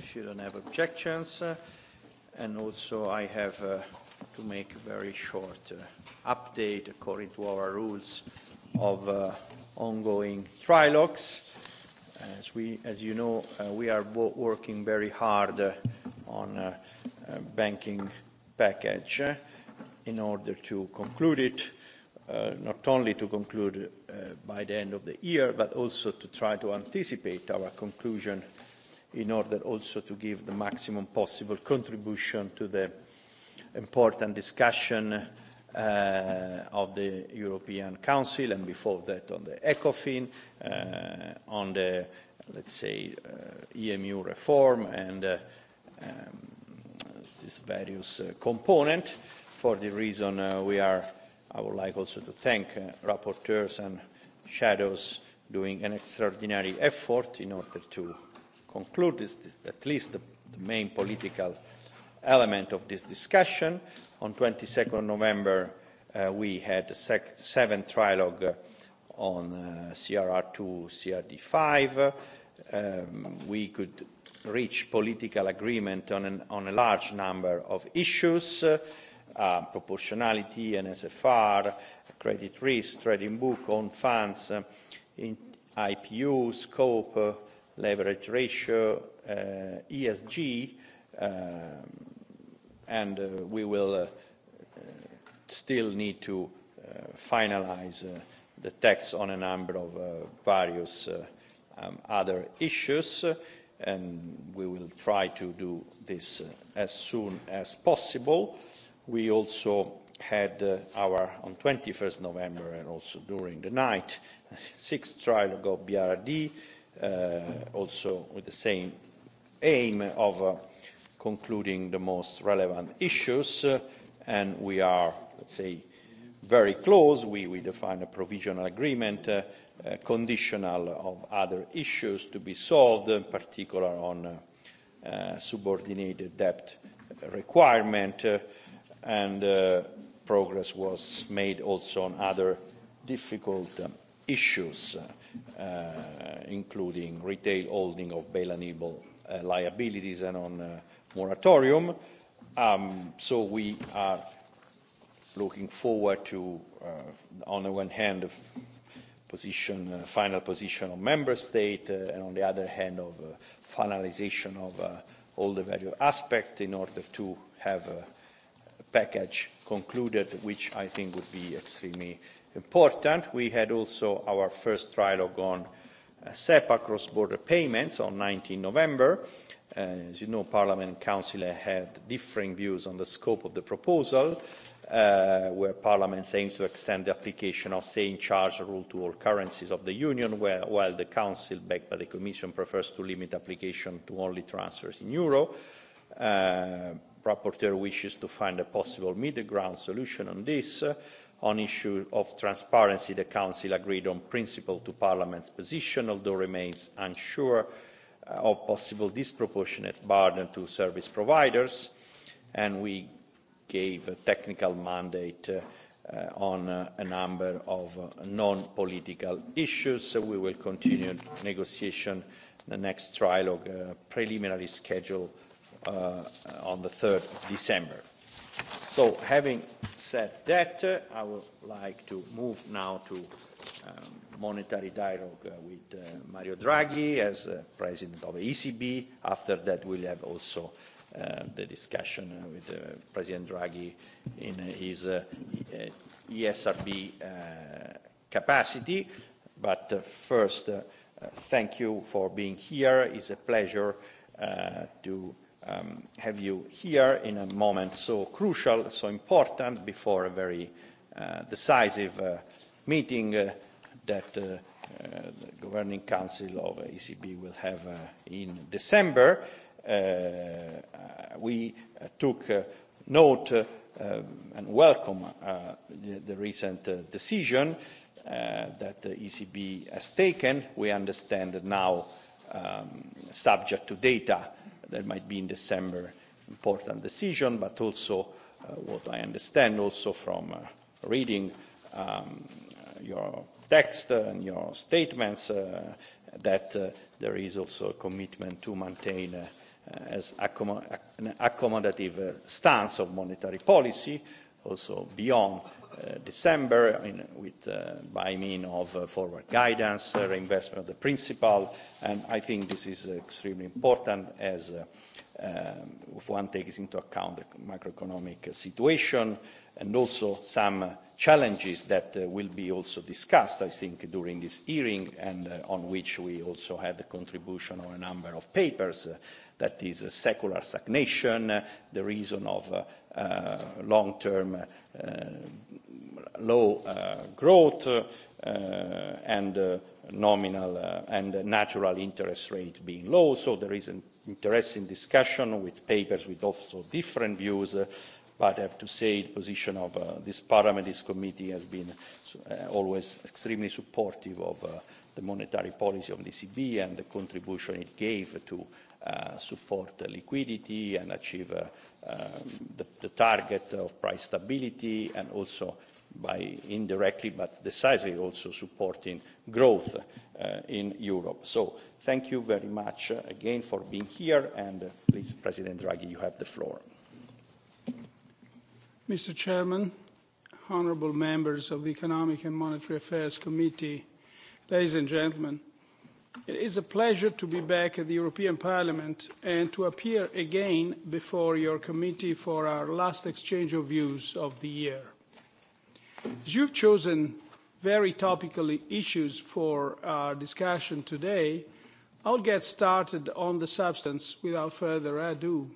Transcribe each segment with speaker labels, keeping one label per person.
Speaker 1: if you don't have objections. And also I have to make a very short update according to our rules of ongoing trilogues. As we, as you know, we are working very hard on banking package in order to conclude it, not only to conclude by the end of the year, but also to try to anticipate our conclusion in order also to give the maximum possible contribution to the important discussion of the European Council and before that on the ECOFIN, on the, let's say, EMU reform and uh, these various uh, components. For the reason uh, we are, I would like also to thank uh, rapporteurs and shadows doing an extraordinary effort in order to conclude this, this at least the, the main political element of this discussion. On 22nd November, uh, we had the sec- seventh trilogue uh, on uh, CRR2, CRD5. Um, we could reach political agreement on, an, on a large number of issues, uh, uh, proportionality, NSFR, credit risk, trading book, own funds, uh, in IPU, scope, leverage ratio, ESG, and we will still need to finalize the text on a number of various other issues, and we will try to do this as soon as possible. We also had our, on 21st November and also during the night, sixth trial of BRRD uh, also with the same aim of uh, concluding the most relevant issues, uh, and we are, let's say, very close. We, we define a provisional agreement, uh, uh, conditional of other issues to be solved, in particular on uh, uh, subordinated debt requirement, uh, and uh, progress was made also on other difficult um, issues. Uh, including retail holding of bail-enable liabilities and on moratorium. So we are looking forward to, on the one hand, the position, final position of member state, and on the other hand, of finalization of all the value aspects in order to have a package concluded, which I think would be extremely important. We had also our first trilogue on SEPA cross-border payments on 19 November. As you know, Parliament and Council had differing views on the scope of the proposal, where Parliament aims to extend the application of the same charge rule to all currencies of the Union, while the Council, backed by the Commission, prefers to limit application to only transfers in euro. Uh, rapporteur wishes to find a possible middle ground solution on this. On issue of transparency, the Council agreed on principle to Parliament's position, although remains unsure of possible disproportionate burden to service providers. And we gave a technical mandate on a number of non-political issues. So we will continue negotiation the next trilogue preliminary schedule on the 3rd of December. So having said that, I would like to move now to um monetary dialogue uh with uh Mario Draghi as president of the ECB. After that, we'll have also uh the discussion uh with uh President Draghi in his uh ESRB uh capacity. But uh first, uh uh thank you for being here. It's a pleasure uh to um, have you here in a moment so crucial, so important, before a very uh, decisive uh, meeting uh, that uh, uh, the Governing Council of ECB will have uh, in December. Uh, we uh, took uh, note uh, and welcome uh, the, the recent uh, decision uh, that the ECB has taken. We understand that now, um, subject to data, there might be in December important decision, but also what I understand also from reading your text and your statements that there is also a commitment to maintain as an accommodative stance of monetary policy also beyond December by means of forward guidance, reinvestment of the principal, and I think this is extremely important as if one takes into account the macroeconomic situation and also some challenges that will be also discussed, I think, during this hearing, and on which we also had the contribution of a number of papers that is a secular stagnation, uh, the reason of uh, uh, long-term uh, low uh, growth uh, and uh, nominal uh, and natural interest rate being low. So there is an interesting discussion with papers with also different views. Uh, but I have to say the position of uh, this Parliament, this committee, has been uh, always extremely supportive of uh, the monetary policy of the ECB and the contribution it gave to support liquidity and achieve the target of price stability and also by indirectly but decisively also supporting growth in Europe. So thank you very much again for being here, and please, President Draghi, you have the floor.
Speaker 2: Mr. Chairman, honourable members of the Economic and Monetary Affairs Committee, ladies and gentlemen, It is a pleasure to be back at the European Parliament and to appear again before your committee for our last exchange of views of the year. As you've chosen very topical issues for our discussion today, I'll get started on the substance without further ado.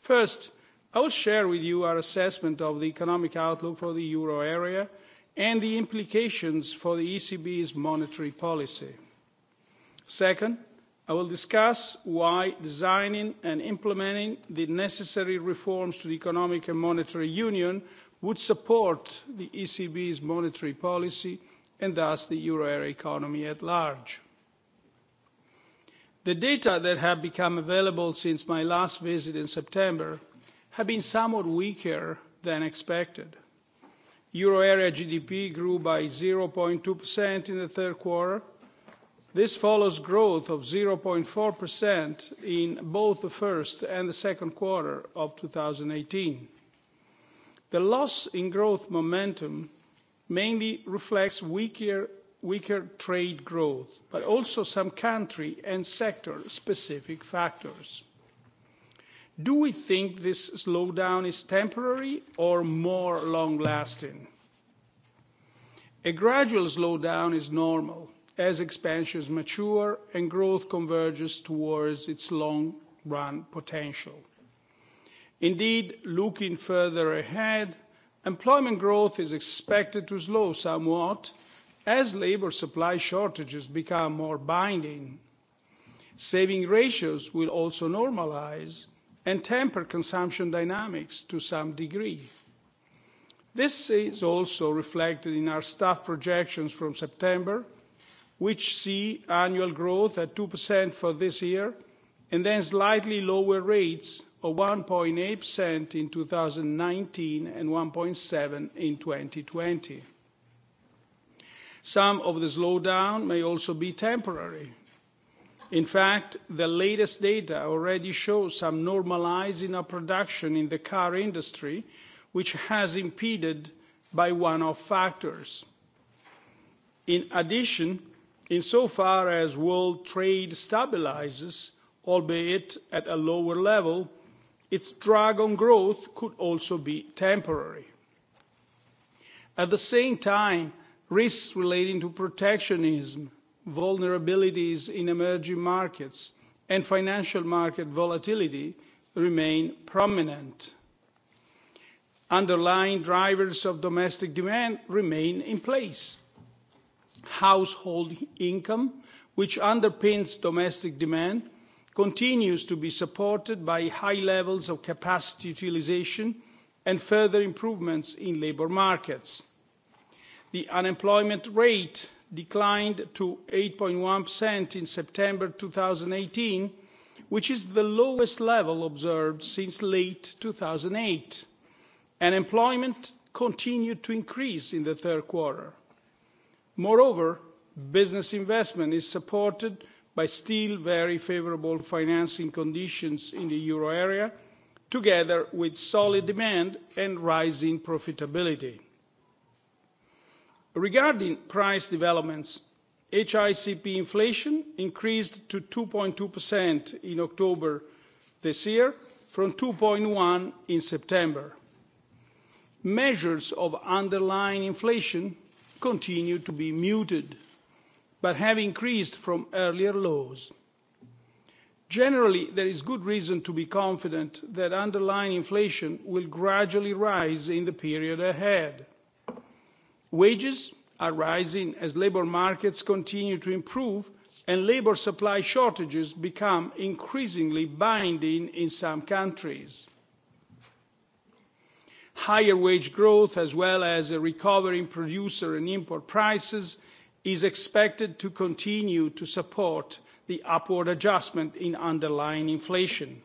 Speaker 2: First, I will share with you our assessment of the economic outlook for the euro area and the implications for the ECB's monetary policy second i will discuss why designing and implementing the necessary reforms to the economic and monetary union would support the ecb's monetary policy and thus the euro area economy at large. the data that have become available since my last visit in september have been somewhat weaker than expected. euro area gdp grew by. zero two in the third quarter This follows growth of 0.4% in both the first and the second quarter of 2018. The loss in growth momentum mainly reflects weaker trade growth, but also some country and sector-specific factors. Do we think this slowdown is temporary or more long-lasting? A gradual slowdown is normal as expansions mature and growth converges towards its long-run potential. Indeed, looking further ahead, employment growth is expected to slow somewhat as labour supply shortages become more binding. Saving ratios will also normalise and temper consumption dynamics to some degree. This is also reflected in our staff projections from September, which see annual growth at 2% for this year, and then slightly lower rates of 1.8% in 2019 and 1.7% in 2020. Some of the slowdown may also be temporary. In fact, the latest data already shows some normalizing of production in the car industry, which has impeded by one-off factors. In addition, insofar as world trade stabilises, albeit at a lower level, its drag on growth could also be temporary. At the same time, risks relating to protectionism, vulnerabilities in emerging markets, and financial market volatility remain prominent. Underlying drivers of domestic demand remain in place household income, which underpins domestic demand, continues to be supported by high levels of capacity utilisation and further improvements in labour markets. The unemployment rate declined to 8.1% in September eighteen, which is the lowest level observed since late two thousand eight. And employment continued to increase in the third quarter Moreover, business investment is supported by still very favourable financing conditions in the euro area, together with solid demand and rising profitability. Regarding price developments, HICP inflation increased to 2.2% in October this year from 2.1% in September. Measures of underlying inflation continue to be muted, but have increased from earlier lows. Generally, there is good reason to be confident that underlying inflation will gradually rise in the period ahead. Wages are rising as labour markets continue to improve and labour supply shortages become increasingly binding in some countries. Higher wage growth, as well as a recovery in producer and import prices, is expected to continue to support the upward adjustment in underlying inflation.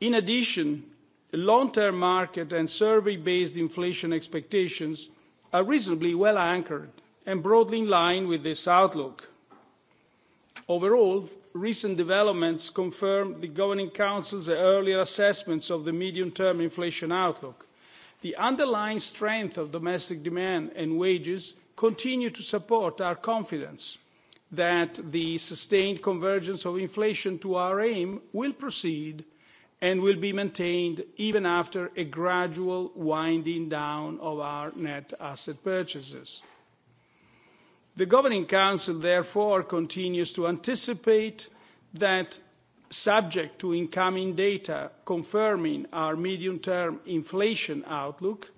Speaker 2: In addition, long-term market and survey-based inflation expectations are reasonably well anchored and broadly in line with this outlook. Overall, recent developments confirm the governing council's earlier assessments of the medium term inflation outlook. the underlying strength of domestic demand and wages continue to support our confidence that the sustained convergence of inflation to our aim will proceed and will be maintained even after a gradual winding down of our net asset purchases. The Governing Council, therefore, continues to anticipate that, subject to incoming data confirming our medium-term inflation outlook,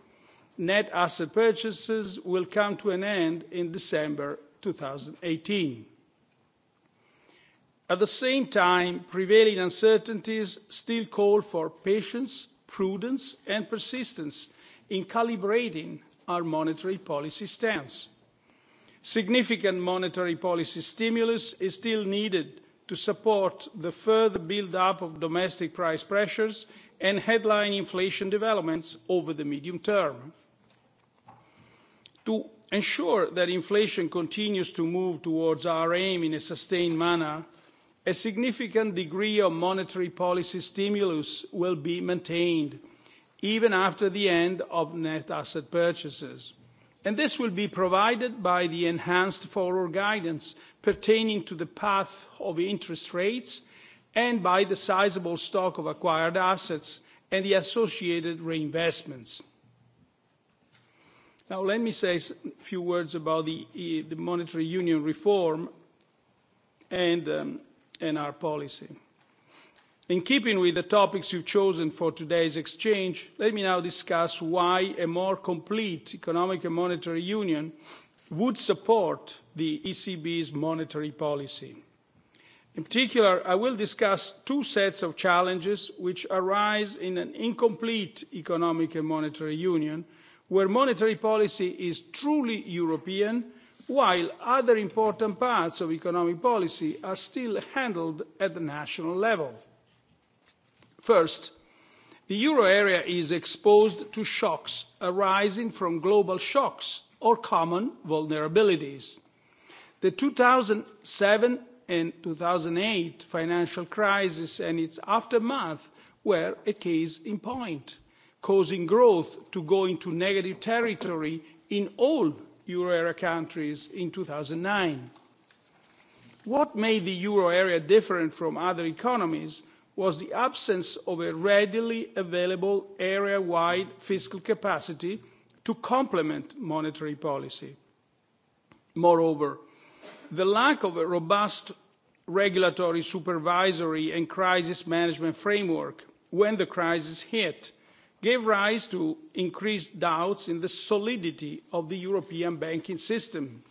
Speaker 2: net asset purchases will come to an end in December eighteen. At the same time, prevailing uncertainties still call for patience, prudence, and persistence in calibrating our monetary policy stance Significant monetary policy stimulus is still needed to support the further build-up of domestic price pressures and headline inflation developments over the medium term. To ensure that inflation continues to move towards our aim in a sustained manner, a significant degree of monetary policy stimulus will be maintained even after the end of net asset purchases and this will be provided by the enhanced forward guidance pertaining to the path of interest rates and by the sizeable stock of acquired assets and the associated reinvestments. Now, let me say a few words about the monetary union reform and our policy in keeping with the topics you've chosen for today's exchange let me now discuss why a more complete economic and monetary union would support the ecb's monetary policy. in particular i will discuss two sets of challenges which arise in an incomplete economic and monetary union where monetary policy is truly european while other important parts of economic policy are still handled at the national level. First, the euro area is exposed to shocks arising from global shocks or common vulnerabilities. The two thousand seven and two thousand eight financial crisis and its aftermath were a case in point, causing growth to go into negative territory in all euro area countries in two thousand nine. What made the euro area different from other economies was the absence of a readily available area-wide fiscal capacity to complement monetary policy. Moreover, the lack of a robust regulatory supervisory and crisis management framework when the crisis hit gave rise to increased doubts in the solidity of the European banking system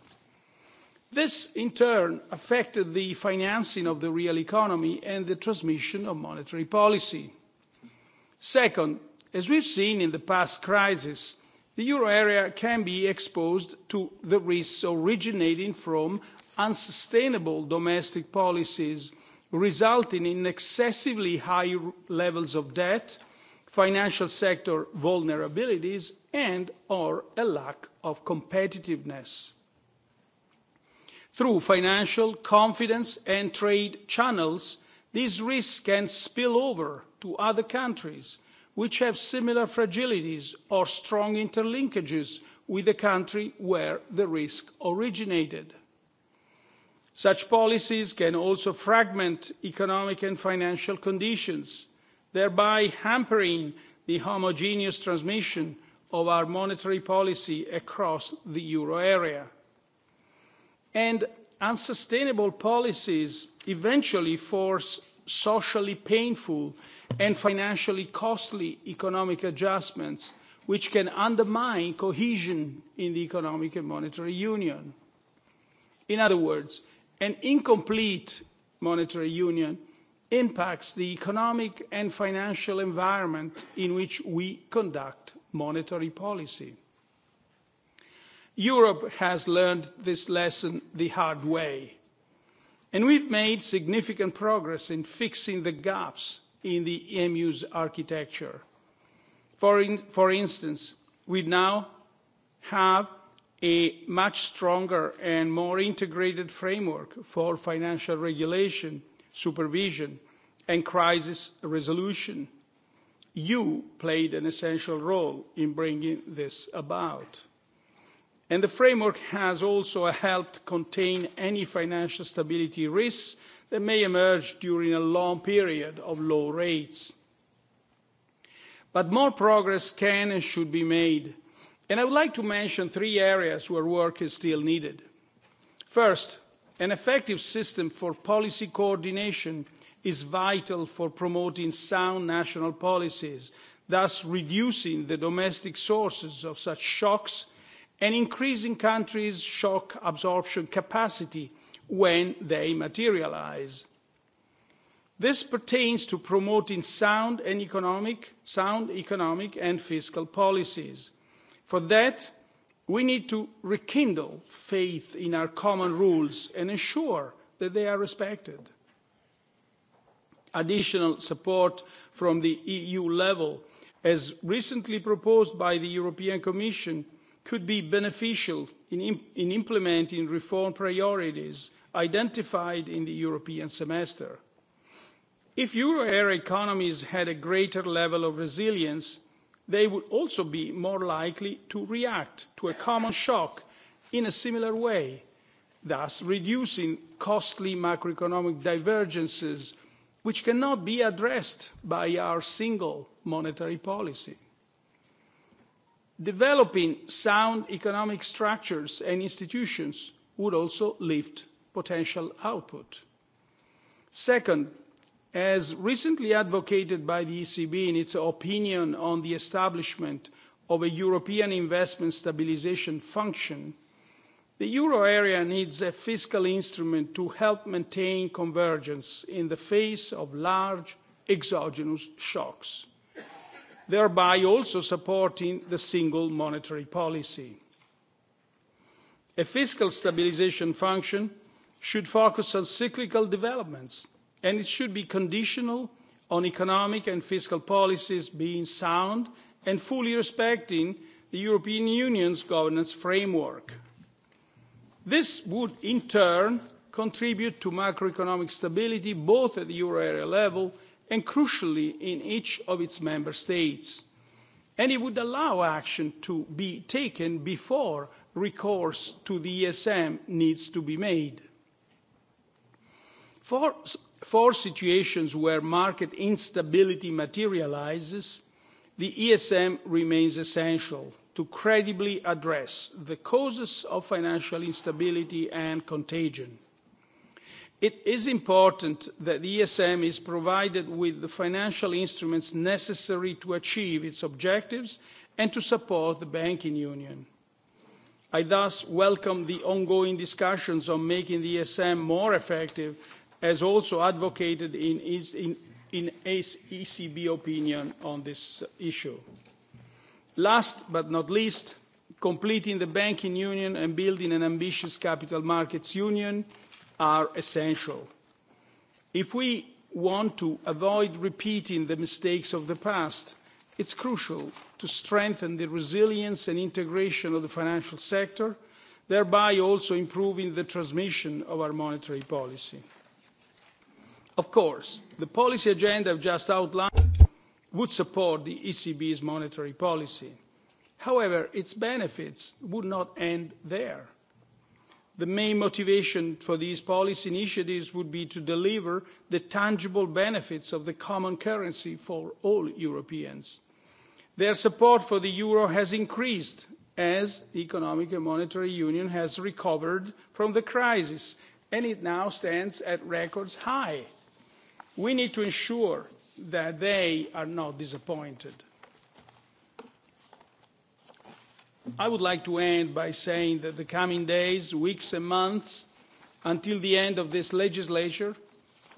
Speaker 2: This, in turn, affected the financing of the real economy and the transmission of monetary policy. Second, as we have seen in the past crisis, the euro area can be exposed to the risks originating from unsustainable domestic policies resulting in excessively high levels of debt, financial sector vulnerabilities and or a lack of competitiveness. Through financial, confidence and trade channels, these risks can spill over to other countries which have similar fragilities or strong interlinkages with the country where the risk originated. Such policies can also fragment economic and financial conditions, thereby hampering the homogeneous transmission of our monetary policy across the euro area and unsustainable policies eventually force socially painful and financially costly economic adjustments which can undermine cohesion in the economic and monetary union. In other words, an incomplete monetary union impacts the economic and financial environment in which we conduct monetary policy. Europe has learned this lesson the hard way, and we've made significant progress in fixing the gaps in the EMU's architecture. For instance, we now have a much stronger and more integrated framework for financial regulation, supervision, and crisis resolution. You played an essential role in bringing this about and the framework has also helped contain any financial stability risks that may emerge during a long period of low rates. But more progress can and should be made, and I would like to mention three areas where work is still needed. First, an effective system for policy coordination is vital for promoting sound national policies, thus reducing the domestic sources of such shocks and increasing countries' shock absorption capacity when they materialise. This pertains to promoting sound and economic, sound economic and fiscal policies. For that, we need to rekindle faith in our common rules and ensure that they are respected. Additional support from the EU level, as recently proposed by the European Commission, could be beneficial in, implementing reform priorities identified in the European semester. If euro area economies had a greater level of resilience, they would also be more likely to react to a common shock in a similar way, thus reducing costly macroeconomic divergences which cannot be addressed by our single monetary policy developing sound economic structures and institutions would also lift potential output. Second, as recently advocated by the ECB in its opinion on the establishment of a European investment stabilisation function, the euro area needs a fiscal instrument to help maintain convergence in the face of large exogenous shocks thereby also supporting the single monetary policy. A fiscal stabilisation function should focus on cyclical developments and it should be conditional on economic and fiscal policies being sound and fully respecting the European Union's governance framework. This would in turn contribute to macroeconomic stability both at the euro area level and crucially in each of its member states. And it would allow action to be taken before recourse to the ESM needs to be made. For, situations where market instability materialises, the ESM remains essential to credibly address the causes of financial instability and contagion It is important that the ESM is provided with the financial instruments necessary to achieve its objectives and to support the banking union. I thus welcome the ongoing discussions on making the ESM more effective, as also advocated in, in ECB opinion on this issue. Last but not least, completing the banking union and building an ambitious capital markets union – are essential. If we want to avoid repeating the mistakes of the past, it is crucial to strengthen the resilience and integration of the financial sector, thereby also improving the transmission of our monetary policy. Of course, the policy agenda I have just outlined would support the ECB's monetary policy. However, its benefits would not end there the main motivation for these policy initiatives would be to deliver the tangible benefits of the common currency for all Europeans. Their support for the euro has increased as the Economic and Monetary Union has recovered from the crisis, and it now stands at record high. We need to ensure that they are not disappointed I would like to end by saying that the coming days, weeks and months until the end of this legislature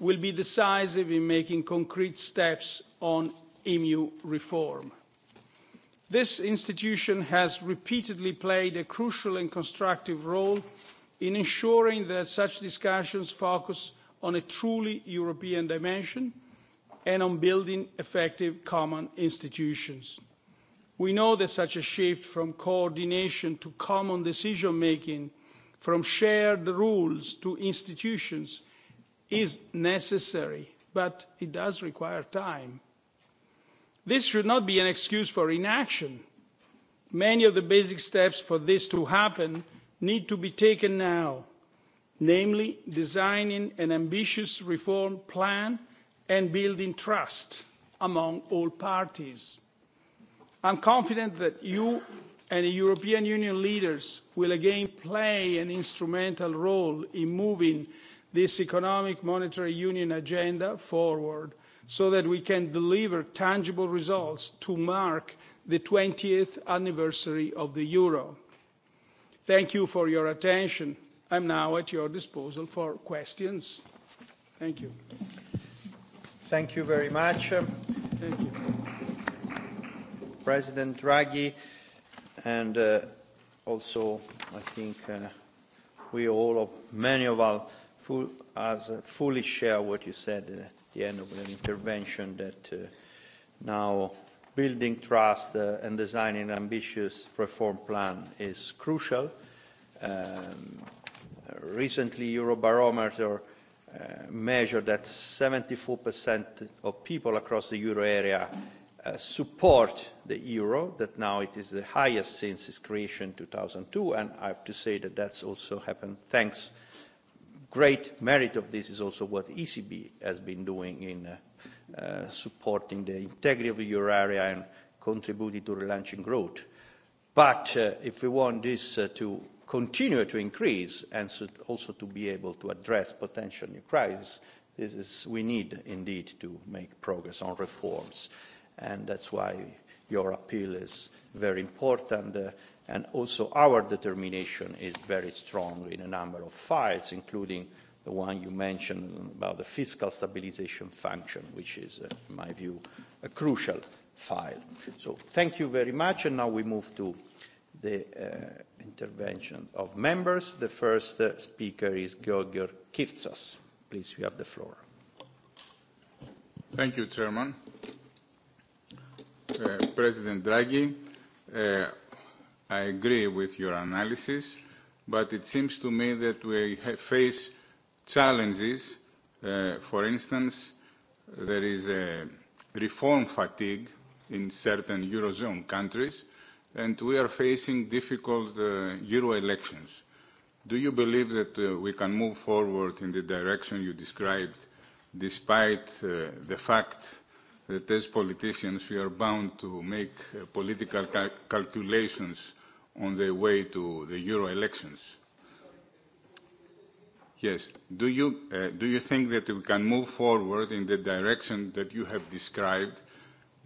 Speaker 2: will be decisive in making concrete steps on EMU reform. This institution has repeatedly played a crucial and constructive role in ensuring that such discussions focus on a truly European dimension and on building effective common institutions. We know that such a shift from coordination to common decision making, from shared rules to institutions, is necessary, but it does require time. This should not be an excuse for inaction. Many of the basic steps for this to happen need to be taken now, namely designing an ambitious reform plan and building trust among all parties. I am confident that you and the European Union leaders will again play an instrumental role in moving this economic monetary union agenda forward so that we can deliver tangible results to mark the twentieth anniversary of the euro. Thank you for your attention. I am now at your disposal for questions. Thank you. Thank you very much. Thank you.
Speaker 1: President Draghi, and uh, also I think uh, we all, of, many of us, full, as, uh, fully share what you said at the end of the intervention that uh, now building trust uh, and designing an ambitious reform plan is crucial. Um, recently, Eurobarometer measure that 74% of people across the euro area support the euro, that now it is the highest since its creation in 2002, and I have to say that that's also happened thanks. Great merit of this is also what ECB has been doing in uh, supporting the integrity of the euro area and contributing to relaunching growth. But uh, if we want this uh, to continue to increase and so also to be able to address potential new crises, this is, we need indeed to make progress on reforms. Uh, and that's why your appeal is very important. Uh, and also our determination is very strong in a number of files, including the one you mentioned about the fiscal stabilization function, which is, uh, in my view, a crucial file. So thank you very much, and now we move to the uh, intervention of members. The first uh, speaker is Georgios Kyrtsos. Please, you have the floor.
Speaker 3: Thank you, Chairman. President Draghi, uh, I agree with your analysis, but it seems to me that we face challenges. Uh, for instance, there is a reform fatigue in certain Eurozone countries, and we are facing difficult uh, Euro elections. Do you believe that uh, we can move forward in the direction you described, despite uh, the fact that as politicians we are bound to make political cal calculations on the way to the Euro elections. Yes. Do you, uh, do you think that we can move forward in the direction that you have described,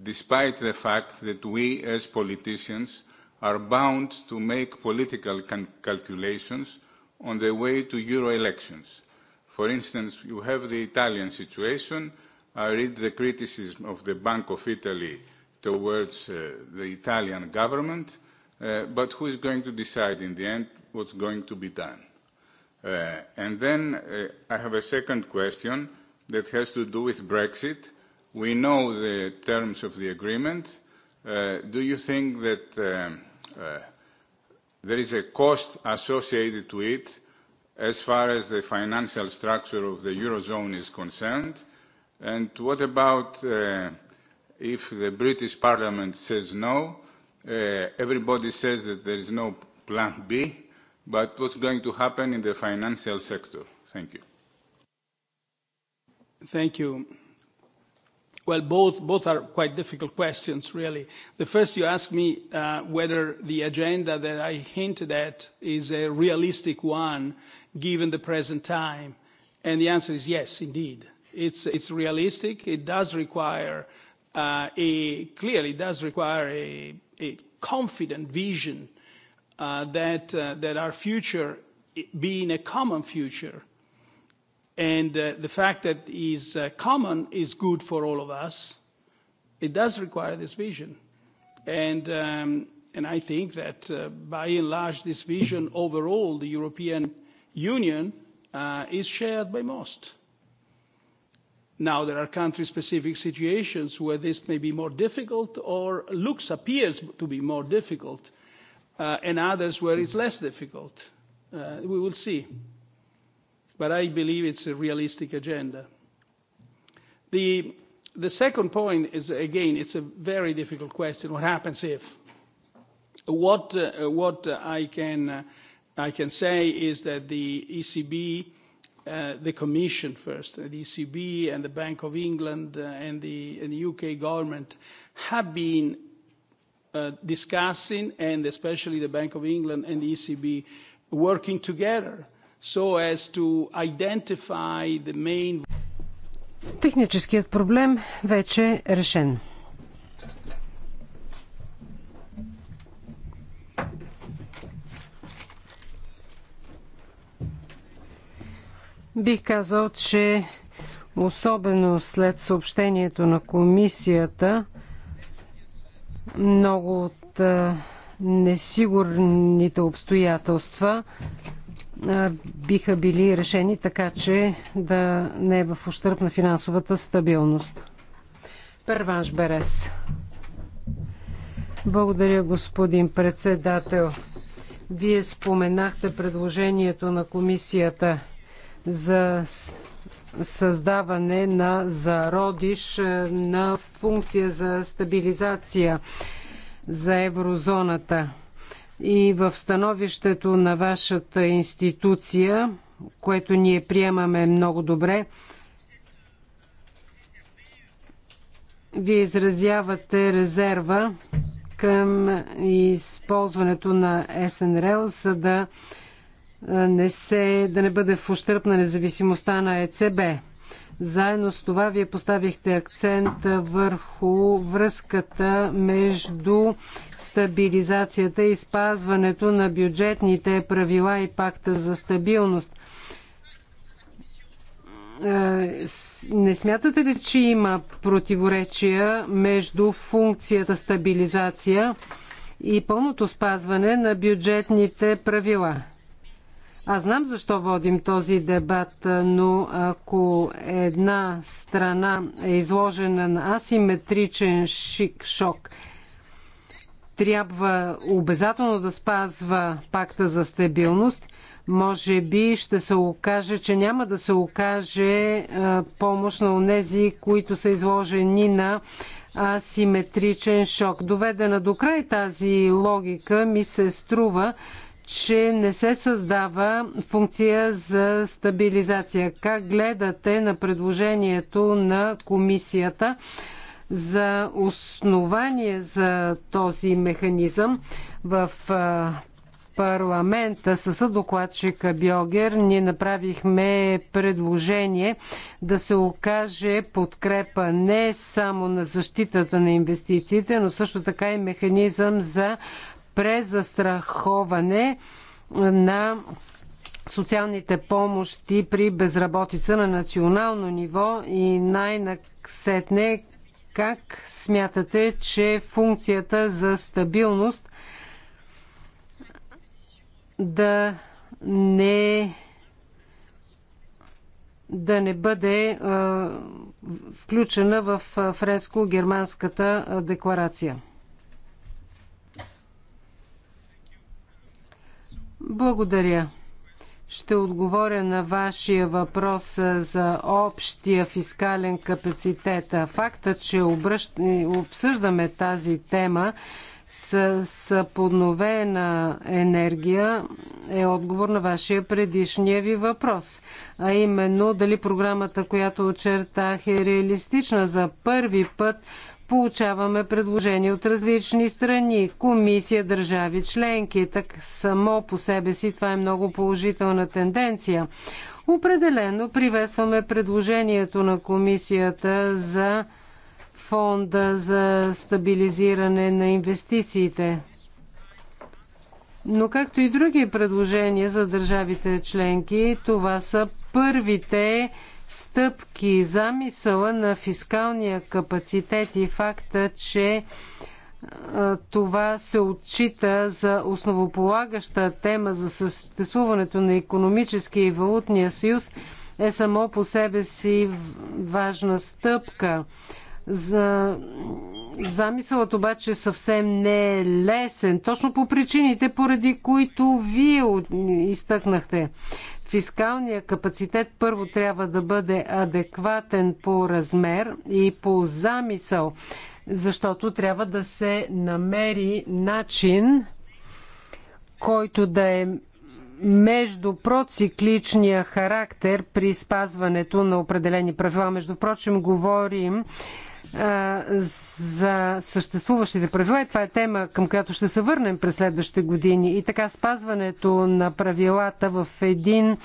Speaker 3: despite the fact that we as politicians are bound to make political cal calculations on the way to Euro elections? For instance, you have the Italian situation, I read the criticism of the Bank of Italy towards uh, the Italian government, uh, but who is going to decide in the end what's going to be done? Uh, and then uh, I have a second question that has to do with Brexit. We know the terms of the agreement. Uh, do you think that um, uh, there is a cost associated to it as far as the financial structure of the Eurozone is concerned? And what about uh, if the British Parliament says no? Uh, everybody says that there is no plan B, but what's going to happen in the financial sector? Thank you.
Speaker 2: Thank you. Well, both, both are quite difficult questions, really. The first, you asked me uh, whether the agenda that I hinted at is a realistic one given the present time. And the answer is yes, indeed. It's, it's realistic. It does require uh, a clearly does require a, a confident vision uh, that uh, that our future being a common future, and uh, the fact that is uh, common is good for all of us. It does require this vision, and. Um, and I think that uh, by and large, this vision overall, the European Union uh, is shared by most. Now, there are country-specific situations where this may be more difficult or looks, appears to be more difficult, and others where it's less difficult. we will see. But I believe it's a realistic agenda. The, the second point is, again, it's a very difficult question. What happens if? What, I, can, say is that the ECB the Commission first, the ECB and the Bank of England and, the, and the UK government have been discussing, and especially the Bank of England and the ECB working together so as to identify the main
Speaker 4: Техническият проблем вече е решен. Бих казал, че особено след съобщението на комисията, много от несигурните обстоятелства биха били решени така, че да не е в ущърп на финансовата стабилност. Перванш Берес. Благодаря, господин председател. Вие споменахте предложението на комисията – за създаване на зародиш е, на функция за стабилизация за еврозоната. И в становището на вашата институция, което ние приемаме много добре, вие изразявате резерва към използването на СНРЛ, за да не се, да не бъде в ущърп на независимостта на ЕЦБ. Заедно с това вие поставихте акцент върху връзката между стабилизацията и спазването на бюджетните правила и пакта за стабилност. Не смятате ли, че има противоречия между функцията стабилизация и пълното спазване на бюджетните правила? Аз знам защо водим този дебат, но ако една страна е изложена на асиметричен шик шок, трябва обязателно да спазва пакта за стабилност, може би ще се окаже, че няма да се окаже помощ на тези, които са изложени на асиметричен шок. Доведена до край тази логика ми се струва, че не се създава функция за стабилизация. Как гледате на предложението на комисията за основание за този механизъм в парламента с докладчика Биогер ние направихме предложение да се окаже подкрепа не само на защитата на инвестициите, но също така и механизъм за презастраховане на социалните помощи при безработица на национално ниво и най-наксетне как смятате, че функцията за стабилност да не да не бъде включена в френско-германската декларация. Благодаря. Ще отговоря на вашия въпрос за общия фискален капацитет. Факта, че обсъждаме тази тема с, с подновена енергия е отговор на вашия предишния ви въпрос. А именно дали програмата, която очертах е реалистична за първи път получаваме предложения от различни страни, комисия, държави, членки. Так само по себе си това е много положителна тенденция. Определено приветстваме предложението на комисията за фонда за стабилизиране на инвестициите. Но както и други предложения за държавите членки, това са първите стъпки, замисъла на фискалния капацитет и факта, че това се отчита за основополагаща тема за съществуването на економическия и валутния съюз е само по себе си важна стъпка. За... Замисълът обаче съвсем не е лесен, точно по причините, поради които вие изтъкнахте. Фискалният капацитет първо трябва да бъде адекватен по размер и по замисъл, защото трябва да се намери начин, който да е между процикличния характер при спазването на определени правила. Между прочим, говорим за съществуващите правила и това е тема, към която ще се върнем през следващите години. И така спазването на правилата в един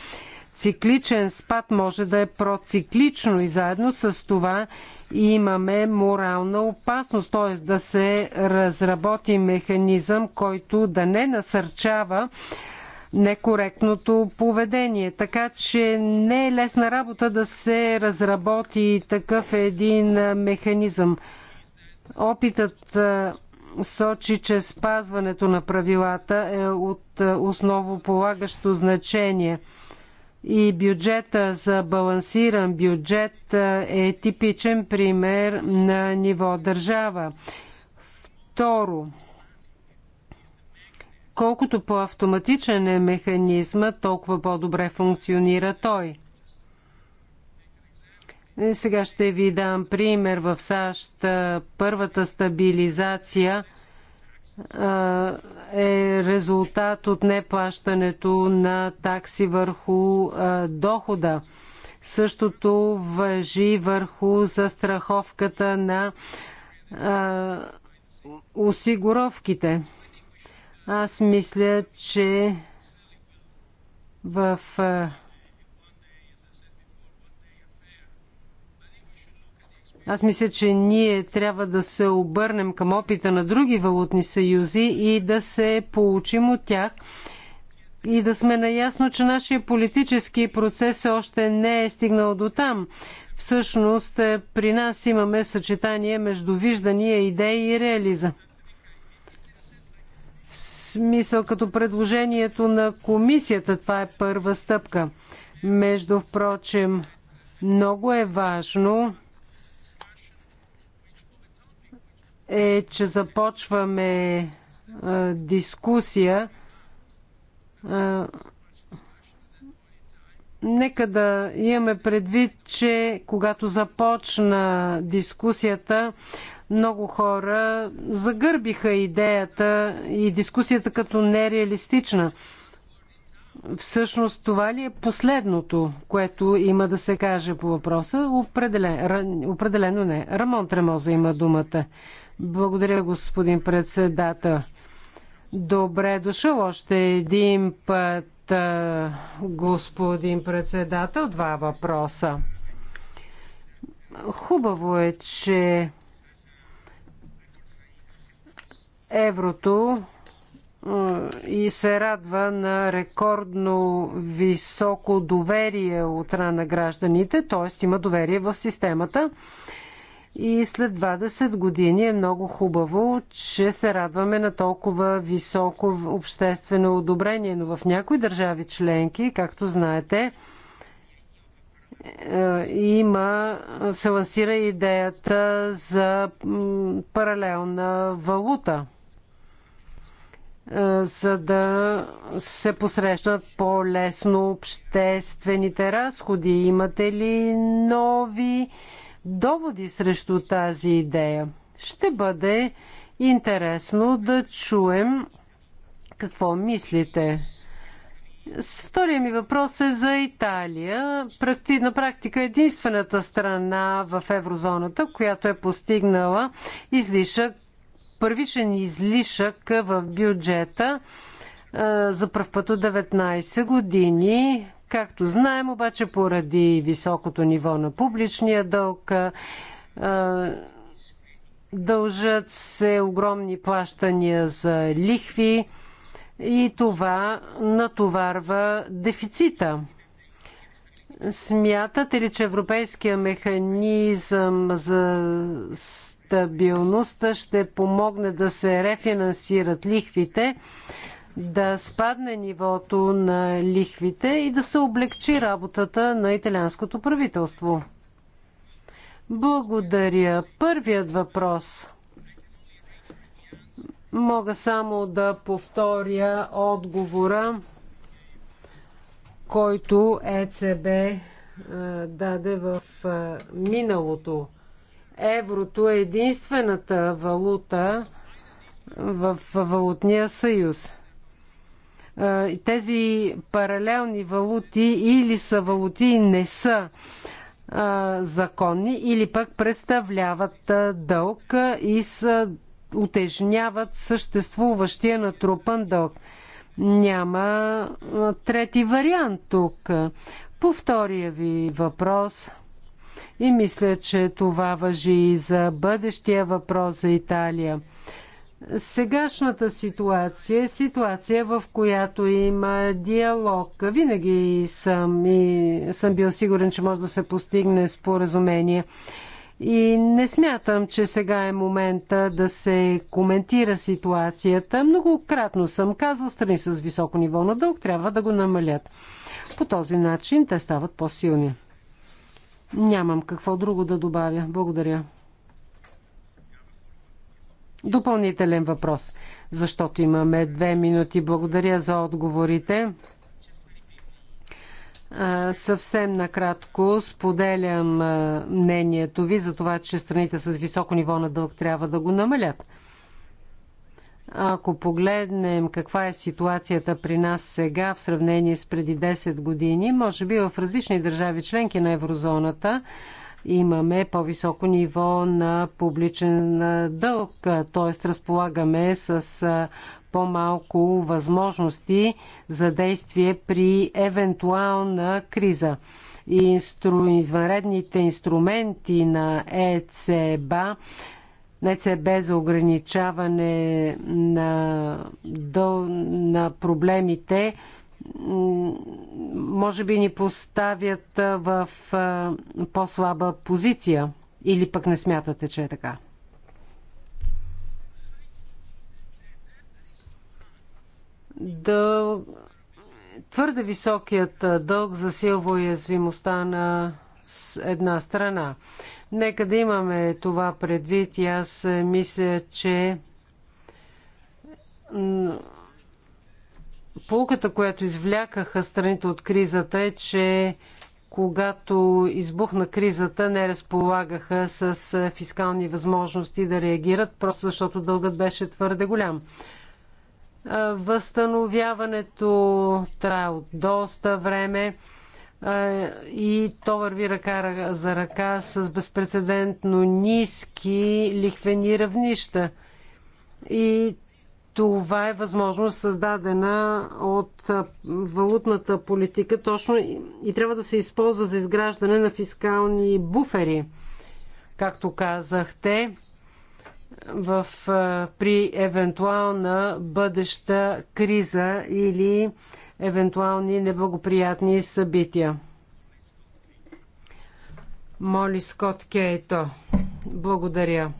Speaker 4: цикличен спад може да е проциклично и заедно с това имаме морална опасност, т.е. да се разработи механизъм, който да не насърчава некоректното поведение. Така че не е лесна работа да се разработи такъв един механизъм. Опитът сочи, че спазването на правилата е от основополагащо значение. И бюджета за балансиран бюджет е типичен пример на ниво държава. Второ, Колкото по-автоматичен е механизма, толкова по-добре функционира той. Е, сега ще ви дам пример. В САЩ първата стабилизация е резултат от неплащането на такси върху дохода. Същото въжи върху застраховката на осигуровките. Аз мисля, че в Аз мисля, че ние трябва да се обърнем към опита на други валутни съюзи и да се получим от тях и да сме наясно, че нашия политически процес още не е стигнал до там. Всъщност, е, при нас имаме съчетание между виждания, идеи и реализъм смисъл като предложението на комисията. Това е първа стъпка. Между впрочем, много е важно е, че започваме а, дискусия. А, нека да имаме предвид, че когато започна дискусията, а, много хора загърбиха идеята и дискусията като нереалистична. Всъщност това ли е последното, което има да се каже по въпроса? Определен, определено не. Рамон Тремоза има думата. Благодаря, господин председател. Добре дошъл още един път, господин председател. Два въпроса. Хубаво е, че еврото и се радва на рекордно високо доверие от страна на гражданите, т.е. има доверие в системата. И след 20 години е много хубаво, че се радваме на толкова високо обществено одобрение, но в някои държави членки, както знаете, е, има, се лансира идеята за паралелна валута – е, за да се посрещнат по-лесно обществените разходи. Имате ли нови доводи срещу тази идея? Ще бъде интересно да чуем какво мислите. Втория ми въпрос е за Италия. Практи, на практика единствената страна в еврозоната, която е постигнала излишък първишен излишък в бюджета за първ път от 19 години. Както знаем, обаче поради високото ниво на публичния дълг, дължат се огромни плащания за лихви и това натоварва дефицита. Смятате ли, че европейския механизъм за стабилността ще помогне да се рефинансират лихвите, да спадне нивото на лихвите и да се облегчи работата на италианското правителство. Благодаря. Първият въпрос. Мога само да повторя отговора, който ЕЦБ даде в миналото. Еврото е единствената валута в валутния съюз. Тези паралелни валути или са валути и не са законни, или пък представляват дълг и са, утежняват съществуващия натрупан дълг. Няма трети вариант тук. По втория ви въпрос – и мисля, че това въжи и за бъдещия въпрос за Италия. Сегашната ситуация е ситуация, в която има диалог. Винаги съм, и съм бил сигурен, че може да се постигне споразумение. И не смятам, че сега е момента да се коментира ситуацията. Многократно съм казвал, страни с високо ниво на дълг трябва да го намалят. По този начин те стават по-силни. Нямам какво друго да добавя. Благодаря. Допълнителен въпрос, защото имаме две минути. Благодаря за отговорите. Съвсем накратко споделям мнението ви за това, че страните с високо ниво на дълг трябва да го намалят. Ако погледнем каква е ситуацията при нас сега в сравнение с преди 10 години, може би в различни държави членки на еврозоната имаме по-високо ниво на публичен дълг, т.е. разполагаме с по-малко възможности за действие при евентуална криза. И инстру... извънредните инструменти на ЕЦБА на ЕЦБ за ограничаване на, дъл, на проблемите може би ни поставят в по-слаба позиция или пък не смятате, че е така? Дъл... Твърде високият дълг засилва уязвимостта на една страна. Нека да имаме това предвид и аз е, мисля, че полуката, която извлякаха страните от кризата е, че когато избухна кризата, не разполагаха с е, фискални възможности да реагират, просто защото дългът беше твърде голям. Е, възстановяването трае от доста време. Е, и то върви ръка за ръка с безпредседентно ниски лихвени равнища. И това е възможност създадена от е, валутната политика точно и трябва да се използва за изграждане на фискални буфери. Както казахте, в, е, при евентуална бъдеща криза или евентуални неблагоприятни събития. Моли Скот Кейто. Благодаря.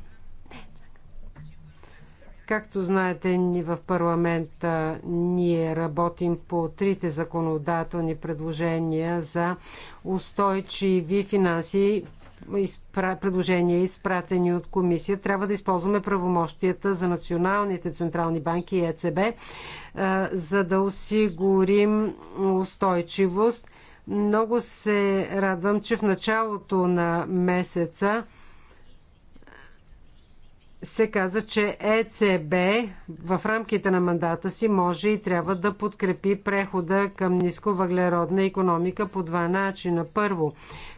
Speaker 4: Както знаете, ни в парламента ние работим по трите законодателни предложения за устойчиви финанси, предложения, изпратени от комисия, трябва да използваме правомощията за националните централни банки и ЕЦБ, за да осигурим устойчивост. Много се радвам, че в началото на месеца се каза, че ЕЦБ в рамките на мандата си може и трябва да подкрепи прехода към нисковъглеродна економика по два начина. Първо,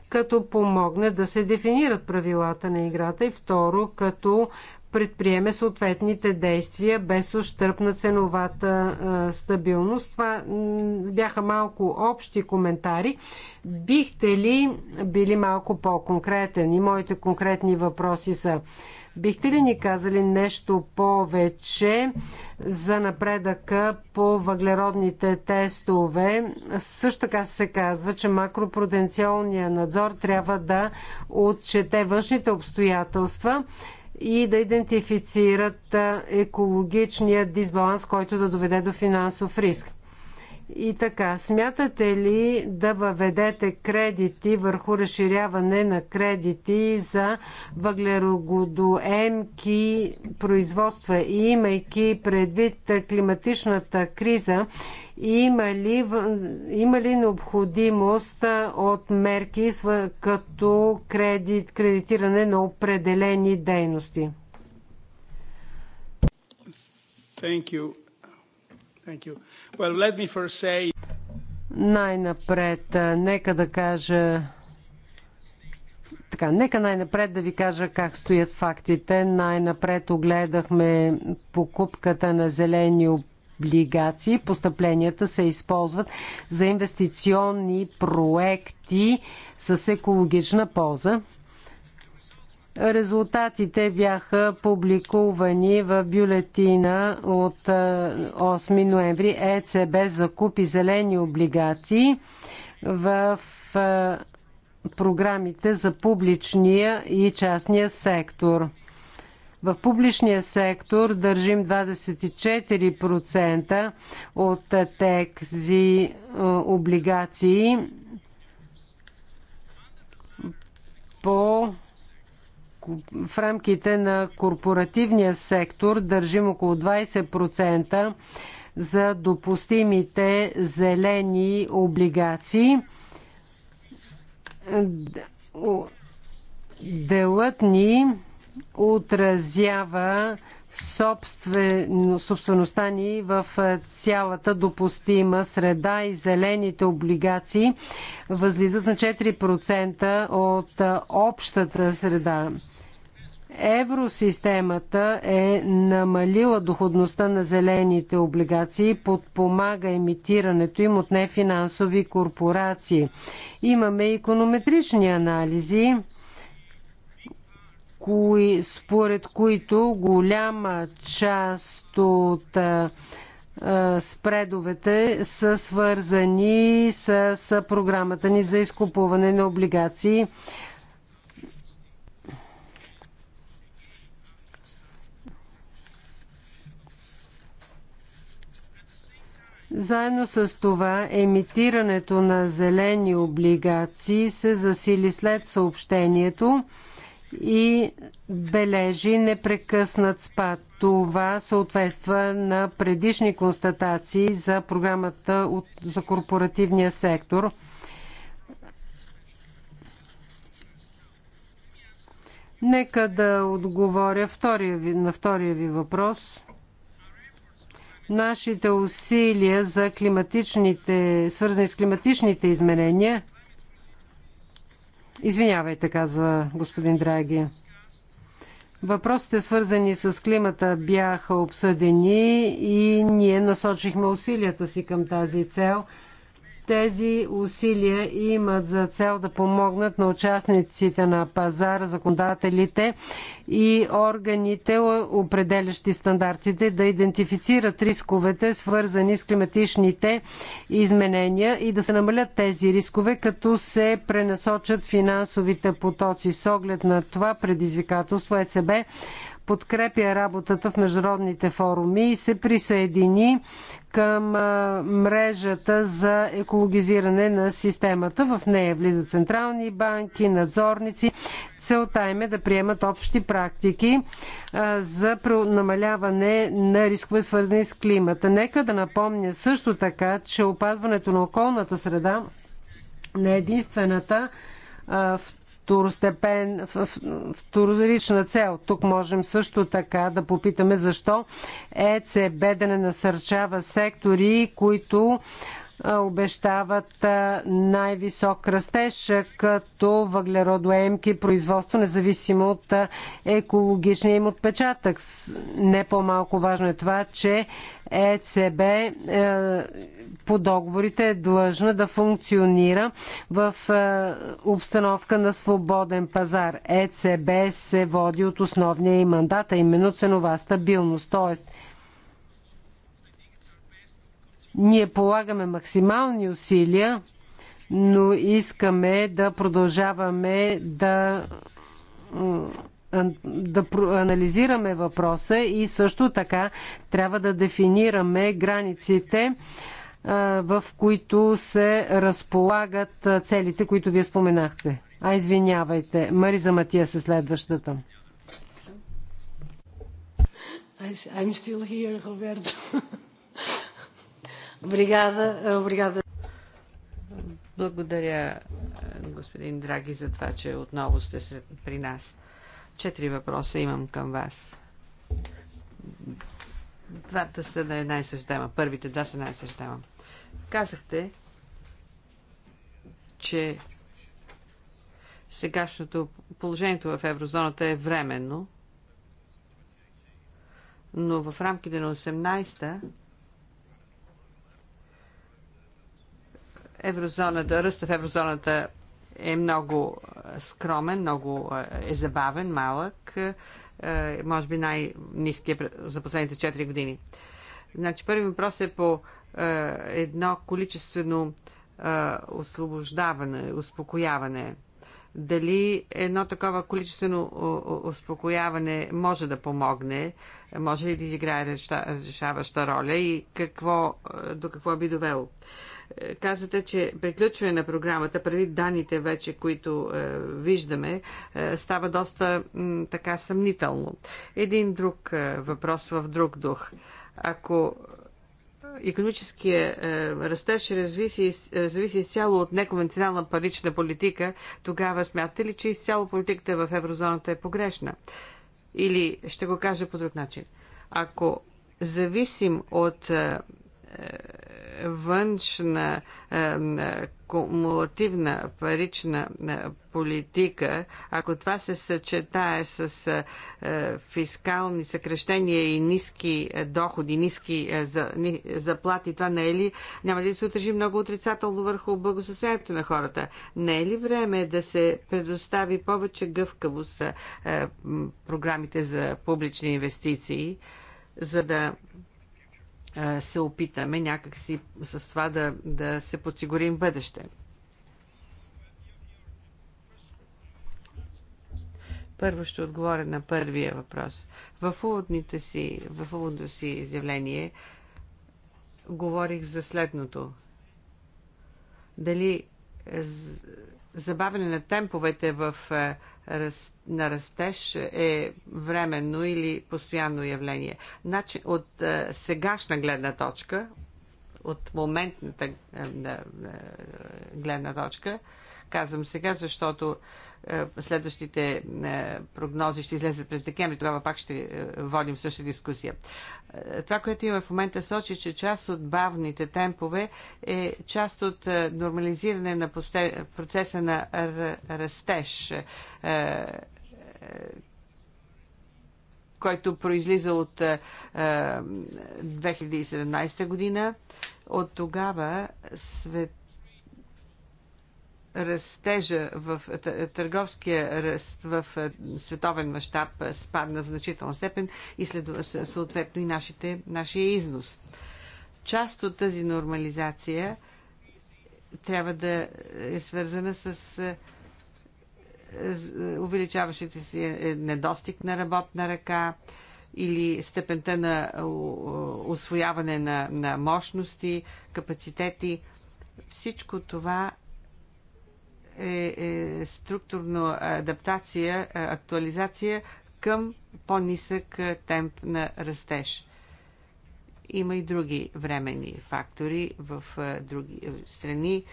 Speaker 4: като помогне да се дефинират правилата на играта и второ, като предприеме съответните действия без ущърп на ценовата стабилност. Това бяха малко общи коментари. Бихте ли били малко по-конкретен? И моите конкретни въпроси са Бихте ли ни казали нещо повече за напредъка по въглеродните тестове? Също така се казва, че макропруденциалният надзор трябва да отчете външните обстоятелства и да идентифицират екологичния дисбаланс, който да доведе до финансов риск. И така, смятате ли да въведете кредити върху разширяване на кредити за въглерогодоемки производства и имайки предвид климатичната криза, има ли, има ли необходимост от мерки като кредит, кредитиране на определени дейности?
Speaker 2: Thank you. Thank you.
Speaker 4: Най-напред, нека да кажа. Така, нека най-напред да ви кажа как стоят фактите. Най-напред огледахме покупката на зелени облигации. Постъпленията се използват за инвестиционни проекти с екологична полза. Резултатите бяха публикувани в бюлетина от 8 ноември. ЕЦБ закупи зелени облигации в програмите за публичния и частния сектор. В публичния сектор държим 24% от тези облигации по в рамките на корпоративния сектор държим около 20% за допустимите зелени облигации. Делът ни отразява собствеността ни в цялата допустима среда и зелените облигации възлизат на 4% от общата среда. Евросистемата е намалила доходността на зелените облигации, подпомага емитирането им от нефинансови корпорации. Имаме иконометрични анализи, кои, според които голяма част от а, спредовете са свързани с, с програмата ни за изкупуване на облигации. Заедно с това емитирането на зелени облигации се засили след съобщението и бележи непрекъснат спад. Това съответства на предишни констатации за програмата за корпоративния сектор. Нека да отговоря втория ви, на втория ви въпрос нашите усилия за климатичните, свързани с климатичните изменения. Извинявайте, казва господин Драги. Въпросите, свързани с климата, бяха обсъдени и ние насочихме усилията си към тази цел – тези усилия имат за цел да помогнат на участниците на пазара, законодателите и органите, определящи стандартите, да идентифицират рисковете, свързани с климатичните изменения и да се намалят тези рискове, като се пренасочат финансовите потоци. С оглед на това предизвикателство ЕЦБ подкрепя работата в международните форуми и се присъедини към мрежата за екологизиране на системата. В нея влизат централни банки, надзорници. Целта им е да приемат общи практики за намаляване на рискове свързани с климата. Нека да напомня също така, че опазването на околната среда на е единствената второстепен, второзарична цел. Тук можем също така да попитаме защо ЕЦБ да не насърчава сектори, които обещават най-висок растеж като въглеродоемки производство, независимо от екологичния им отпечатък. Не по-малко важно е това, че ЕЦБ е, по договорите е длъжна да функционира в е, обстановка на свободен пазар. ЕЦБ се води от основния и мандата, именно ценова стабилност, Тоест, ние полагаме максимални усилия, но искаме да продължаваме да да анализираме въпроса и също така трябва да дефинираме границите, в които се разполагат целите, които вие споменахте. А, извинявайте, Мариза Матия се следващата. I'm still here, Roberto. Obrigada,
Speaker 5: obrigada. Е, Благодаря, е, господин Драги, за това, че отново сте при нас. Четири въпроса имам към вас. Двата са на една и същема. Първите два са на една и същема. Казахте, че сегашното положението в еврозоната е временно, но в рамките на 18-та Еврозоната, ръста в еврозоната е много е, скромен, много е, е забавен, малък, е, може би най-низкият за последните 4 години. Значи, първи въпрос е по едно количествено освобождаване, успокояване. Дали едно такова количествено успокояване може да помогне, може ли да изиграе решаваща роля и какво, до какво би довело? Казвате, че приключване на програмата, преди данните вече, които е, виждаме, е, става доста така съмнително. Един друг е, въпрос в друг дух. Ако економическия растеж зависи изцяло от неконвенционална парична политика, тогава смятате ли, че изцяло политиката в еврозоната е погрешна? Или ще го кажа по друг начин. Ако зависим от външна е, е, кумулативна парична е, политика, ако това се съчетае с фискални съкрещения и ниски доходи, ниски заплати, това не е ли, няма ли да се отражи много отрицателно върху благосостоянието на хората? Не е ли време да се предостави повече гъвкавост програмите за публични инвестиции, за да се опитаме някакси с това да, да се подсигурим бъдеще. Първо ще отговоря на първия въпрос. В уводните си, в уводно си изявление говорих за следното. Дали забавяне на темповете в на растеж е временно или постоянно явление. Значи, от е, сегашна гледна точка, от моментната е, гледна точка, казвам сега, защото е, следващите прогнози ще излезат през декември, тогава пак ще водим същата дискусия това, което има в момента, сочи, че част от бавните темпове е част от е, нормализиране на процеса на растеж, е, е, който произлиза от 2017 година. От тогава свет растежа в търговския ръст в световен мащаб спадна в значителна степен и след, съответно и нашите, нашия износ. Част от тази нормализация трябва да е свързана с увеличаващите се е, недостиг на работна ръка или степента на освояване на, на мощности, капацитети. Всичко това е, е структурно адаптация, актуализация към по-нисък темп на растеж. Има и други времени фактори в други страни,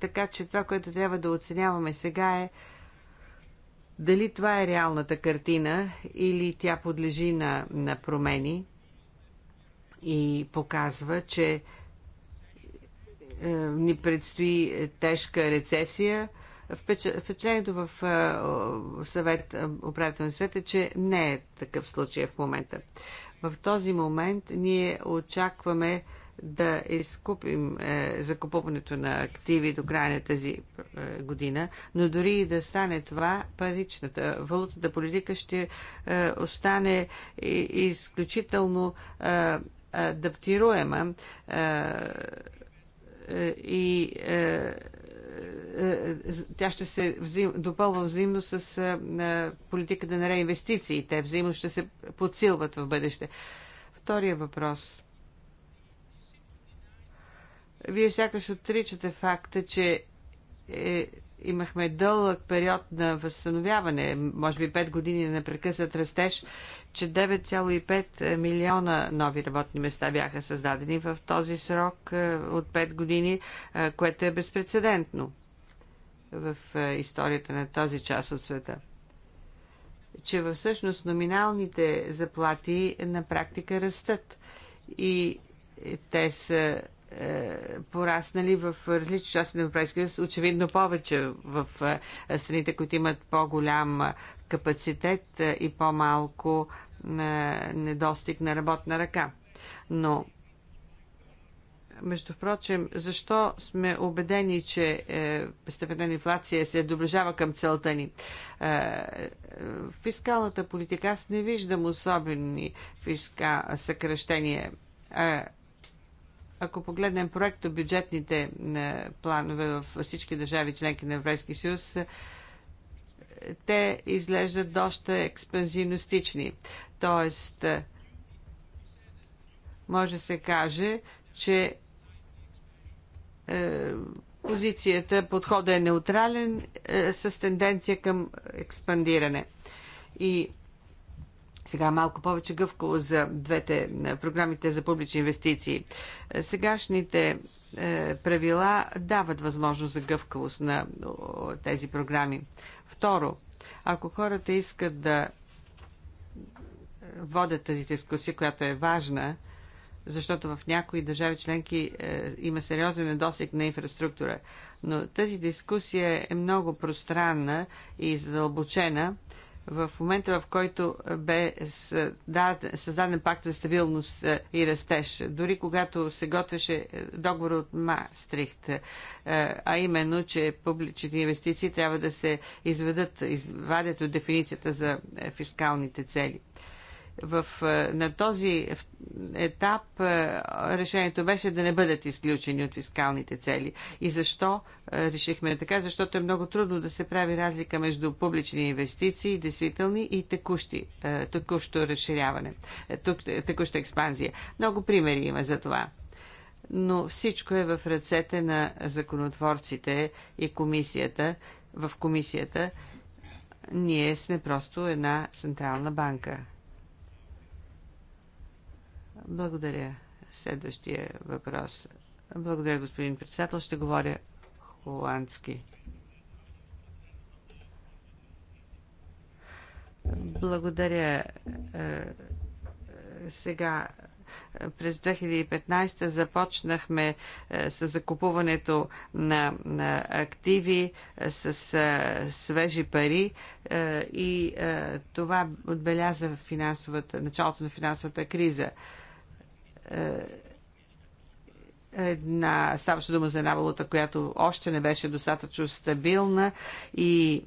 Speaker 5: така че това, което трябва да оценяваме сега е дали това е реалната картина или тя подлежи на, на промени и показва, че е, ни предстои тежка рецесия. Впечатлението в е, съвет, е, управителен съвет е, че не е такъв случай в момента. В този момент ние очакваме да изкупим е, закупуването на активи до края на тази е, година, но дори и да стане това, паричната, валутната политика ще е, остане изключително е, адаптируема. Е, е, и е, е, тя ще се взим, допълва взаимно с политиката на реинвестиции. Те взаимно ще се подсилват в бъдеще. Втория въпрос. Вие сякаш отричате факта, че е, имахме дълъг период на възстановяване, може би 5 години на непрекъснат растеж, че 9,5 милиона нови работни места бяха създадени в този срок е, от 5 години, е, което е безпредседентно в е, историята на тази част от света. Че всъщност номиналните заплати на практика растат и те са е, пораснали в различни части на Европейския съюз, очевидно повече в е, страните, които имат по-голям е, капацитет и по-малко недостиг на работна ръка. Но между прочим, защо сме убедени, че степента на инфлация се доближава към целта ни? фискалната политика, аз не виждам особени фиска, съкръщения. Ако погледнем проекто бюджетните е, планове във всички държави членки на Европейския съюз, е, те изглеждат доста експанзивностични. Тоест, е, може да се каже, че позицията, подхода е неутрален с тенденция към експандиране. И сега малко повече гъвкаво за двете е, програмите за публични инвестиции. Е, сегашните е, правила дават възможност за гъвкавост на тези програми. Второ, ако хората искат да водят тази дискусия, която е важна, защото в някои държави членки има сериозен недостиг на инфраструктура. Но тази дискусия е много пространна и задълбочена в момента, в който бе създаден пакт за стабилност е, и растеж, дори когато се готвеше е, договор от Мастрихт, е, а именно, че публичните инвестиции трябва да се изведат, извадят от дефиницията за фискалните цели в, е, на този етап е, решението беше да не бъдат изключени от фискалните цели. И защо е, решихме така? Защото е много трудно да се прави разлика между публични инвестиции, действителни и текущи, текущо разширяване, текуща експанзия. Много примери има за това но всичко е в ръцете на законотворците и комисията. В комисията ние сме просто една централна банка. Благодаря. Следващия въпрос. Благодаря, господин председател. Ще говоря холандски. Благодаря. Е, сега е, през 2015 започнахме е, с закупуването на, на активи с свежи пари и това отбеляза финансовата, началото на финансовата криза. Е, една, ставаше дума за една валута, която още не беше достатъчно стабилна и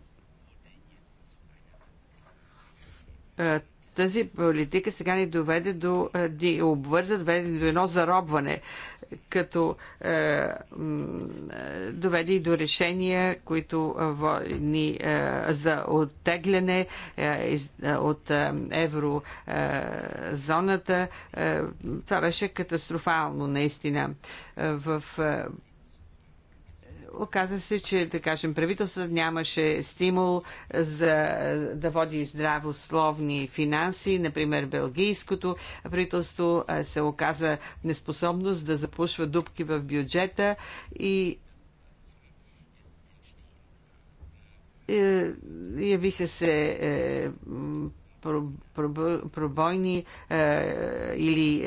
Speaker 5: е, тази политика сега ни доведе до, е, ни обвърза, доведе до едно заробване, като е, е доведе и до решения, които ни е, е, за оттегляне е, от е, еврозоната. Е, това беше катастрофално, наистина. В е, Оказа се, че, да кажем, правителството нямаше стимул за да води здравословни финанси. Например, белгийското правителство се оказа неспособност да запушва дупки в бюджета и е, явиха се е, пробойни е, или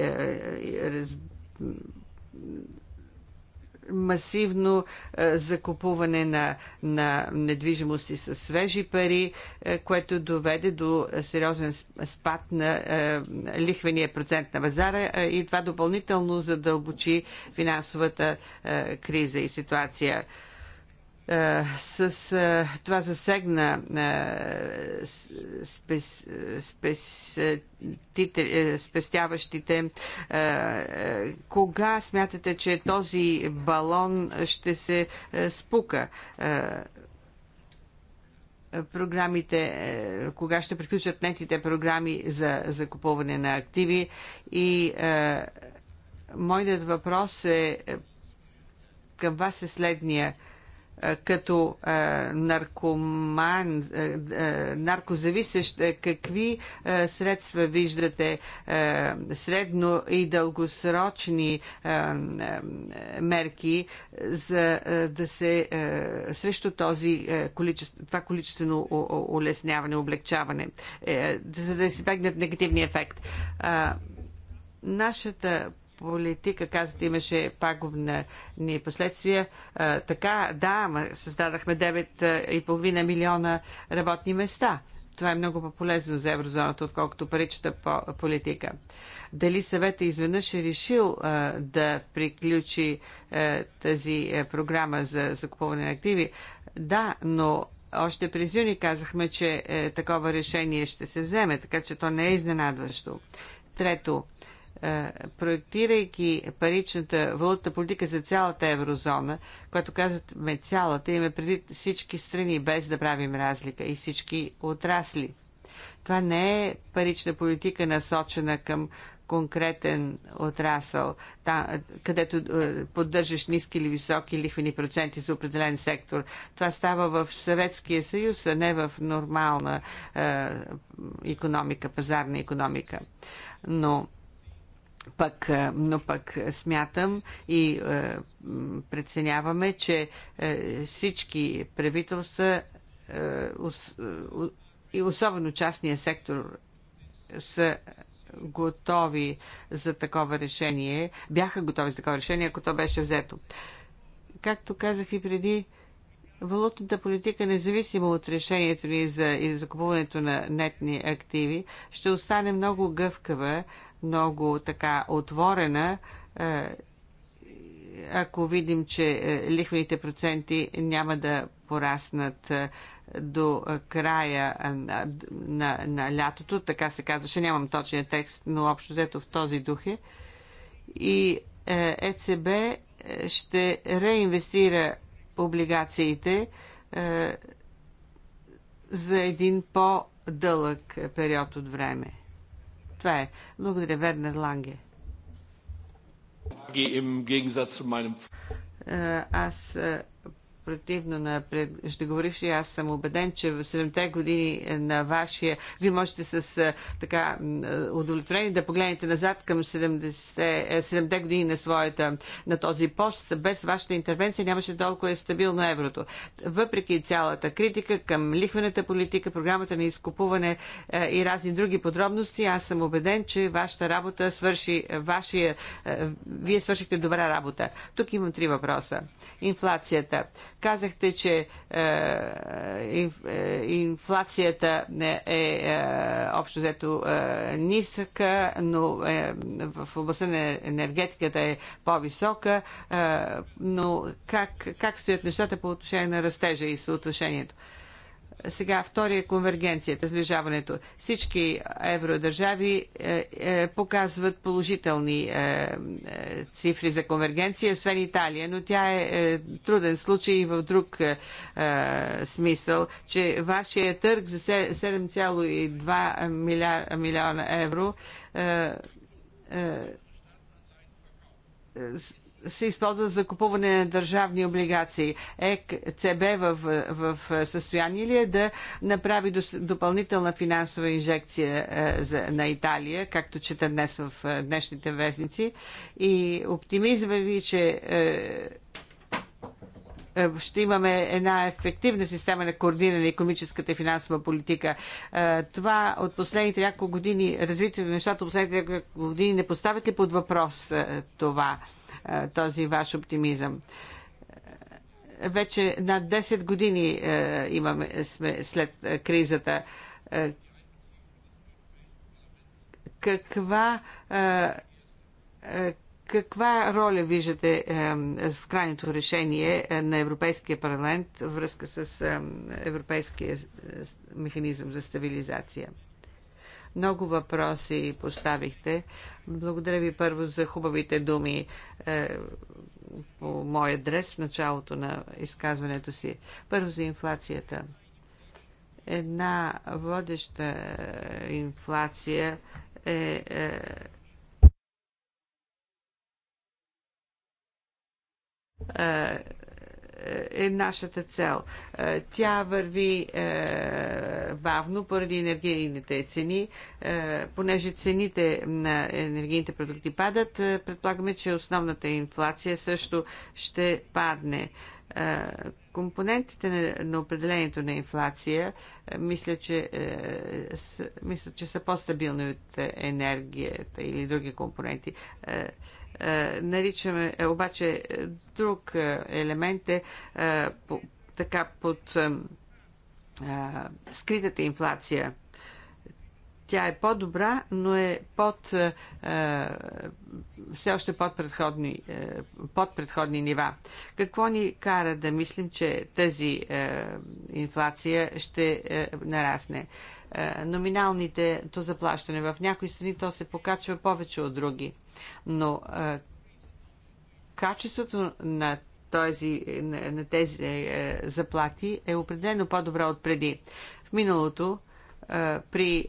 Speaker 5: масивно е, закупуване на, на недвижимости с свежи пари, е, което доведе до сериозен спад на е, лихвения процент на пазара и това допълнително задълбочи финансовата криза и ситуация. Е, с е, това засегна е, спестяващите. кога смятате, че този балон ще се спука? програмите, кога ще приключат нетите програми за закупуване на активи и моят въпрос е към вас е следния. Е, като е, наркоман, е, наркозависещ, какви средства виждате средно и дългосрочни мерки за да се срещу този количество, това количествено улесняване, облегчаване, за да се бегнат негативния ефект. Нашата политика, казвате, имаше пагубни последствия. Така, да, създадахме 9,5 милиона работни места. Това е много по-полезно за еврозоната, отколкото паричната политика. Дали съвета изведнъж е решил а, да приключи а, тази а, програма за закупуване на активи? Да, но още през юни казахме, че е, такова решение ще се вземе, така че то не е изненадващо. Трето, проектирайки паричната валутна политика за цялата еврозона, която казваме цялата, имаме предвид всички страни, без да правим разлика и всички отрасли. Това не е парична политика насочена към конкретен отрасъл, там, където е, поддържаш ниски или високи лихвени проценти за определен сектор. Това става в Съветския съюз, а не в нормална е, економика, пазарна економика. Но пък, е, но пък е, смятам и е, преценяваме, че е, всички правителства е, ос, е, и особено частния сектор са готови за такова решение, бяха готови за такова решение, ако то беше взето. Както казах и преди, Валутната политика, независимо от решението ни за, и закупуването на нетни активи, ще остане много гъвкава, много така отворена, е, ако видим, че е, лихвените проценти няма да пораснат е, до края на, на, на лятото, така се казваше, нямам точния текст, но общо взето в този дух е. И ЕЦБ ще реинвестира облигациите за един по-дълъг период от време. Това е. Благодаря, Вернер Ланге. Е, аз е, противно на преждеговоривши, аз съм убеден, че в 7-те години е, на вашия, ви можете с е, така е, удовлетворение да погледнете назад към 70 7-те години на своята, на този пост. Без вашата интервенция нямаше толкова е стабилно еврото. Въпреки цялата критика към лихвената политика, програмата на изкупуване и разни други подробности, аз съм убеден, че вашата работа свърши, вашия, вие свършихте добра работа. Тук имам три въпроса. Инфлацията Казахте, че е, е, е, инфлацията е, е общо взето е, ниска, но е, в областта на енергетиката е по-висока. Е, но как, как стоят нещата по отношение на растежа и съотношението? Е, сега втория е конвергенцията, сближаването. Всички евродържави е, е, показват положителни е, е цифри за конвергенция, освен Италия, но тя е, е труден случай и в друг смисъл, че вашия търг за 7,2 милиар, милиона евро се използва за купуване на държавни облигации. ЕКЦБ в, в състояние ли е да направи допълнителна финансова инжекция е, за, на Италия, както чета днес в е, днешните вестници? И оптимизма ви, че е, ще имаме една ефективна система на координиране на економическата и финансова политика. Това от последните няколко години, развитието на нещата от последните няколко години, не поставят ли под въпрос това? този ваш оптимизъм вече над 10 години имаме, сме след кризата. каква, каква роля виждате в крайното решение на Европейския парламент връзка с Европейския механизъм за стабилизация? Много въпроси поставихте. Благодаря ви първо за хубавите думи е, по мой адрес в началото на изказването си. Първо за инфлацията. Една водеща е, инфлация е, е, е е нашата цел. Е, тя върви е, бавно поради енергийните цени. Е, понеже цените на енергийните продукти падат, предполагаме, че основната инфлация също ще падне компонентите на, определението на инфлация мисля, че, мисля, че са по-стабилни от енергията или други компоненти. Е, наричаме е, обаче е, друг елемент е така под скритата инфлация. Тя е по-добра, но е под, все още под предходни, под предходни нива. Какво ни кара да мислим, че тази инфлация ще нарасне? Е, номиналните то заплащане. В някои страни то се покачва повече от други. Но е, качеството на този, на, на тези е, заплати е определено по-добро от преди. В миналото, е, при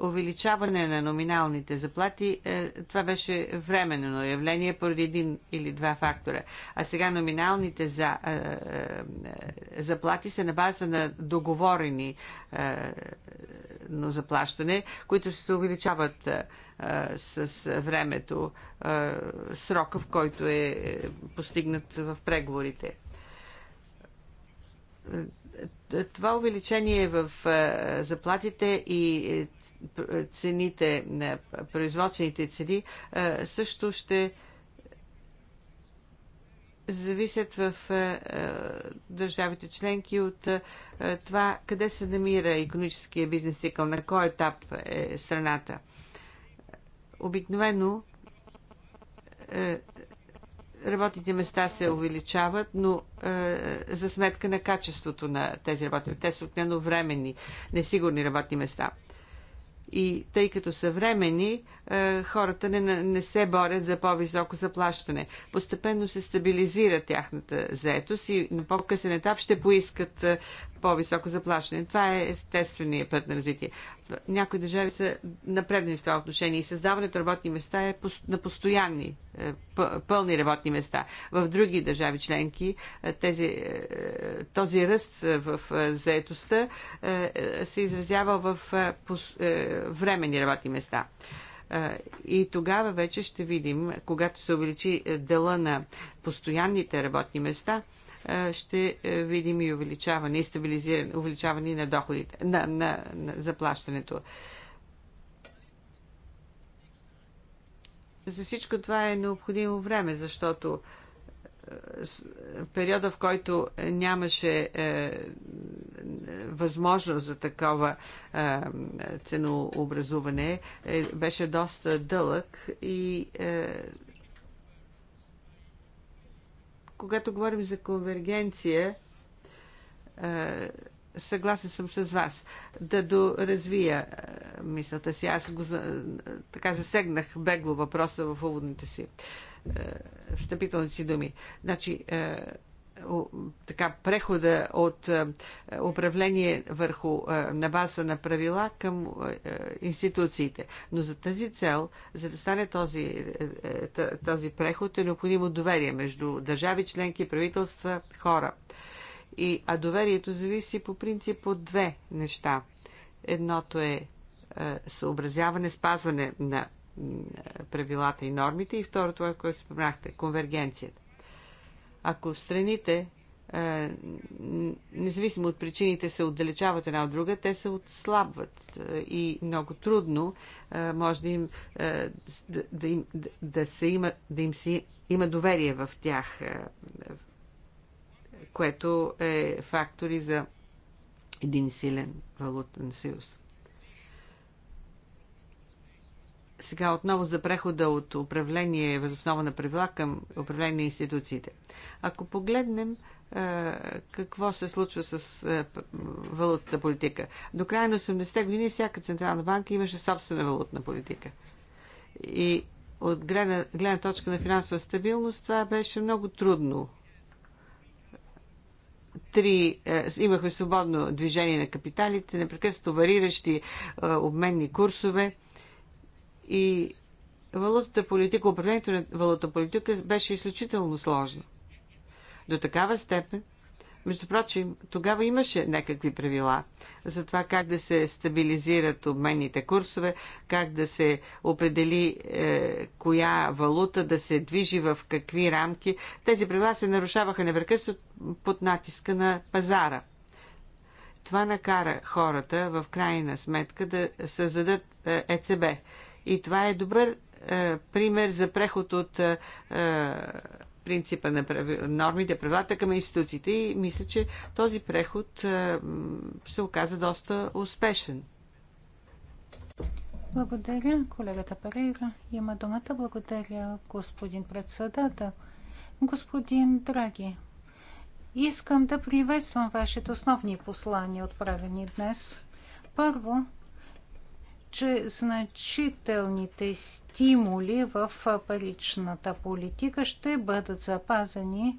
Speaker 5: увеличаване на номиналните заплати, е, това беше временно явление поради един или два фактора. А сега номиналните за, е, е, заплати са на база на договорени е, но заплащане, които се увеличават с времето, срока в който е, е постигнат в преговорите това увеличение в заплатите и е, цените, производствените цени също ще зависят в е, е, държавите членки от е, това къде се намира економическия бизнес цикъл, на кой етап е страната. Обикновено работните места се увеличават, но за сметка на качеството на тези работни. Те са отнено временни, несигурни работни места и тъй като са времени, е, хората не, не се борят за по-високо заплащане. Постепенно се стабилизира тяхната заетост и на по-късен етап ще поискат е, по-високо заплащане. Това е естественият път на развитие. Някои държави са напредни в това отношение и създаването работни места е на постоянни, е, пълни работни места. В други държави членки е, тези, е, този ръст в заетостта се изразява в временни работни места. И тогава вече ще видим, когато се увеличи дела на постоянните работни места, ще е, видим и увеличаване, и стабилизиране, увеличаване на доходите, на, на, на заплащането. За всичко това е необходимо време, защото е, периода, в който нямаше е, възможност за такова е, ценообразуване, е, беше доста дълъг и е, когато говорим за конвергенция, е, съгласен съм с вас, да доразвия е, мисълта си. Аз го е, така засегнах бегло въпроса в уводните си встъпителни си думи. Значи, така, прехода от е, управление върху, е, на база на правила към е, институциите. Но за тази цел, за да стане този, този преход, е необходимо доверие между държави, членки, правителства, хора. И, а доверието зависи по принцип от две неща. Едното е съобразяване, спазване на правилата и нормите и второто, което споменахте, конвергенцията. Ако страните, независимо от причините, се отдалечават една от друга, те се отслабват и много трудно може да им, да им, да се има, да им се има доверие в тях, което е фактори за един силен валутен съюз. Сега отново за прехода от управление въз основа на правила към управление на институциите. Ако погледнем е, какво се случва с е, валутната политика. До края на 80-те години всяка централна банка имаше собствена валутна политика. И от гледна, гледна точка на финансова стабилност това беше много трудно. Три, е, имахме свободно движение на капиталите, непрекъснато вариращи е, обменни курсове и валутата политика, управлението на валута политика беше изключително сложно. До такава степен, между прочим, тогава имаше някакви правила за това как да се стабилизират обменните курсове, как да се определи е, коя валута да се движи в какви рамки. Тези правила се нарушаваха непрекъснато под натиска на пазара. Това накара хората в крайна сметка да създадат е, ЕЦБ, и това е добър е, пример за преход от е, е, принципа на прави, нормите, правилата към институциите. И мисля, че този преход е, се оказа доста успешен.
Speaker 6: Благодаря, колегата Парира. Има думата. Благодаря, господин председател. Господин Драги, искам да приветствам вашите основни послания, отправени днес. Първо, че значителните стимули в паричната политика ще бъдат запазени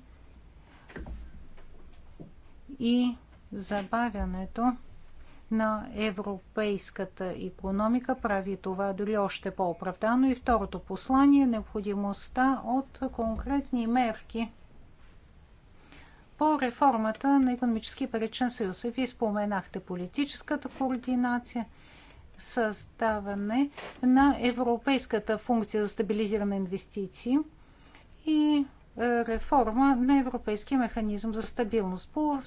Speaker 6: и забавянето на европейската економика прави това дори още по-оправдано. И второто послание е необходимостта от конкретни мерки по реформата на економически паричен съюз. И вие споменахте политическата координация – създаване на Европейската функция за стабилизиране инвестиции и е, реформа на Европейския механизъм за стабилност. По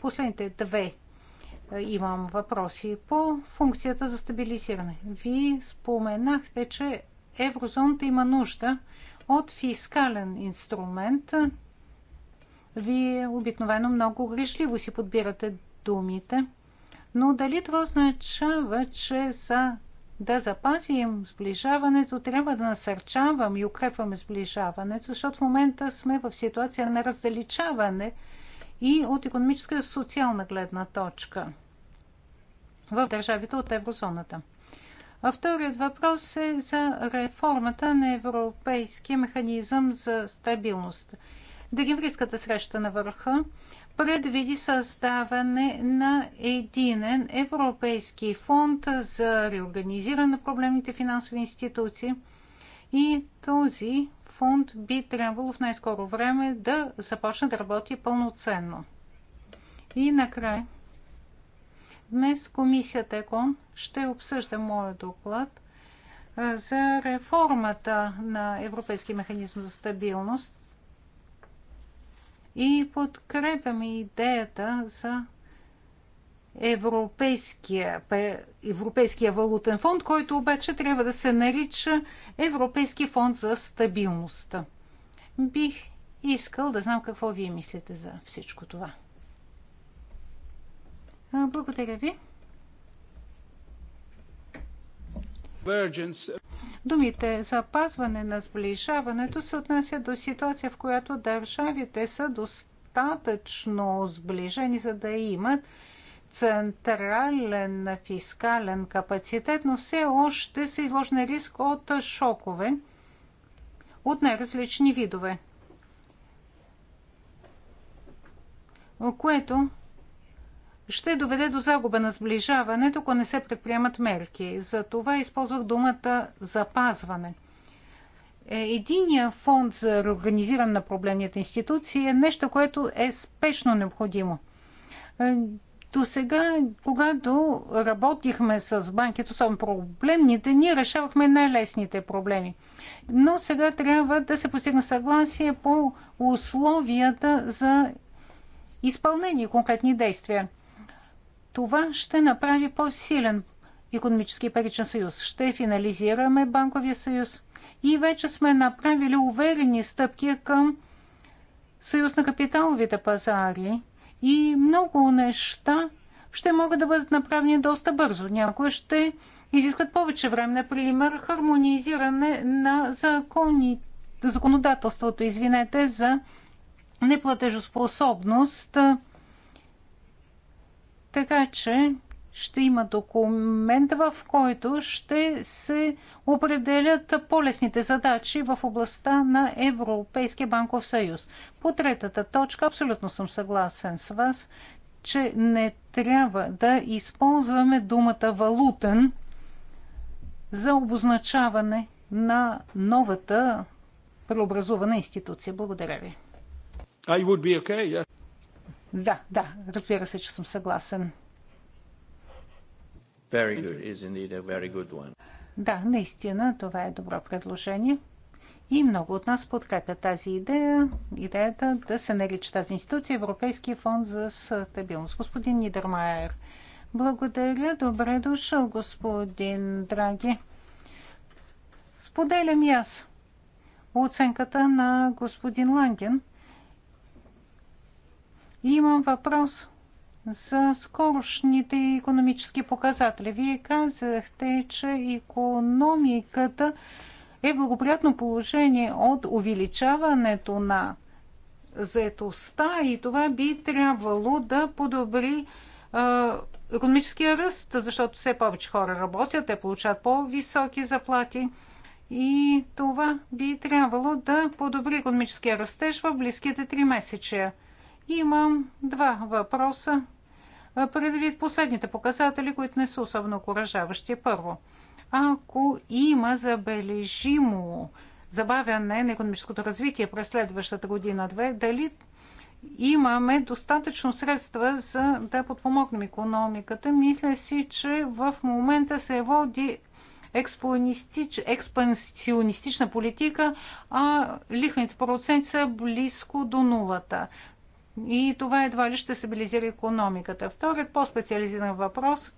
Speaker 6: последните две е, имам въпроси. По функцията за стабилизиране. Вие споменахте, че еврозоната има нужда от фискален инструмент. Вие обикновено много грешливо си подбирате думите – но дали това означава, че за да запазим сближаването, трябва да насърчаваме и укрепваме сближаването, защото в момента сме в ситуация на раздалечаване и от економическа и социална гледна точка в държавите от еврозоната. А вторият въпрос е за реформата на Европейския механизъм за стабилност. Декемврийската среща на върха предвиди създаване на единен европейски фонд за реорганизиране на проблемните финансови институции и този фонд би трябвало в най-скоро време да започне да работи пълноценно. И накрая, днес комисията ЕКОН ще обсъжда моят доклад за реформата на Европейски механизъм за стабилност и подкрепяме идеята за Европейския, Европейския валутен фонд, който обаче трябва да се нарича Европейски фонд за стабилност. Бих искал да знам какво вие мислите за всичко това. Благодаря ви. Думите запазване на сближаването се отнасят до ситуация, в която държавите са достатъчно сближени, за да имат централен фискален капацитет, но все още са изложени риск от шокове от най-различни видове. Което ще доведе до загуба на сближаването, ако не се предприемат мерки. За това използвах думата запазване. Е, единия фонд за реорганизиране на проблемните институции е нещо, което е спешно необходимо. Е, до сега, когато работихме с банките, особено проблемните, ние решавахме най-лесните проблеми. Но сега трябва да се постигне съгласие по условията за изпълнение конкретни действия. Това ще направи по-силен економически паричен съюз. Ще финализираме банковия съюз и вече сме направили уверени стъпки към съюз на капиталовите пазари и много неща ще могат да бъдат направени доста бързо. Някои ще изискват повече време, например, хармонизиране на закони, законодателството, извинете, за неплатежоспособност така че ще има документ, в който ще се определят по-лесните задачи в областта на Европейския банков съюз. По третата точка абсолютно съм съгласен с вас, че не трябва да използваме думата валутен за обозначаване на новата преобразувана институция. Благодаря ви.
Speaker 1: I would be okay, yeah.
Speaker 6: Да, да, разбира се, че съм съгласен.
Speaker 1: Very good is indeed a very good one.
Speaker 6: Да, наистина това е добро предложение. И много от нас подкрепят тази идея, идеята да се нарича тази институция Европейския фонд за стабилност. Господин Нидермайер, благодаря. Добре дошъл, господин Драги. Споделям и аз оценката на господин Ланген. Имам въпрос за скорошните економически показатели. Вие казахте, че економиката е благоприятно положение от увеличаването на заетостта и това би трябвало да подобри економическия ръст, защото все повече хора работят, те получават по-високи заплати и това би трябвало да подобри економическия растеж в близките три месечия. Имам два въпроса предвид последните показатели, които не са особено окоръжаващи. Първо, ако има забележимо забавяне на економическото развитие през следващата година-две, дали имаме достатъчно средства за да подпомогнем економиката. Мисля си, че в момента се води експансионистична политика, а лихвените проценти са близко до нулата. И това едва ли ще стабилизира економиката. Вторият по-специализиран въпрос.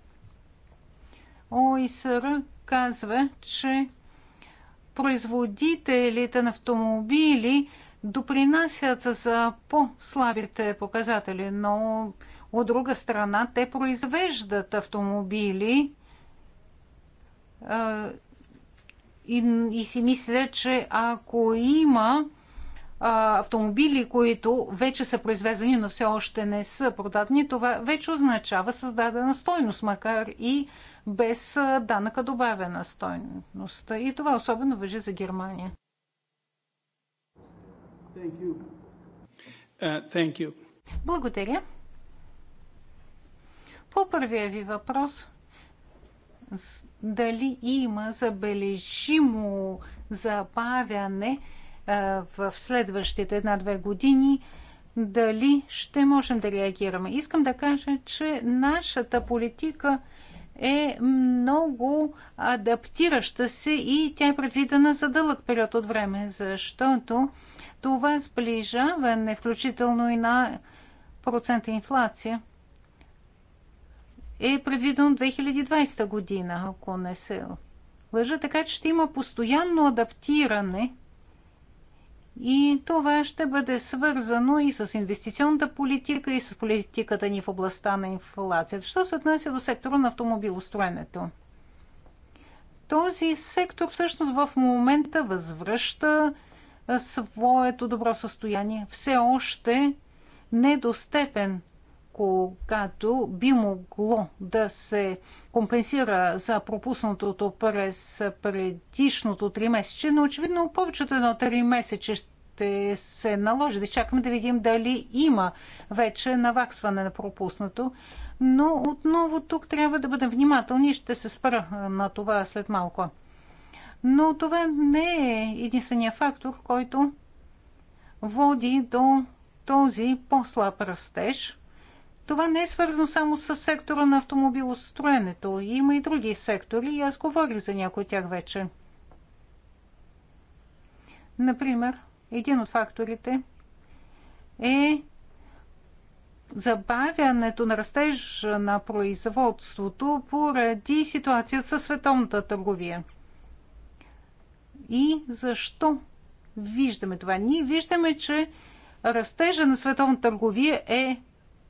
Speaker 6: ОИСР казва, че производителите на автомобили допринасят за по-слабите показатели, но от друга страна те произвеждат автомобили и, и си мисля, че ако има автомобили, които вече са произвезени, но все още не са продадени, това вече означава създадена стойност, макар и без данъка добавена стойност. И това особено въжи за Германия.
Speaker 2: Thank you. Uh, thank you.
Speaker 6: Благодаря. По първия ви въпрос, дали има забележимо забавяне, в следващите една-две години, дали ще можем да реагираме. Искам да кажа, че нашата политика е много адаптираща се и тя е предвидена за дълъг период от време, защото това сближаване, включително и на процента инфлация, е предвидено 2020 година, ако не се лъжа, така че ще има постоянно адаптиране и това ще бъде свързано и с инвестиционната политика, и с политиката ни в областта на инфлацията. Що се отнася до сектора на автомобилостроенето? Този сектор всъщност в момента възвръща своето добро състояние. Все още не до степен, когато би могло да се компенсира за пропуснатото през предишното три месече, но очевидно повечето едно три месече ще се наложи да чакаме да видим дали има вече наваксване на пропуснато. Но отново тук трябва да бъдем внимателни и ще се спра на това след малко. Но това не е единствения фактор, който води до този по-слаб растеж. Това не е свързано само с сектора на автомобилостроенето. Има и други сектори и аз говорих за някои от тях вече. Например, един от факторите е забавянето на растежа на производството поради ситуацията със световната търговия. И защо виждаме това? Ние виждаме, че растежа на световната търговия е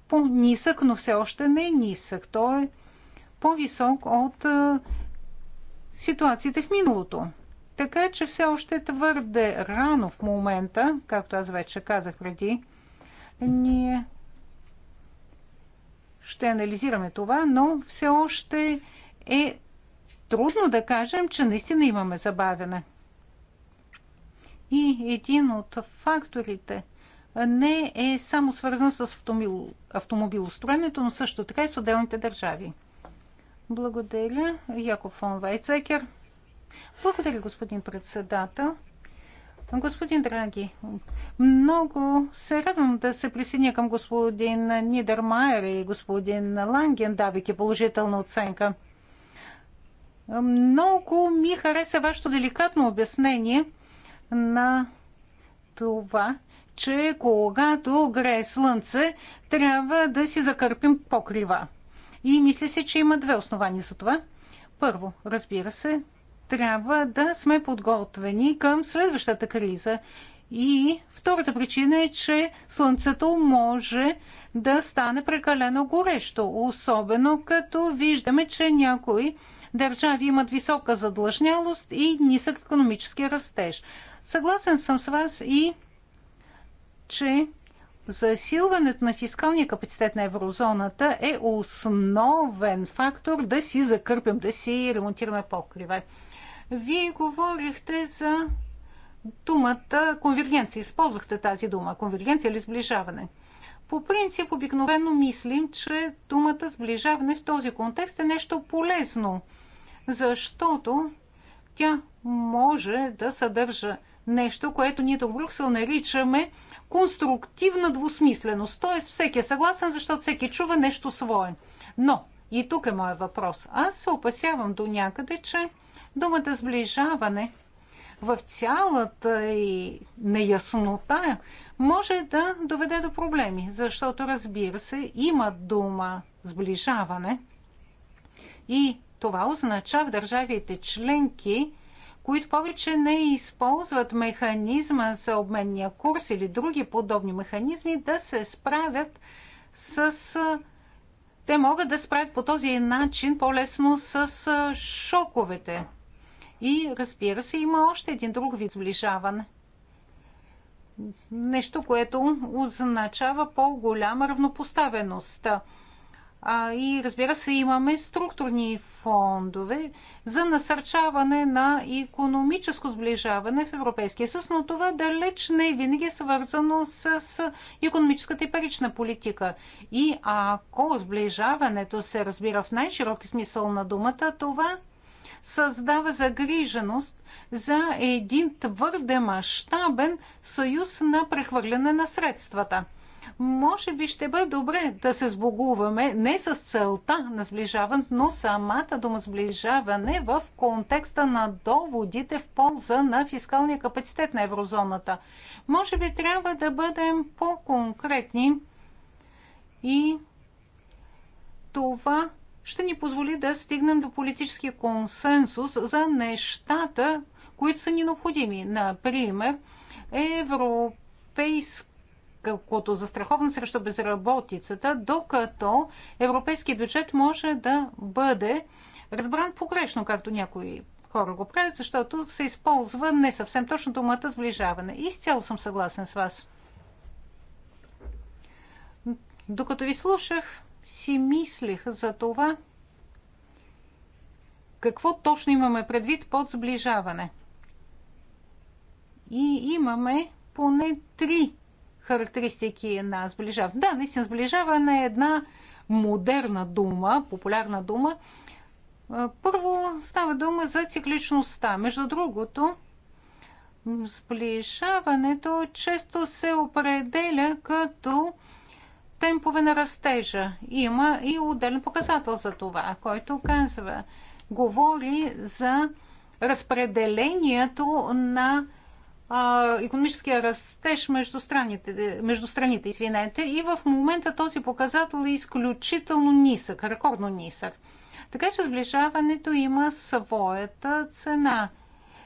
Speaker 6: по-нисък, но все още не е нисък. Той е по-висок от ситуациите в миналото. Така че все още е твърде рано в момента, както аз вече казах преди, ние ще анализираме това, но все още е трудно да кажем, че наистина имаме забавяне. И един от факторите не е само свързан с автомобил, автомобилостроенето, но също така и с отделните държави. Благодаря, Яков фон Вайцекер. Благодаря, господин председател. Господин Драги, много се радвам да се присъединя към господин Нидермайер и господин Ланген, давайки положителна оценка. Много ми хареса вашето деликатно обяснение на това, че когато грее слънце, трябва да си закърпим покрива. И мисля се, че има две основания за това. Първо, разбира се, трябва да сме подготвени към следващата криза. И втората причина е, че слънцето може да стане прекалено горещо, особено като виждаме, че някои държави имат висока задлъжнялост и нисък економически растеж. Съгласен съм с вас и че засилването на фискалния капацитет на еврозоната е основен фактор да си закърпим, да си ремонтираме покрива. Вие говорихте за думата конвергенция. Използвахте тази дума. Конвергенция или сближаване. По принцип, обикновено мислим, че думата сближаване в този контекст е нещо полезно, защото тя може да съдържа нещо, което ние в Брюксел наричаме конструктивна двусмисленост. Т.е. всеки е съгласен, защото всеки чува нещо свое. Но, и тук е моят въпрос. Аз се опасявам до някъде, че Думата сближаване в цялата и неяснота може да доведе до проблеми, защото разбира се, има дума сближаване и това означава държавите членки, които повече не използват механизма за обменния курс или други подобни механизми, да се справят с... Те могат да справят по този начин по-лесно с шоковете. И разбира се, има още един друг вид сближаване. Нещо, което означава по-голяма равнопоставеност. и разбира се, имаме структурни фондове за насърчаване на економическо сближаване в Европейския съюз, но това далеч не винаги е свързано с, с економическата и парична политика. И ако сближаването се разбира в най-широки смисъл на думата, това създава загриженост за един твърде мащабен съюз на прехвърляне на средствата. Може би ще бъде добре да се сбогуваме не с целта на сближаване, но самата дума сближаване в контекста на доводите в полза на фискалния капацитет на еврозоната. Може би трябва да бъдем по-конкретни и това ще ни позволи да стигнем до политически консенсус за нещата, които са ни необходими. Например, европейското застраховане срещу безработицата, докато европейски бюджет може да бъде разбран погрешно, както някои хора го правят, защото се използва не съвсем точно думата сближаване. Изцяло съм съгласен с вас. Докато ви слушах, си мислех за това, какво точно имаме предвид под сближаване. И имаме поне три характеристики на сближаване. Да, наистина сближаване е една модерна дума, популярна дума. Първо става дума за цикличността. Между другото, сближаването често се определя като темпове на растежа. Има и отделен показател за това, който казва, говори за разпределението на економическия растеж между страните, между страните извинете, и в момента този показател е изключително нисък, рекордно нисък. Така че сближаването има своята цена.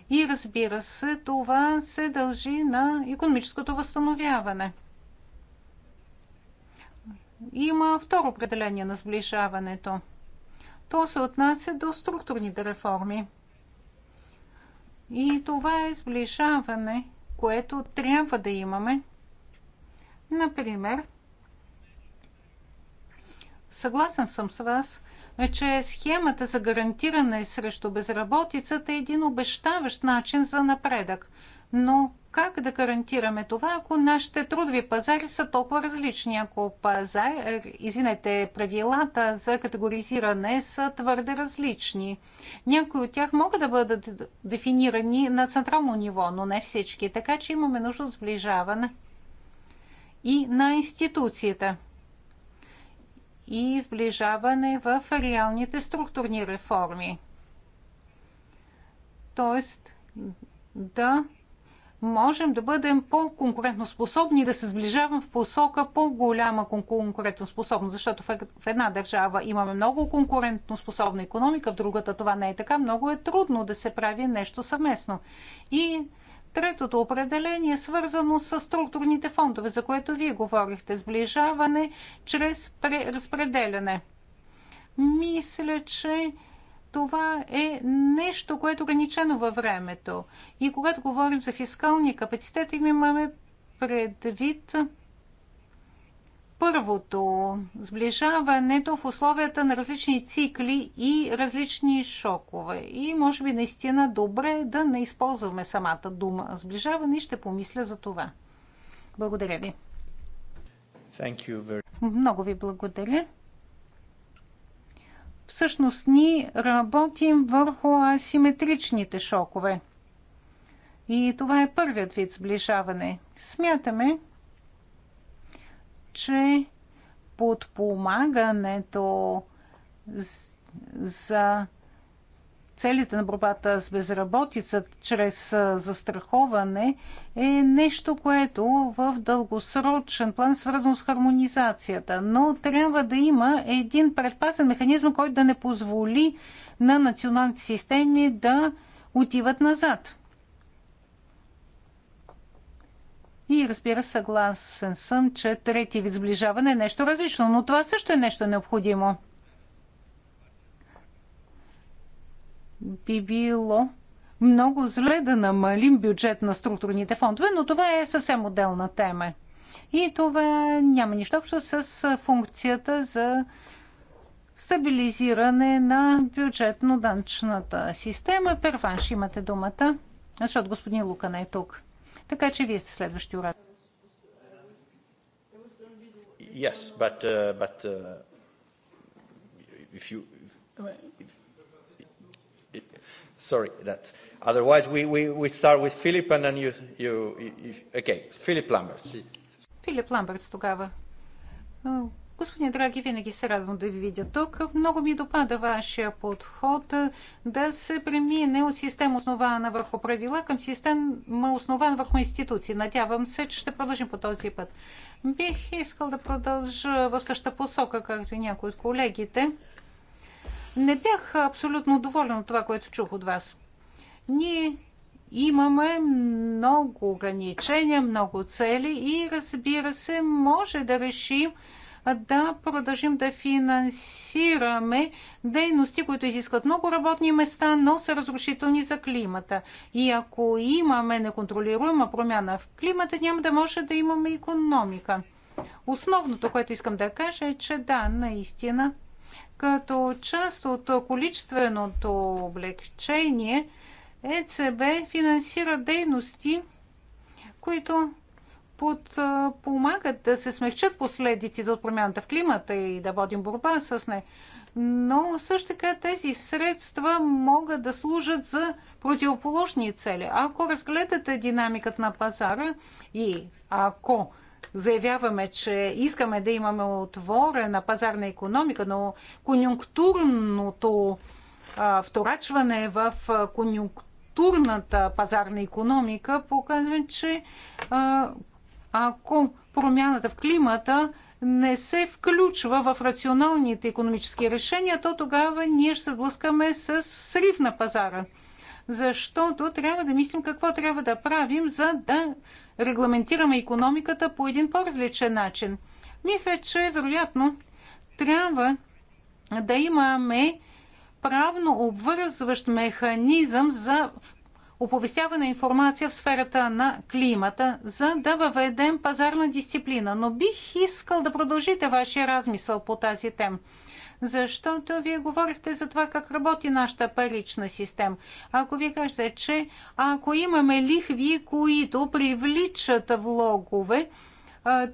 Speaker 6: И разбира се, това се дължи на економическото възстановяване – има второ определение на сближаването. То се отнася до структурните реформи. И това е сближаване, което трябва да имаме. Например, съгласен съм с вас, че схемата за гарантиране срещу безработицата е един обещаващ начин за напредък – но как да гарантираме това, ако нашите трудови пазари са толкова различни? Ако пазар, извинете, правилата за категоризиране са твърде различни. Някои от тях могат да бъдат дефинирани на централно ниво, но не всички. Така че имаме нужда от сближаване и на институцията и сближаване в реалните структурни реформи. Тоест да можем да бъдем по-конкурентоспособни и да се сближавам в посока по-голяма конкурентоспособност, защото в една държава имаме много конкурентоспособна економика, в другата това не е така. Много е трудно да се прави нещо съвместно. И Третото определение е свързано с структурните фондове, за което вие говорихте. Сближаване чрез преразпределяне. Мисля, че това е нещо, което е ограничено във времето. И когато говорим за фискалния капацитет, имаме предвид първото сближаването в условията на различни цикли и различни шокове. И може би наистина добре е да не използваме самата дума сближаване и ще помисля за това. Благодаря ви. Много ви благодаря всъщност ни работим върху асиметричните шокове. И това е първият вид сближаване. Смятаме, че подпомагането за целите на борбата с безработицата чрез застраховане е нещо, което в дългосрочен план е свързано с хармонизацията. Но трябва да има един предпасен механизъм, който да не позволи на националните системи да отиват назад. И разбира се, съгласен съм, че трети вид сближаване е нещо различно, но това също е нещо необходимо. би било много зле да намалим бюджет на структурните фондове, но това е съвсем отделна тема. И това няма нищо общо с функцията за стабилизиране на бюджетно-данчната система. Перванш, имате думата, защото господин Лука не е тук. Така че вие сте следващи урад.
Speaker 1: Yes, but, uh, but uh, if you, if, Sorry, that's. Otherwise, we, we, we start with Philip and then you. you, you okay, Philip Lamberts.
Speaker 6: Philip Ламбертс тогава. Господин Драги, винаги се радвам да ви видя тук. Много ми допада вашия подход да се премине от система основана върху правила към система основана върху институции. Надявам се, че ще продължим по този път. Бих искал да продължа в същата посока, както и някои от колегите. Не бях абсолютно доволен от това, което чух от вас. Ние имаме много ограничения, много цели и разбира се, може да решим да продължим да финансираме дейности, които изискват много работни места, но са разрушителни за климата. И ако имаме неконтролируема промяна в климата, няма да може да имаме економика. Основното, което искам да кажа е, че да, наистина като част от количественото облегчение, ЕЦБ финансира дейности, които подпомагат да се смягчат последиците от промяната в климата и да водим борба с не. Но също така тези средства могат да служат за противоположни цели. Ако разгледате динамиката на пазара и ако заявяваме, че искаме да имаме отворена пазарна економика, но конюнктурното вторачване в конюнктурната пазарна економика показва, че ако промяната в климата не се включва в рационалните економически решения, то тогава ние ще се сблъскаме с срив на пазара. Защото трябва да мислим какво трябва да правим, за да регламентираме економиката по един по-различен начин. Мисля, че вероятно трябва да имаме правно обвързващ механизъм за оповестяване информация в сферата на климата, за да въведем пазарна дисциплина. Но бих искал да продължите вашия размисъл по тази тема. Защото вие говорихте за това как работи нашата парична система. Ако вие кажете, че ако имаме лихви, които привличат влогове,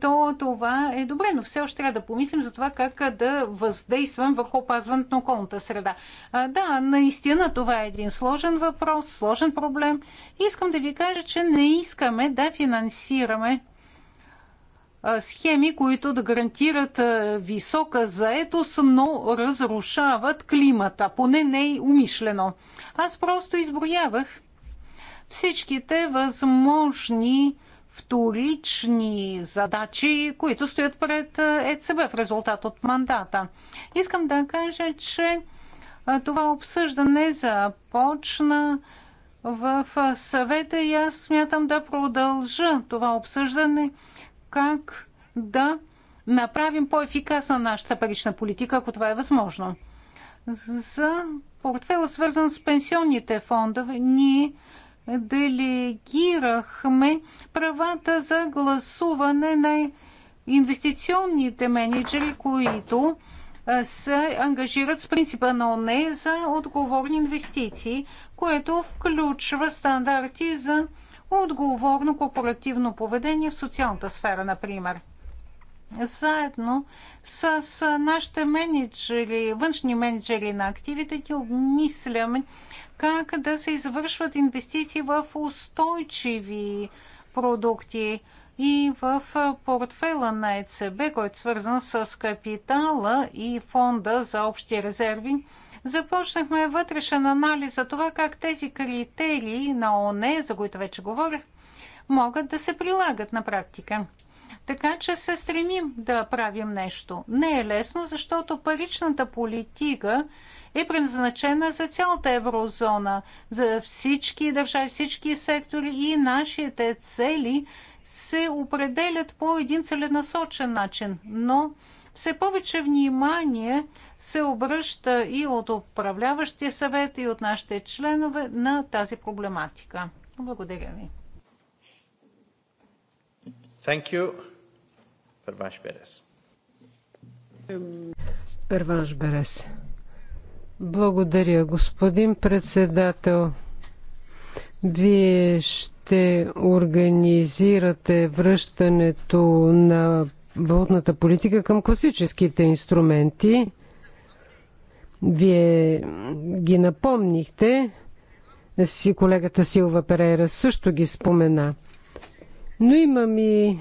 Speaker 6: то това е добре, но все още трябва да помислим за това как да въздействам върху опазването на околната среда. Да, наистина това е един сложен въпрос, сложен проблем. Искам да ви кажа, че не искаме да финансираме схеми, които да гарантират висока заетост, но разрушават климата, поне не и умишлено. Аз просто изброявах всичките възможни вторични задачи, които стоят пред ЕЦБ в резултат от мандата. Искам да кажа, че това обсъждане започна в съвета и аз смятам да продължа това обсъждане как да направим по-ефикасна нашата парична политика, ако това е възможно. За портфела, свързан с пенсионните фондове, ние делегирахме правата за гласуване на инвестиционните менеджери, които се ангажират с принципа на ОНЕ за отговорни инвестиции, което включва стандарти за отговорно корпоративно поведение в социалната сфера, например. Заедно с нашите менеджери, външни менеджери на активите, ти обмисляме как да се извършват инвестиции в устойчиви продукти и в портфела на ЕЦБ, който е свързан с капитала и фонда за общи резерви започнахме вътрешен анализ за това как тези критерии на ОНЕ, за които вече говорих, могат да се прилагат на практика. Така че се стремим да правим нещо. Не е лесно, защото паричната политика е предназначена за цялата еврозона, за всички държави, всички сектори и нашите цели се определят по един целенасочен начин. Но все повече внимание се обръща и от управляващия съвет, и от нашите членове на тази проблематика.
Speaker 4: Благодаря ви.
Speaker 1: Thank you. Първаш Берес.
Speaker 4: Първаш Берес. Благодаря, господин председател. Вие ще организирате връщането на валутната политика към класическите инструменти. Вие ги напомнихте, си колегата Силва Перейра също ги спомена. Но имам и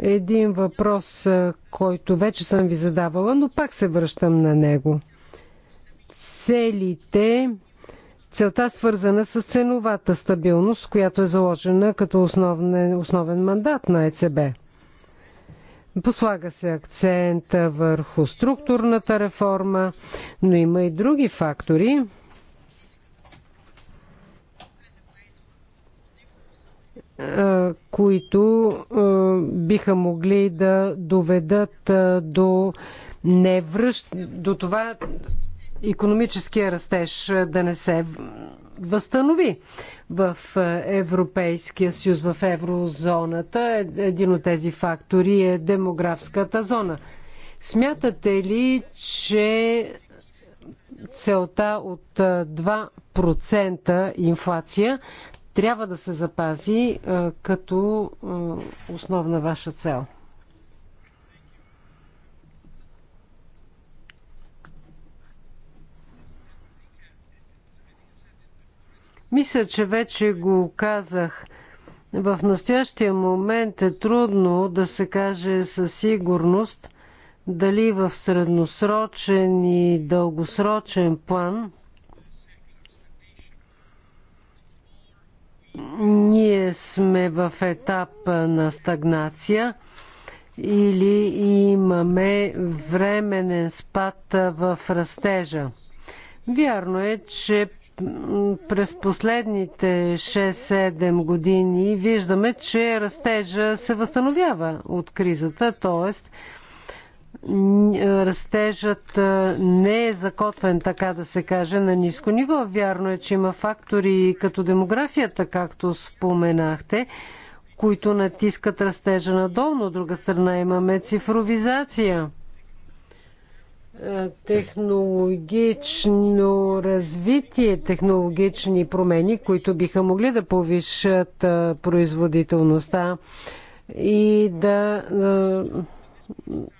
Speaker 4: един въпрос, който вече съм ви задавала, но пак се връщам на него. Целите, целта свързана с ценовата стабилност, която е заложена като основен, основен мандат на ЕЦБ – Послага се акцента върху структурната реформа, но има и други фактори. които биха могли да доведат до невръщ... до това економическия растеж да не се възстанови в е, Европейския съюз, в еврозоната. Е, един от тези фактори е демографската зона. Смятате ли, че целта от 2% е, инфлация трябва да се запази като основна ваша цел? Мисля, че вече го казах. В настоящия момент е трудно да се каже със сигурност дали в средносрочен и дългосрочен план ние сме в етап на стагнация или имаме временен спад в растежа. Вярно е, че през последните 6-7 години виждаме, че растежа се възстановява от кризата, т.е. растежът не е закотвен, така да се каже, на ниско ниво. Вярно е, че има фактори като демографията, както споменахте, които натискат растежа надолу, но от друга страна имаме цифровизация – технологично развитие, технологични промени, които биха могли да повишат производителността и да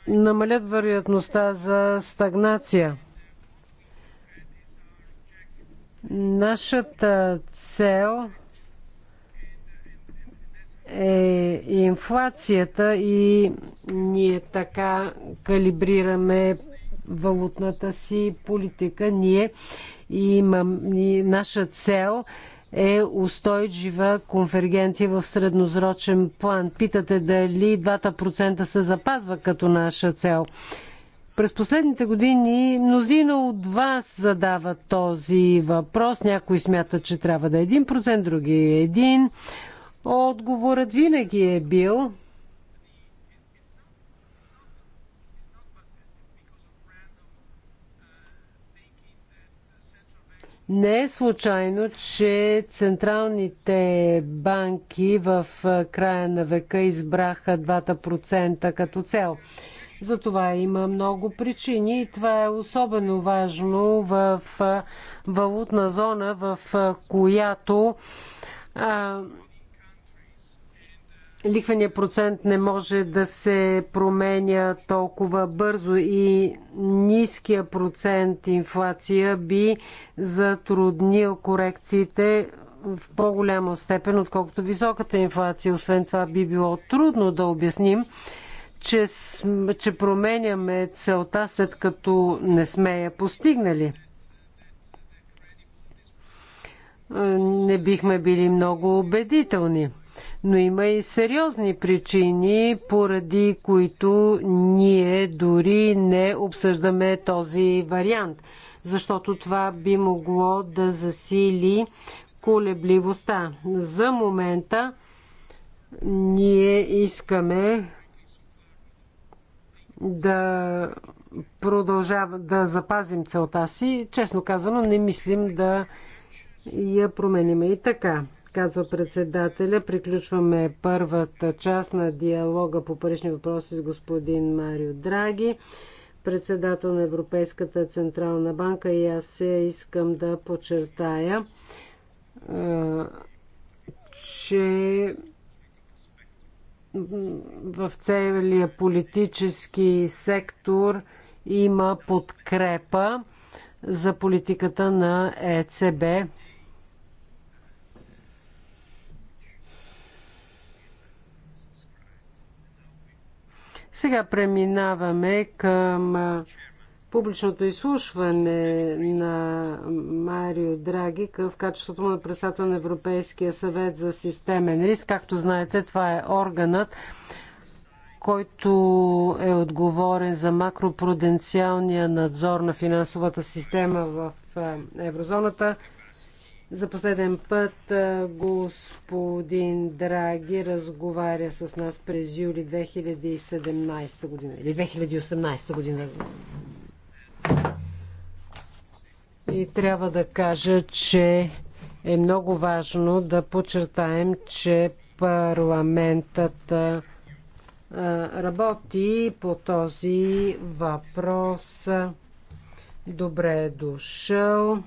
Speaker 4: намалят вероятността за стагнация. Нашата цел е инфлацията и ние така калибрираме валутната си политика. Ние имам, наша цел е устойчива конвергенция в средносрочен план. Питате дали 2% се запазва като наша цел. През последните години мнозина от вас задават този въпрос. Някои смятат, че трябва да е 1%, други е 1%. Отговорът винаги е бил Не е случайно, че централните банки в края на века избраха 2% като цел. За това има много причини и това е особено важно в валутна зона, в която лихвения процент не може да се променя толкова бързо и ниския процент инфлация би затруднил корекциите в по-голяма степен, отколкото високата инфлация. Освен това би било трудно да обясним, че, че променяме целта след като не сме я постигнали. Е, не бихме били много убедителни но има и сериозни причини, поради които ние дори не обсъждаме този вариант, защото това би могло да засили колебливостта. За момента ние искаме да продължава да запазим целта си. Честно казано, не мислим да я променим и така казва председателя. Приключваме първата част на диалога по парични въпроси с господин Марио Драги, председател на Европейската Централна банка и аз се искам да подчертая, че в целия политически сектор има подкрепа за политиката на ЕЦБ. Сега преминаваме към публичното изслушване на Марио Драги в качеството му на председател на Европейския съвет за системен риск. Както знаете, това е органът, който е отговорен за макропруденциалния надзор на финансовата система в еврозоната. За последен път господин Драги разговаря с нас през юли 2017 година или 2018 година. И трябва да кажа, че е много важно да подчертаем, че парламентът работи по този въпрос. Добре е дошъл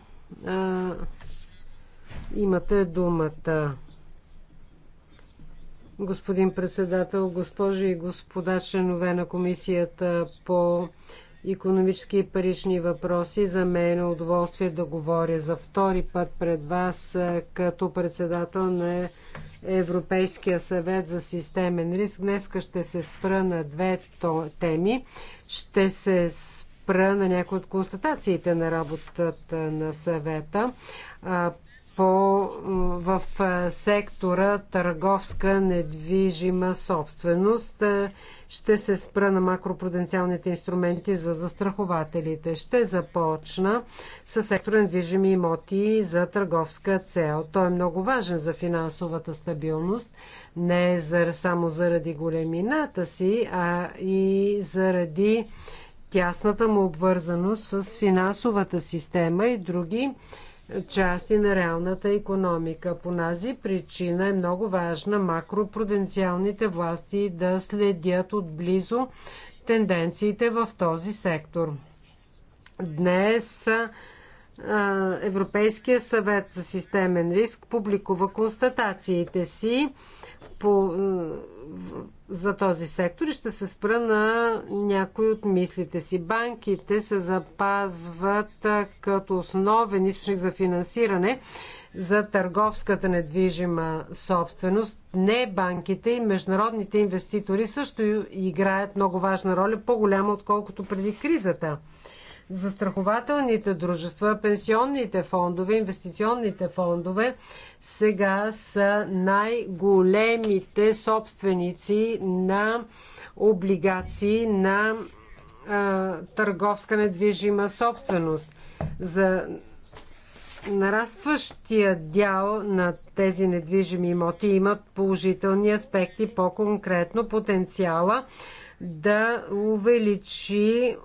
Speaker 4: Имате думата. Господин председател, госпожи и господа членове на комисията по економически и парични въпроси. За мен е удоволствие да говоря за втори път пред вас е, като председател на Европейския съвет за системен риск. Днеска ще се спра на две теми. Ще се спра на някои от констатациите на работата на съвета по, в сектора търговска недвижима собственост. Ще се спра на макропруденциалните инструменти за застрахователите. Ще започна с сектора недвижими имоти за търговска цел. Той е много важен за финансовата стабилност, не за, само заради големината си, а и заради тясната му обвързаност с финансовата система и други части на реалната економика. По тази причина е много важна макропруденциалните власти да следят отблизо тенденциите в този сектор. Днес Европейския съвет за системен риск публикува констатациите си по, е, за този сектор и ще се спра на някои от мислите си. Банките се запазват е, като основен източник за финансиране за търговската недвижима собственост. Не банките и международните инвеститори също играят много важна роля, по-голяма отколкото преди кризата застрахователните дружества, пенсионните фондове, инвестиционните фондове сега са най-големите собственици на облигации на а, търговска недвижима собственост. За нарастващия дял на тези недвижими имоти имат положителни аспекти, по-конкретно потенциала да увеличи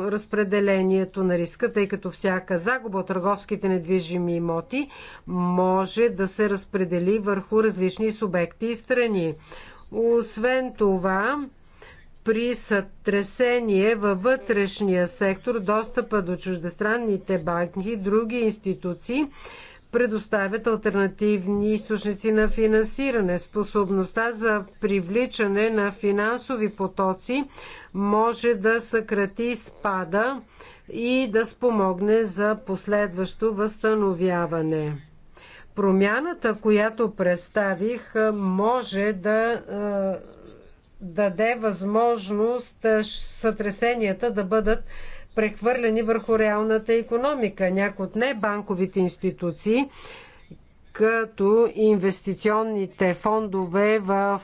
Speaker 4: разпределението на риска, тъй като всяка загуба от търговските недвижими имоти може да се разпредели върху различни субекти и страни. Освен това, при сътресение във вътрешния сектор, достъпа до чуждестранните банки и други институции предоставят альтернативни източници на финансиране. Способността за привличане на финансови потоци може да съкрати спада и да спомогне за последващо възстановяване. Промяната, която представих, може да е, даде възможност сътресенията да бъдат прехвърлени върху реалната економика. Някои от небанковите институции, като инвестиционните фондове в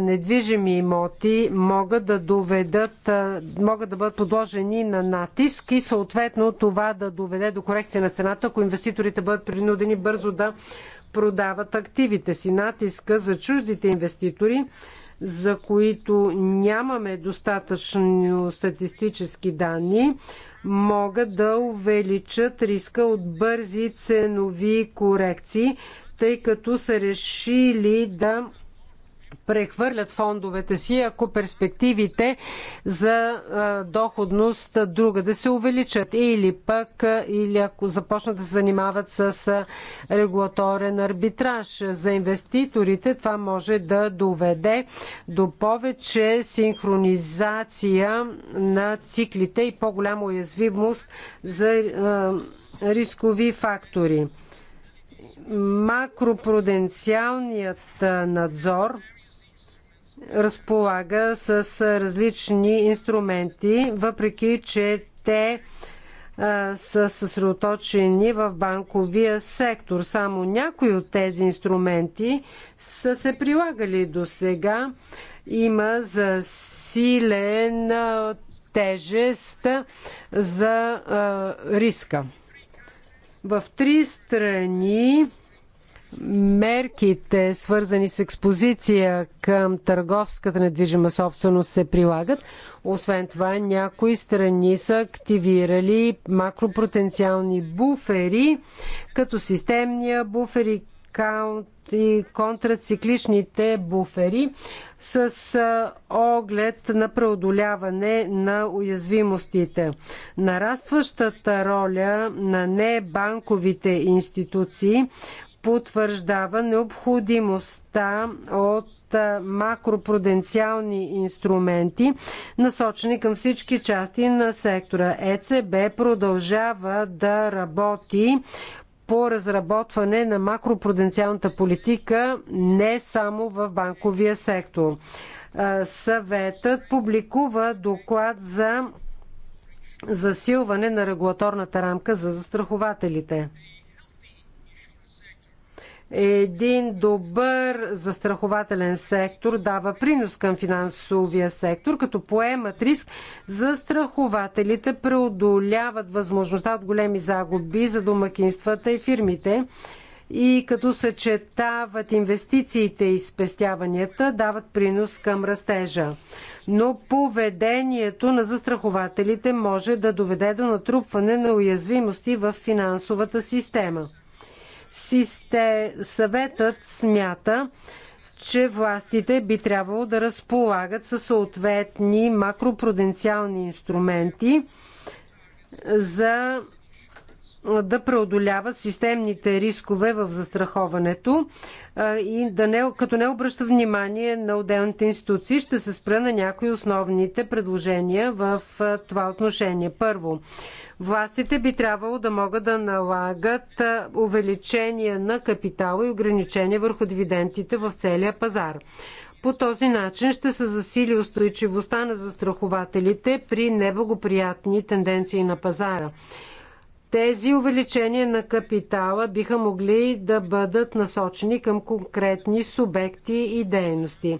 Speaker 4: недвижими имоти, могат да доведат, могат да бъдат подложени на натиск и съответно това да доведе до корекция на цената, ако инвеститорите бъдат принудени бързо да продават активите си. Натиска за чуждите инвеститори за които нямаме достатъчно статистически данни, могат да увеличат риска от бързи ценови корекции, тъй като са решили да прехвърлят фондовете си, ако перспективите за доходност друга да се увеличат или пък или ако започнат да се занимават с регулаторен арбитраж за инвеститорите, това може да доведе до повече синхронизация на циклите и по-голяма уязвимост за рискови фактори. Макропруденциалният надзор разполага с различни инструменти, въпреки че те са съсредоточени в банковия сектор. Само някои от тези инструменти са се прилагали до сега. Има засилен тежест за риска. В три страни мерките, свързани с експозиция към търговската недвижима собственост, се прилагат. Освен това, някои страни са активирали макропотенциални буфери, като системния буфер и контрацикличните буфери с оглед на преодоляване на уязвимостите. Нарастващата роля на небанковите институции потвърждава необходимостта от макропруденциални инструменти, насочени към всички части на сектора. ЕЦБ продължава да работи по разработване на макропруденциалната политика не само в банковия сектор. Съветът публикува доклад за засилване на регулаторната рамка за застрахователите един добър застрахователен сектор дава принос към финансовия сектор, като поемат риск, застрахователите преодоляват възможността от големи загуби за домакинствата и фирмите и като съчетават инвестициите и спестяванията, дават принос към растежа. Но поведението на застрахователите може да доведе до натрупване на уязвимости в финансовата система – Систе... Съветът смята, че властите би трябвало да разполагат със съответни макропруденциални инструменти за да преодоляват системните рискове в застраховането и да не, като не обръща внимание на отделните институции, ще се спра на някои основните предложения в това отношение. Първо, властите би трябвало да могат да налагат увеличение на капитала и ограничение върху дивидендите в целия пазар. По този начин ще се засили устойчивостта на застрахователите при неблагоприятни тенденции на пазара. Тези увеличения на капитала биха могли да бъдат насочени към конкретни субекти и дейности.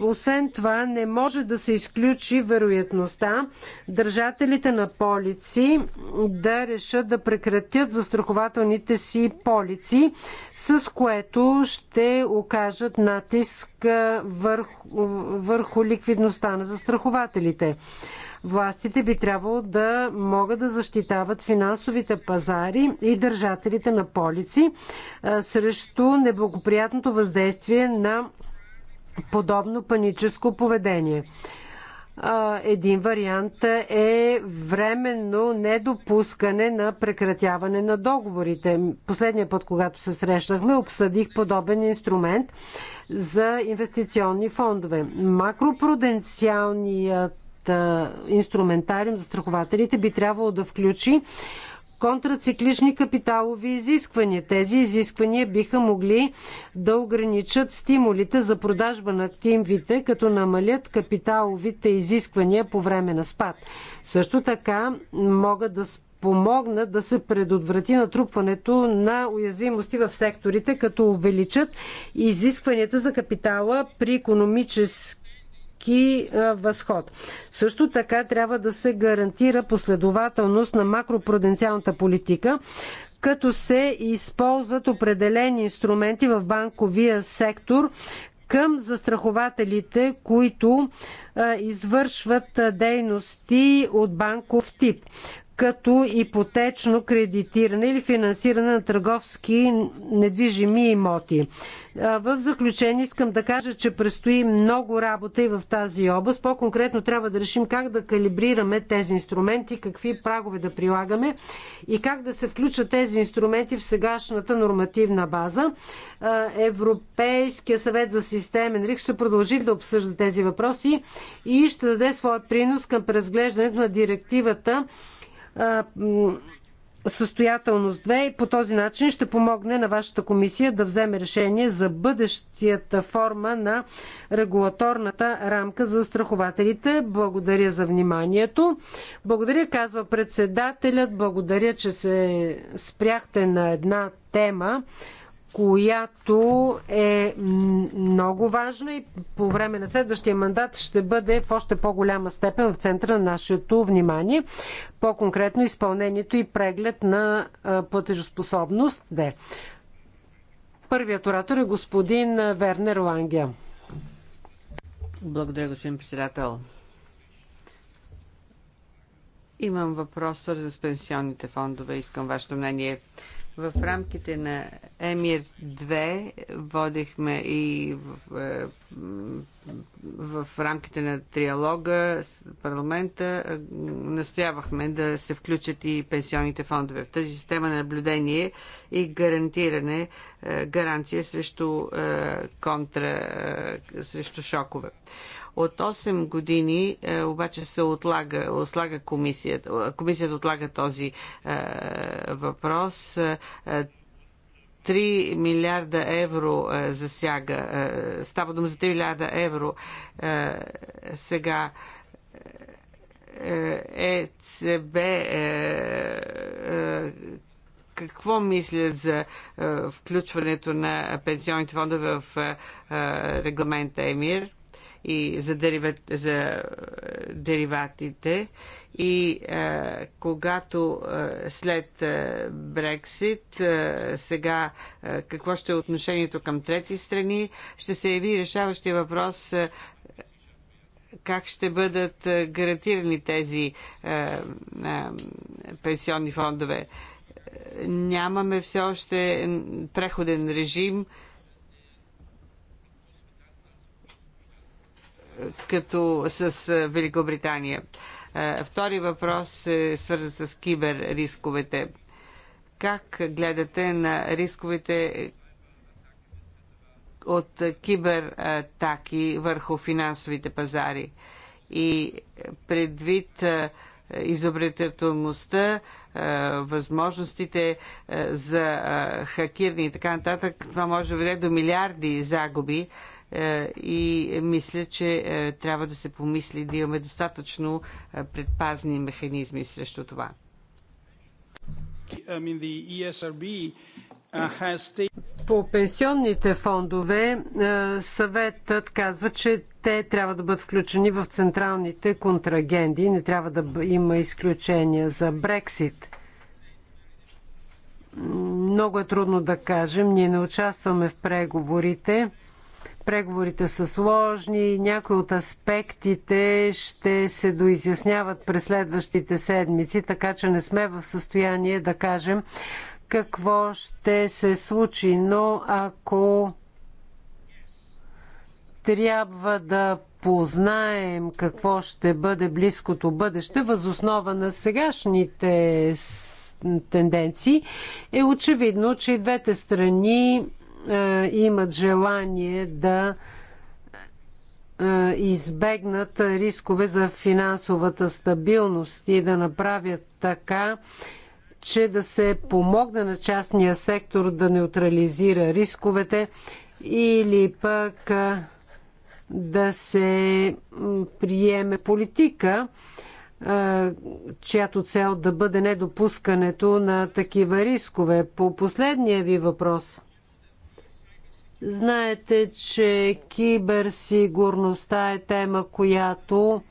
Speaker 4: Освен това, не може да се изключи вероятността държателите на полици да решат да прекратят застрахователните си полици, с което ще окажат натиск върху, върху ликвидността на застрахователите. Властите би трябвало да могат да защитават финансовите пазари и държателите на полици срещу неблагоприятното въздействие на подобно паническо поведение. Един вариант е временно недопускане на прекратяване на договорите. Последния път, когато се срещнахме, обсъдих подобен инструмент за инвестиционни фондове. Макропруденциалният инструментариум за страхователите би трябвало да включи контрациклични капиталови изисквания. Тези изисквания биха могли да ограничат стимулите за продажба на активите, като намалят капиталовите изисквания по време на спад. Също така могат да помогнат да се предотврати натрупването на уязвимости в секторите, като увеличат изискванията за капитала при економически всеки възход. Също така трябва да се гарантира последователност на макропруденциалната политика, като се използват определени инструменти в банковия сектор към застрахователите, които извършват дейности от банков тип като ипотечно кредитиране или финансиране на търговски недвижими имоти. В заключение искам да кажа, че предстои много работа и в тази област. По-конкретно трябва да решим как да калибрираме тези инструменти, какви прагове да прилагаме и как да се включат тези инструменти в сегашната нормативна база. Европейския съвет за системен риск ще продължи да обсъжда тези въпроси и ще даде своя принос към преразглеждането на директивата състоятелност 2 и по този начин ще помогне на вашата комисия да вземе решение за бъдещата форма на регулаторната рамка за страхователите. Благодаря за вниманието. Благодаря, казва председателят. Благодаря, че се спряхте на една тема, която е много важна и по време на следващия мандат ще бъде в още по-голяма степен в центъра на нашето внимание. По-конкретно изпълнението и преглед на платежоспособност Де. Първият оратор е господин
Speaker 5: Вернер Лангия. Благодаря, господин председател. Имам въпрос свързан с пенсионните фондове. Искам вашето мнение. В рамките на Емир 2 водихме и в, в, е, в рамките на триалога с парламента е, настоявахме да се включат и пенсионните фондове в тази система на наблюдение и гарантиране, е, гаранция срещу контра, срещу шокове. От 8 години е, обаче се отлага, отлага комисията. Комисията отлага този е, въпрос. Е, 3 е, милиарда евро е, засяга. Е, става дума за 3 милиарда евро. Е, сега е, е, ЕЦБ какво мислят за включването на пенсионните фондове в регламента ЕМИР? и за, дериват, за е, дериватите и е, когато е, след е, Брексит, е, сега е, какво ще е отношението към трети страни, ще се яви решаващия въпрос е, как ще бъдат е, гарантирани тези е, е, пенсионни фондове. Е, нямаме все още преходен режим. Е, като с Великобритания. Втори въпрос е свързан с киберрисковете. Как гледате на рисковете от кибертаки върху финансовите пазари? И предвид изобретателността, възможностите за хакирни и така нататък, това може да веде до милиарди загуби е, и мисля, че е, трябва да се помисли да имаме достатъчно е, предпазни механизми срещу това.
Speaker 2: E uh,
Speaker 5: По пенсионните фондове
Speaker 4: съветът казва, че те трябва да бъдат включени в централните контрагенди. Не трябва да има изключения за Брексит. Много е трудно да кажем. Ние не участваме в преговорите. Преговорите са сложни, някои от аспектите ще се доизясняват през следващите седмици, така че не сме в състояние да кажем какво ще се случи. Но ако трябва да познаем какво ще бъде близкото бъдеще, възоснова на сегашните тенденции, е очевидно, че и двете страни е, имат желание да е, избегнат рискове за финансовата стабилност и да направят така, че да се помогне на частния сектор да неутрализира рисковете или пък е, да се приеме политика, чиято цел да бъде недопускането на такива рискове. По последния ви въпрос – Знаете, че киберсигурността е тема, която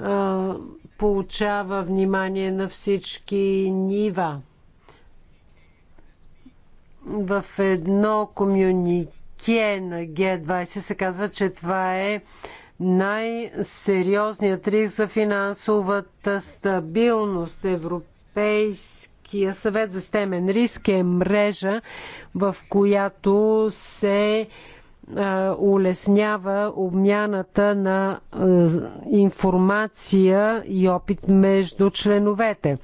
Speaker 4: а, получава внимание на всички нива. В едно комюнике на Г20 се казва, че това е най-сериозният риск за финансовата стабилност. Европейски Европейския съвет за стемен риск е мрежа, в която се улеснява обмяната на информация и опит между членовете.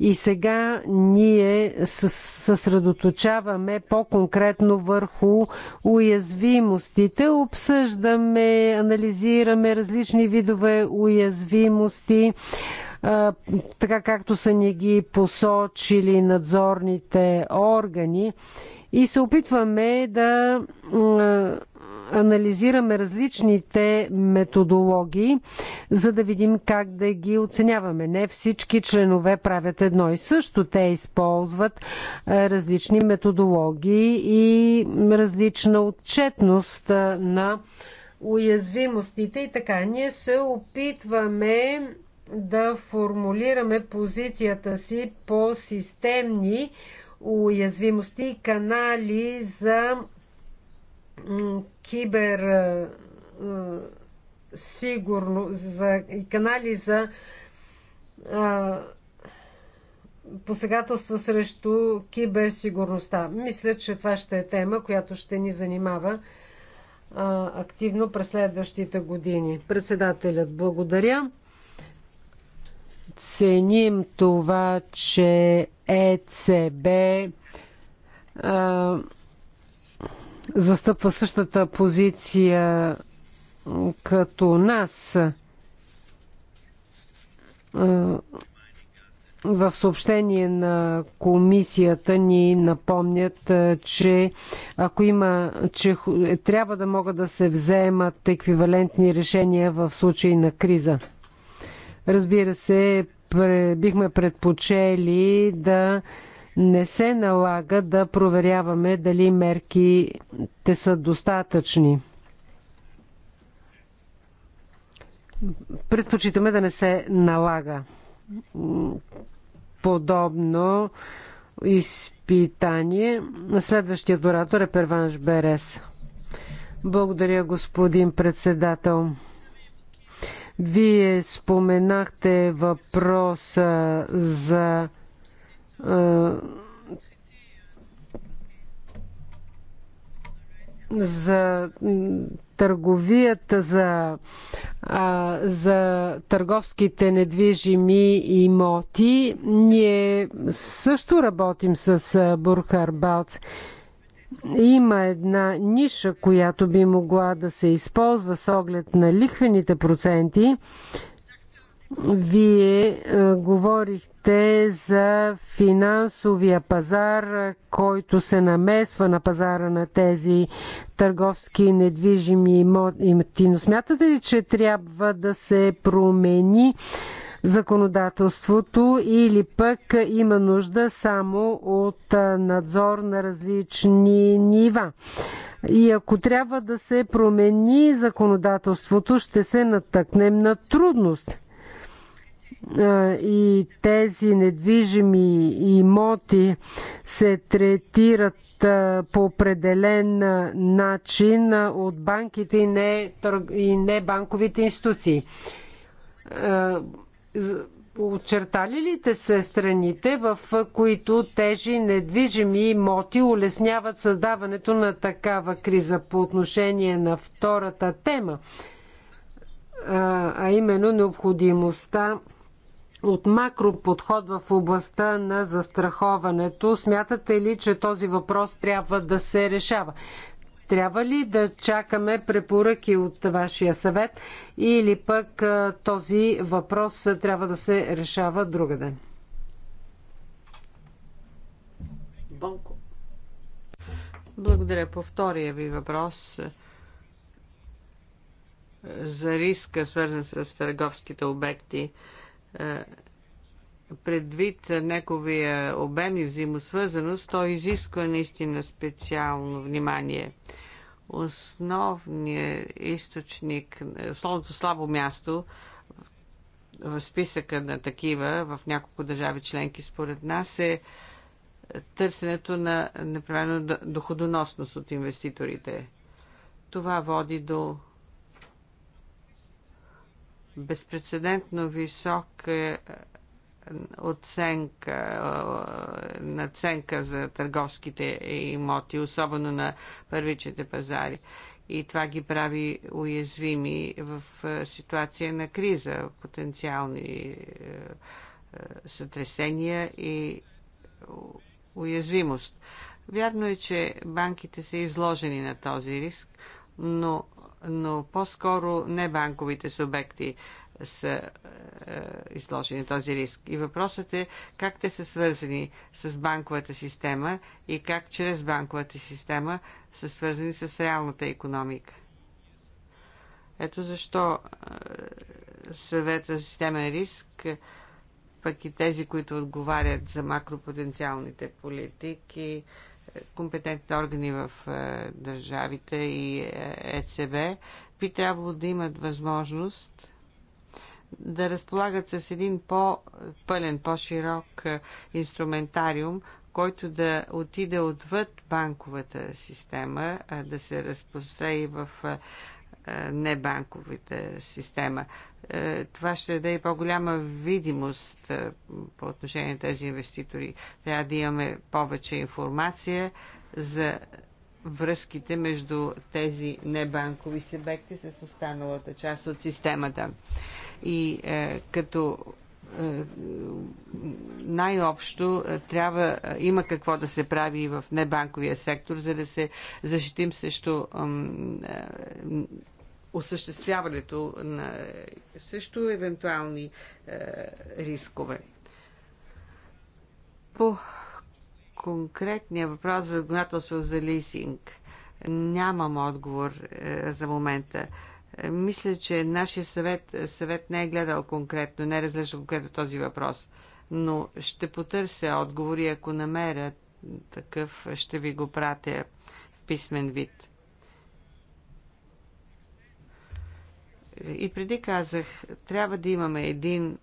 Speaker 4: И сега ние съсредоточаваме по-конкретно върху уязвимостите. Обсъждаме, анализираме различни видове уязвимости така както са ни ги посочили надзорните органи. И се опитваме да анализираме различните методологии, за да видим как да ги оценяваме. Не всички членове правят едно и също. Те използват различни методологии и различна отчетност на уязвимостите и така. Ние се опитваме да формулираме позицията си по системни уязвимости и канали за кибер сигурно, за, канали за посегателства срещу киберсигурността. Мисля, че това ще е тема, която ще ни занимава а, активно през следващите години. Председателят, благодаря. Ценим това, че ЕЦБ а, застъпва същата позиция като нас. А, в съобщение на комисията ни напомнят, че ако има, че трябва да могат да се вземат еквивалентни решения в случай на криза. Разбира се, бихме предпочели да не се налага да проверяваме дали мерки те са достатъчни. Предпочитаме да не се налага подобно изпитание. Следващият оратор е Перванш Берес. Благодаря, господин председател. Вие споменахте въпроса за за търговията, за, а, за търговските недвижими имоти. Ние също работим с Бурхар Балц има една ниша, която би могла да се използва с оглед на лихвените проценти. Вие е, говорихте за финансовия пазар, който се намесва на пазара на тези търговски недвижими имоти. Но смятате ли, че трябва да се промени законодателството или пък има нужда само от надзор на различни нива. И ако трябва да се промени законодателството, ще се натъкнем на трудност. И тези недвижими имоти се третират по определен начин от банките и не, банковите институции очертали ли те се страните, в които тежи недвижими имоти улесняват създаването на такава криза по отношение на втората тема, а именно необходимостта от макроподход в областта на застраховането. Смятате ли, че този въпрос трябва да се решава? Трябва ли да чакаме препоръки от вашия съвет или пък този въпрос трябва да се решава другаде?
Speaker 5: Бонко. Благодаря. По втория ви въпрос за риска, свързан с търговските обекти, предвид неговия обем и взаимосвързаност, той изисква наистина специално внимание – Основният източник, основното слабо място в списъка на такива в няколко държави членки, според нас е търсенето на непременно доходоносност от инвеститорите. Това води до безпредседентно висок оценка, наценка за търговските имоти, особено на първичните пазари. И това ги прави уязвими в ситуация на криза, потенциални сътресения и уязвимост. Вярно е, че банките са изложени на този риск, но, но по-скоро не банковите субекти са е, изложени този риск. И въпросът е как те са свързани с банковата система и как чрез банковата система са свързани с реалната економика. Ето защо е, съвета за системен риск, пък и тези, които отговарят за макропотенциалните политики, компетентни органи в е, държавите и е, ЕЦБ, би трябвало да имат възможност да разполагат с един по-пълен, по-широк е, инструментариум, който да отиде отвъд банковата система, е, да се разпростре и в е, небанковата система. Това ще даде и по-голяма видимост по отношение на тези инвеститори. Трябва да имаме повече информация за връзките между тези небанкови субекти с останалата част от системата и е, като е, най-общо е, трябва, е, има какво да се прави и в небанковия сектор, за да се защитим също осъществяването на също евентуални рискове. По конкретния въпрос за законодателство за лизинг нямам отговор за момента. Е, мисля, че нашия съвет, съвет не е гледал конкретно, не е разглеждал конкретно този въпрос. Но ще потърся отговори, ако намеря такъв, ще ви го пратя в писмен вид. И преди казах, трябва да имаме един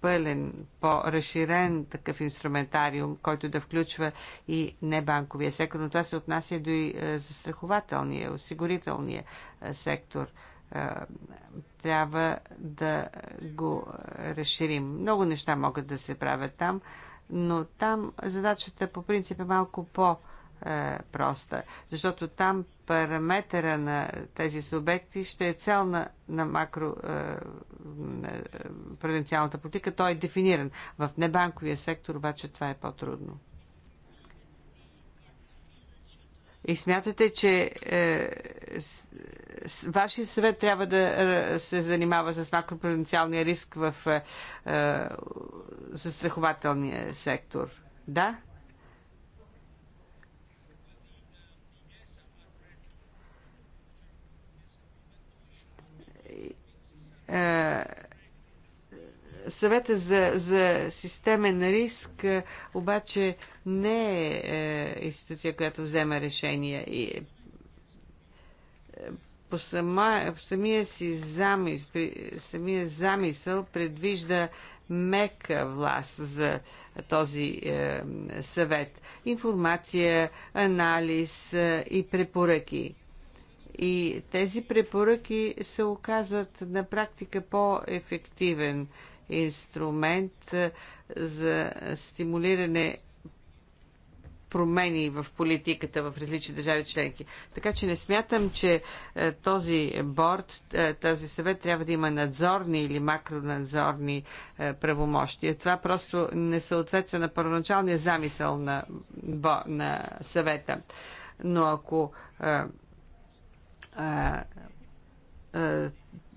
Speaker 5: пълен, по-разширен такъв инструментариум, който да включва и небанковия сектор, но това се отнася до и е, застрахователния, осигурителния е, сектор. Е, трябва да го разширим. Много неща могат да се правят там, но там задачата по принцип е малко по- проста, защото там параметъра на тези субекти ще е цел на, на макро е, е, пруденциалната политика. Той е дефиниран. В небанковия сектор обаче това е по-трудно. И смятате, че е, с, с, вашия съвет трябва да е, се занимава с макропруденциалния риск в е, е застрахователния сектор? Да? Е, съвета за, за системен риск е, обаче не е, е институция, която взема решения. И по, сама, по самия си замис, самия замисъл предвижда мека власт за този е, съвет. Информация, анализ е, и препоръки. И тези препоръки се оказват на практика по-ефективен инструмент е, за стимулиране промени в политиката в различни държави членки. Така че не смятам, че е, този борт, е, този съвет трябва да има надзорни или макронадзорни правомощия. Това просто не съответства на първоначалния замисъл на, на съвета. Но ако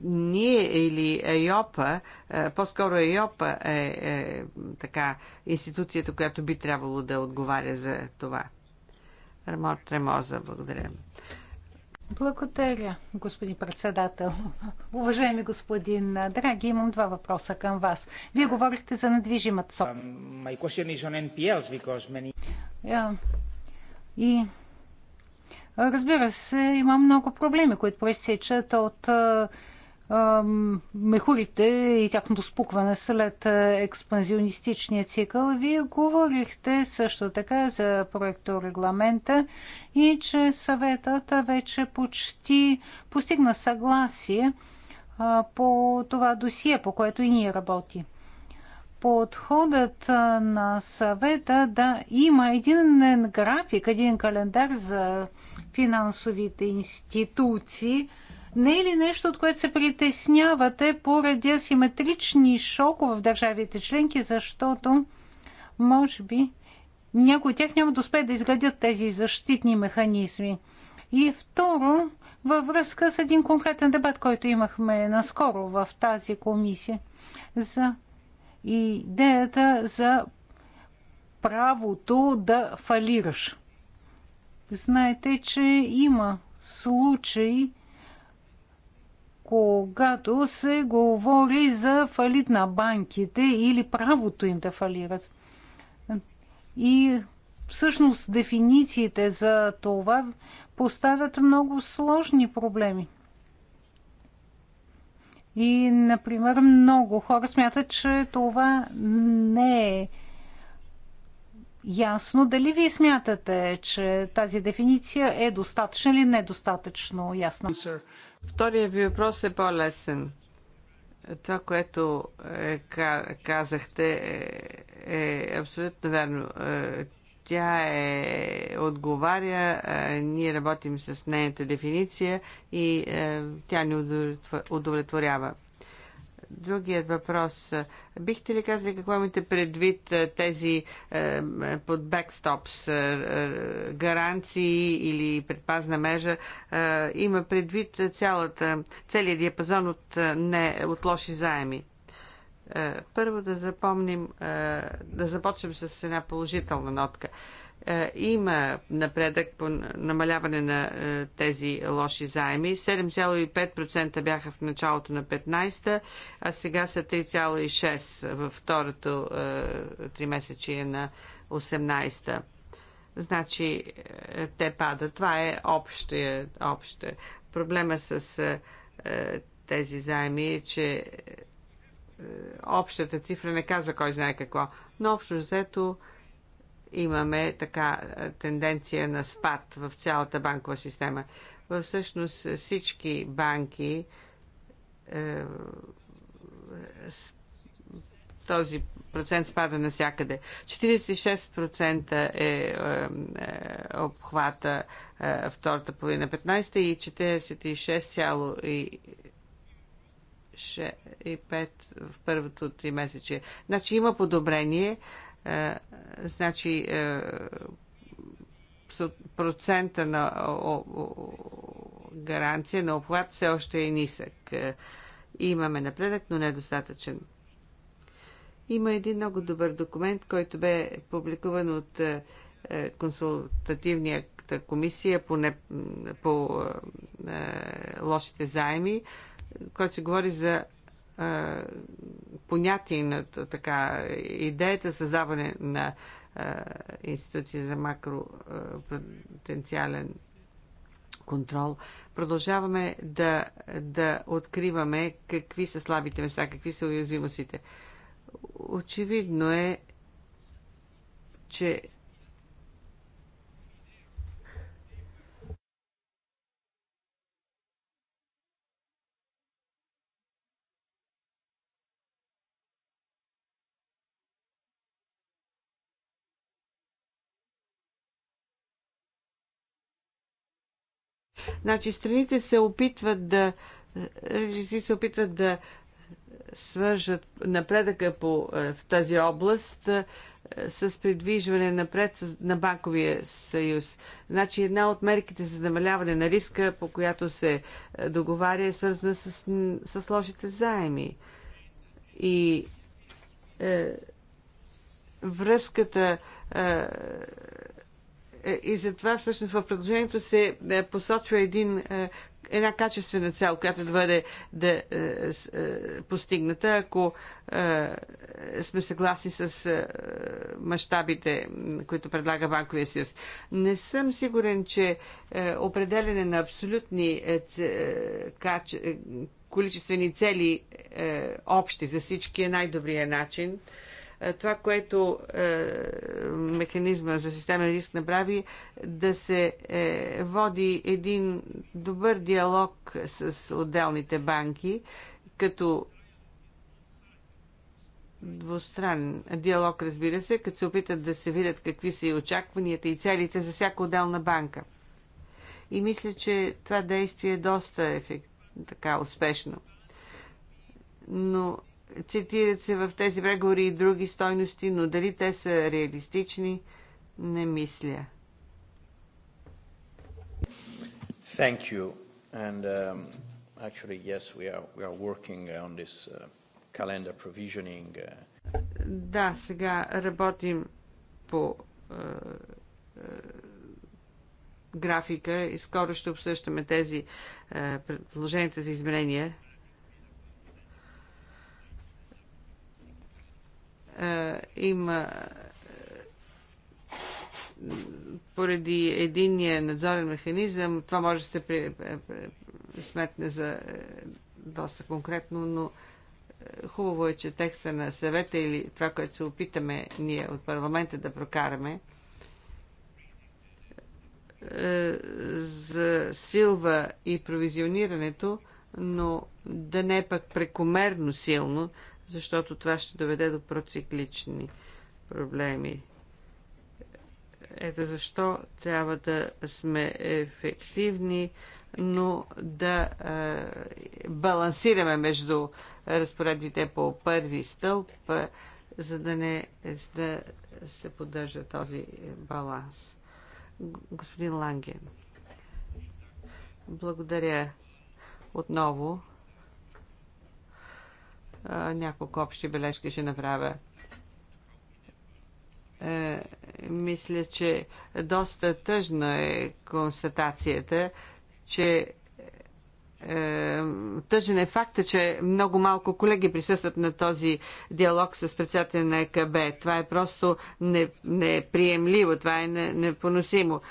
Speaker 5: ние или ЕЙОПА, по-скоро ЕЙОПА е, е така институцията, която би трябвало да отговаря за това. Рамор Тремоза, благодаря.
Speaker 6: Благодаря, господин председател. Уважаеми господин Драги, имам два въпроса към вас. Вие говорите за недвижимата собственост. Um, many... Yeah. И Разбира се, има много проблеми, които проистичат от мехурите и тяхното спукване след експанзионистичния цикъл. Вие говорихте също така за регламента и че съветът вече почти постигна съгласие по това досие, по което и ние работи. Подходът на съвета да има един график, един календар за финансовите институции. Не е ли нещо, от което се притеснявате поради асиметрични шокове в държавите членки, защото може би някои от тях няма да успеят да изградят тези защитни механизми. И второ, във връзка с един конкретен дебат, който имахме наскоро в тази комисия за идеята за правото да фалираш. Знаете, че има случаи, когато се говори за фалит на банките или правото им да фалират. И всъщност дефинициите за това поставят много сложни проблеми. И, например, много хора смятат, че това не е ясно дали вие смятате, че тази дефиниция е достатъчна или недостатъчно
Speaker 5: ясна. Втория ви въпрос е по-лесен. Това, което е, казахте, е, е абсолютно верно. Е, тя е, отговаря, е, ние работим с нейната дефиниция и е, тя ни удовлетворява. Другият въпрос. Бихте ли казали какво имате предвид е, тези е, под бекстопс, е, гаранции или предпазна межа? има предвид цялата, целият диапазон от, не, от лоши заеми. Първо да запомним, да започнем с една положителна нотка. Е, има напредък по намаляване на е, тези лоши заеми. 7,5% бяха в началото на 15-та, а сега са 3,6% във второто е, месечие на 18-та. Значи те падат. Това е общия, общия. Проблема с тези заеми е, че общата цифра не казва кой знае какво. Но общо взето имаме така тенденция на спад в цялата банкова система. Всъщност всички банки е, този процент спада навсякъде. 46% е, е, е, обхвата е, втората половина 15 и 46,5 в първото три месече. Значи има подобрение. Е, Значи, е, процента на гаранция на обхват все още е нисък. Е, имаме напредък, но недостатъчен. Има един много добър документ, който бе публикуван от е, консултативната комисия по, не, по е, лошите заеми, който се говори за понятие на така идеята създаване на институция за макропотенциален контрол. Продължаваме да, да откриваме какви са слабите места, какви са уязвимостите. Очевидно е, че Значи страните се опитват да режиси се опитват да свържат напредъка по, е, в тази област е, с придвижване напред на банковия съюз. Значи една от мерките за намаляване на риска, по която се е, договаря, е свързана с, с лошите заеми. И е, връзката е, е, и затова всъщност в предложението се е, посочва един, е, една качествена цел, която да бъде да, постигната, ако сме съгласни с мащабите, които предлага Банковия съюз. Не съм сигурен, че определене на абсолютни количествени цели общи за всички е най-добрият начин. Е, това, което е, механизма за системен риск направи, да се е, води един добър диалог с отделните банки, като двустранен диалог, разбира се, като се опитат да се видят какви са и очакванията и целите за всяка отделна банка. И мисля, че това действие е доста ефект, така успешно. Но Цитират се в тези преговори и други стойности, но дали те са реалистични, не мисля.
Speaker 1: Thank you. And um, actually, yes, we are, we are working on this uh, calendar provisioning. Uh,
Speaker 5: да, сега работим по uh, uh, графика и скоро ще обсъщаме тези uh, предложенията за изменения има поради единния надзорен механизъм, това може да се при, е, е, сметне за е, доста конкретно, но хубаво е, че текста на съвета или това, което се опитаме ние от парламента да прокараме, за силва и провизионирането, но да не е пък прекомерно силно, защото това ще доведе до проциклични проблеми. Ето защо трябва да сме ефективни, но да е, балансираме между разпоредбите по първи стълб, за да не за да се поддържа този баланс. Господин Ланген, благодаря отново няколко общи бележки ще направя е, мисля, че доста тъжна е констатацията, че е, тъжен е факта, че много малко колеги присъстват на този диалог с председателя на ЕКБ. Това е просто неприемливо, е това е непоносимо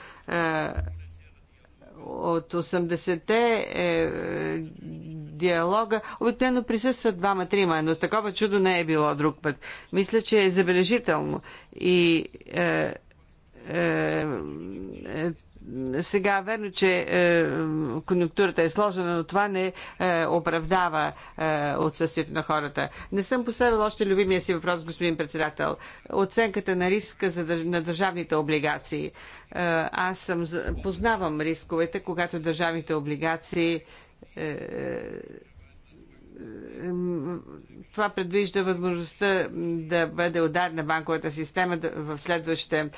Speaker 5: от 80-те е, диалога обикновено присъстват двама-трима, но такова чудо не е било друг път. Мисля, че е забележително. И е, е, сега, верно, че е, конъюнктурата е сложена, но това не е, оправдава е, отсъствието на хората. Не съм поставил още любимия си въпрос, господин председател. Оценката на риска за, на държавните облигации. Е, аз съм, познавам рисковете, когато държавните облигации е, е, това предвижда възможността да бъде удар на банковата система в следващата е,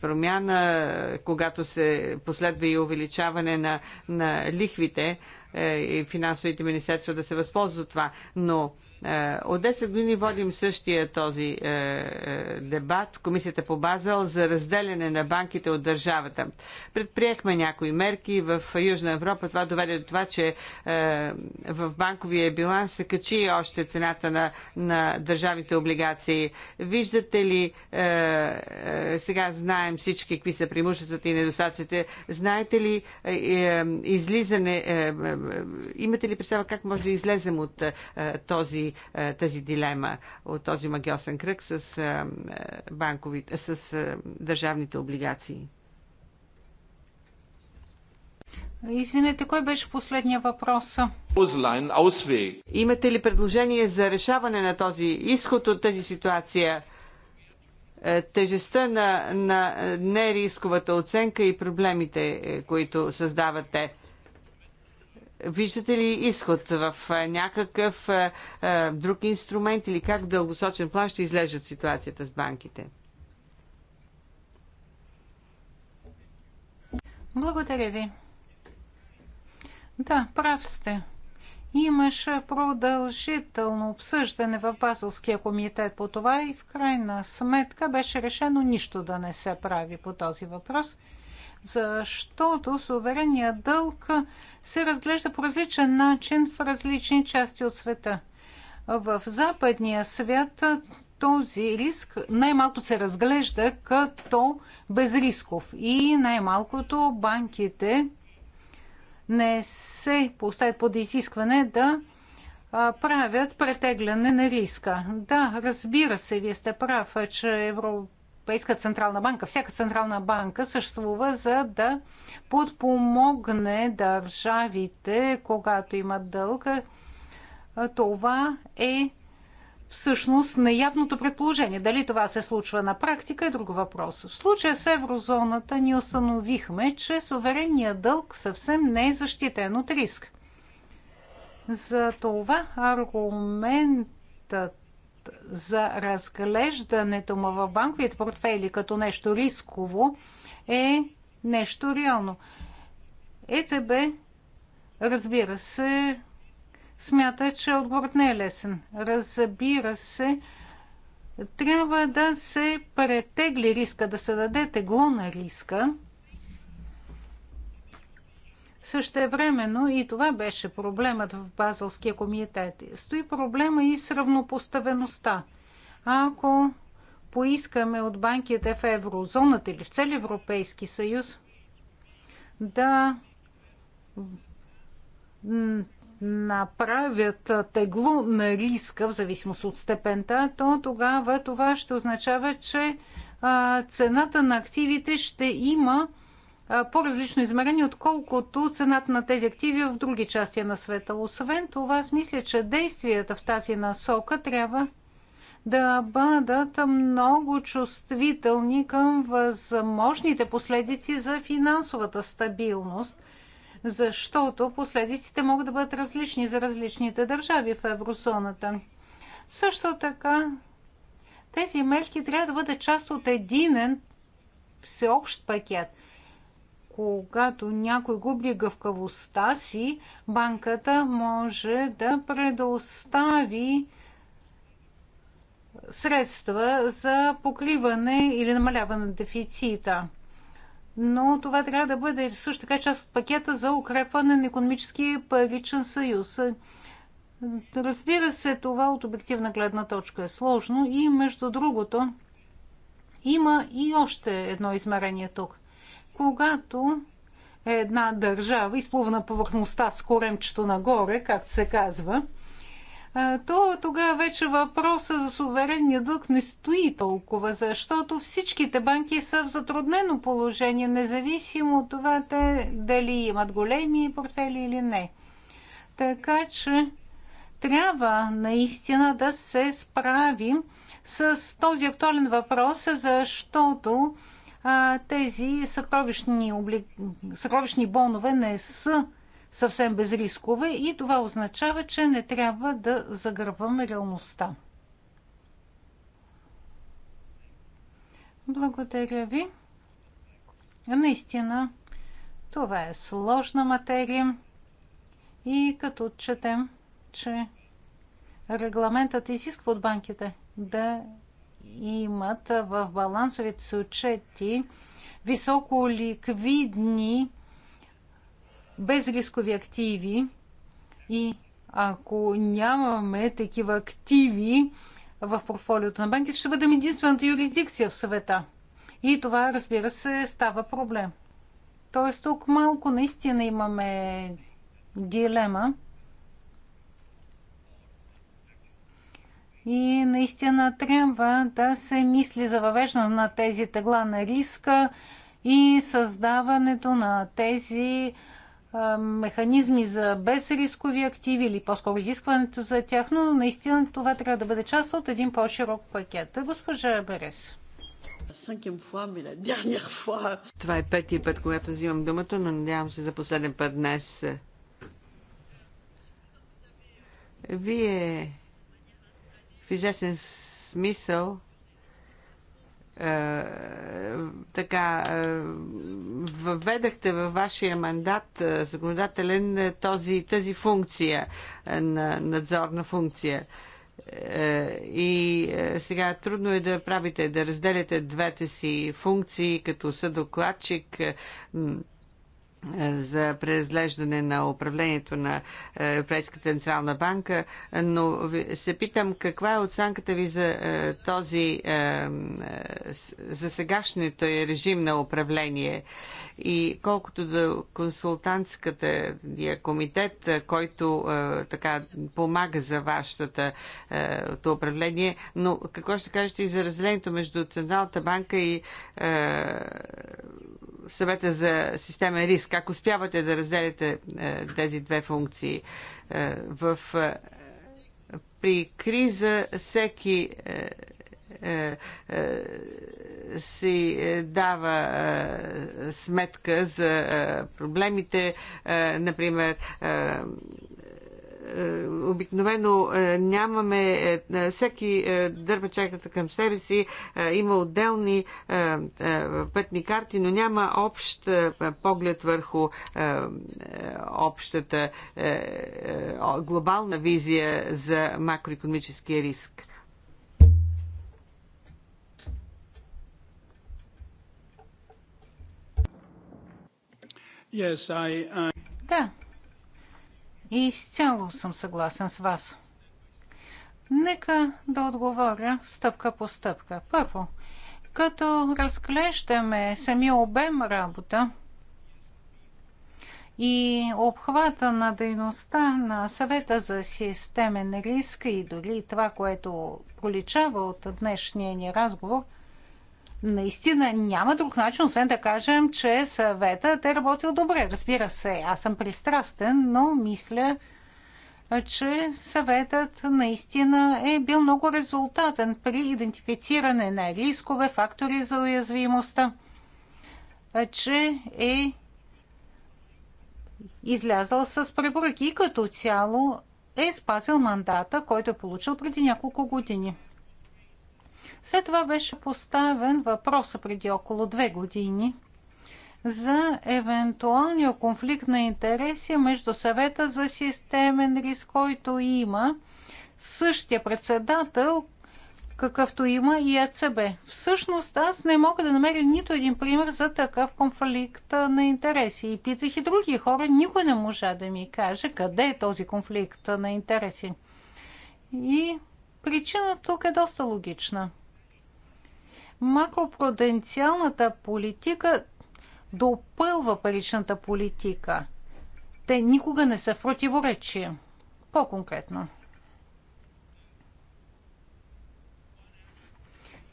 Speaker 5: промяна, когато се последва и увеличаване на, на лихвите е, и финансовите министерства да се възползват от това. Но е, от 10 години водим същия този е, е, дебат в Комисията по Базел за разделяне на банките от държавата. Предприехме някои мерки в Южна Европа. Това доведе до това, че в банковия биланс се качи още цената на, на държавните облигации. Виждате ли, сега знаем всички какви са преимуществата и недостатъците. Знаете ли излизане, имате ли представа как може да излезем от този е, тази дилема от този магиосен кръг с, е, е, банкови, с държавните облигации. Извинете, кой беше последния въпрос? Имате ли предложение за решаване на този изход от тази ситуация? Тежестта на, на нерисковата оценка и проблемите, които създавате. Виждате ли изход в някакъв друг инструмент или как в дългосрочен план ще излежат ситуацията с банките?
Speaker 6: Благодаря ви. Да, прав сте. Имаше продължително обсъждане в Базълския комитет по това и в крайна сметка беше решено нищо да не се прави по този въпрос – защото суверения дълг се разглежда по различен начин в различни части от света. В западния свят този риск най-малко се разглежда като безрисков и най-малкото банките не се поставят под изискване да правят претегляне на риска. Да, разбира се, вие сте прав, че Европа Европейска централна банка. Всяка централна банка съществува за да подпомогне държавите, когато имат дълга, Това е всъщност неявното предположение. Дали това се случва на практика е друг въпрос. В случая с еврозоната ни установихме, че суверенният дълг съвсем не е защитен от риск. За това аргументът за разглеждането му в банковите портфели като нещо рисково е нещо реално. ЕЦБ, разбира се, смята, че отговорът не е лесен. Разбира се, трябва да се претегли риска, да се даде тегло на риска. Същевременно и това беше проблемът в Базълския комитет. Стои проблема и с равнопоставеността. Ако поискаме от банките в еврозоната или в цел Европейски съюз да направят тегло на риска в зависимост от степента, то тогава това ще означава, че цената на активите ще има по-различно измерение, отколкото цената на тези активи в други части на света. Освен това, аз мисля, че действията в тази насока трябва да бъдат много чувствителни към възможните последици за финансовата стабилност, защото последиците могат да бъдат различни за различните държави в еврозоната. Също така, тези мерки трябва да бъдат част от единен всеобщ пакет – когато някой губи гъвкавостта си, банката може да предостави средства за покриване или намаляване на дефицита. Но това трябва да бъде също така част от пакета за укрепване на економически паричен съюз. Разбира се, това от обективна гледна точка е сложно и между другото има и още едно измерение тук – когато една държава изплува на повърхността с коремчето нагоре, както се казва, то тогава вече въпроса за суверенния дълг не стои толкова, защото всичките банки са в затруднено положение, независимо от това те дали имат големи портфели или не. Така че трябва наистина да се справим с този актуален въпрос, защото тези съкровищни, обли... съкровищни бонове не са съвсем безрискове, и това означава, че не трябва да загърваме реалността. Благодаря ви. Наистина, това е сложна материя и като четем, че регламентът изисква от банките да имат в балансовите си отчети високо ликвидни безрискови активи и ако нямаме такива активи в портфолиото на банките, ще бъдем единствената юрисдикция в света. И това, разбира се, става проблем. Тоест тук малко наистина имаме дилема. И наистина трябва да се мисли за въвеждане на тези тегла на риска и създаването на тези механизми за безрискови активи или по-скоро изискването за тях, но наистина това трябва да бъде част от един по-широк пакет. Госпожа Берес.
Speaker 5: Това е петия път, когато взимам думата, но надявам се за последен път днес. Вие в известен смисъл е, така е, въведахте във вашия мандат е, законодателен е, този, тази функция е, на надзорна функция. Е, и сега трудно е да правите, да разделяте двете си функции като съдокладчик, за преразглеждане на управлението на е, Европейската централна банка, но се питам каква е оценката ви за е, този е, за сегашното режим на управление и колкото до консултантската комитет, който така помага за вашата управление, но какво ще кажете и за разделението между Централната банка и съвета за системен риск, как успявате да разделите е, тези две функции е, в е, при криза всеки е, е, е, си е, дава е, сметка за е, проблемите, е, например е, е, обикновено е, нямаме, е, всеки дърпа чайката към себе си, има отделни пътни карти, но няма общ поглед върху общата глобална визия за макроекономическия риск. Yes,
Speaker 2: I,
Speaker 6: I... Да, Изцяло съм съгласен с вас. Нека да отговоря стъпка по стъпка. Първо, като разглеждаме самия обем работа и обхвата на дейността на съвета за системен риск и дори това, което проличава от днешния ни разговор, наистина няма друг начин, освен да кажем, че съветът е работил добре. Разбира се, аз съм пристрастен, но мисля, че съветът наистина е бил много резултатен при идентифициране на рискове, фактори за уязвимостта, че е излязъл с препоръки и като цяло е спазил мандата, който е получил преди няколко години. След това беше поставен въпроса преди около две години за евентуалния конфликт на интереси между съвета за системен риск, който има същия председател, какъвто има и ЕЦБ. Всъщност аз не мога да намеря нито един пример за такъв конфликт на интереси. И питах и други хора, никой не можа да ми каже къде е този конфликт на интереси. И причина тук е доста логична макропруденциалната политика допълва паричната политика. Те никога не са в противоречие. По-конкретно.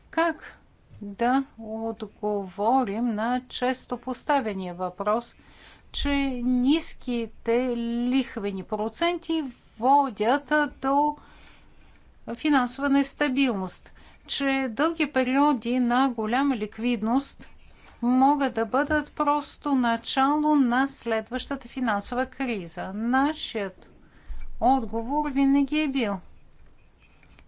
Speaker 6: Как да отговорим на често поставения въпрос, че ниските лихвени проценти водят до финансова нестабилност – че дълги периоди на голяма ликвидност могат да бъдат просто начало на следващата финансова криза. Нашият отговор винаги е бил.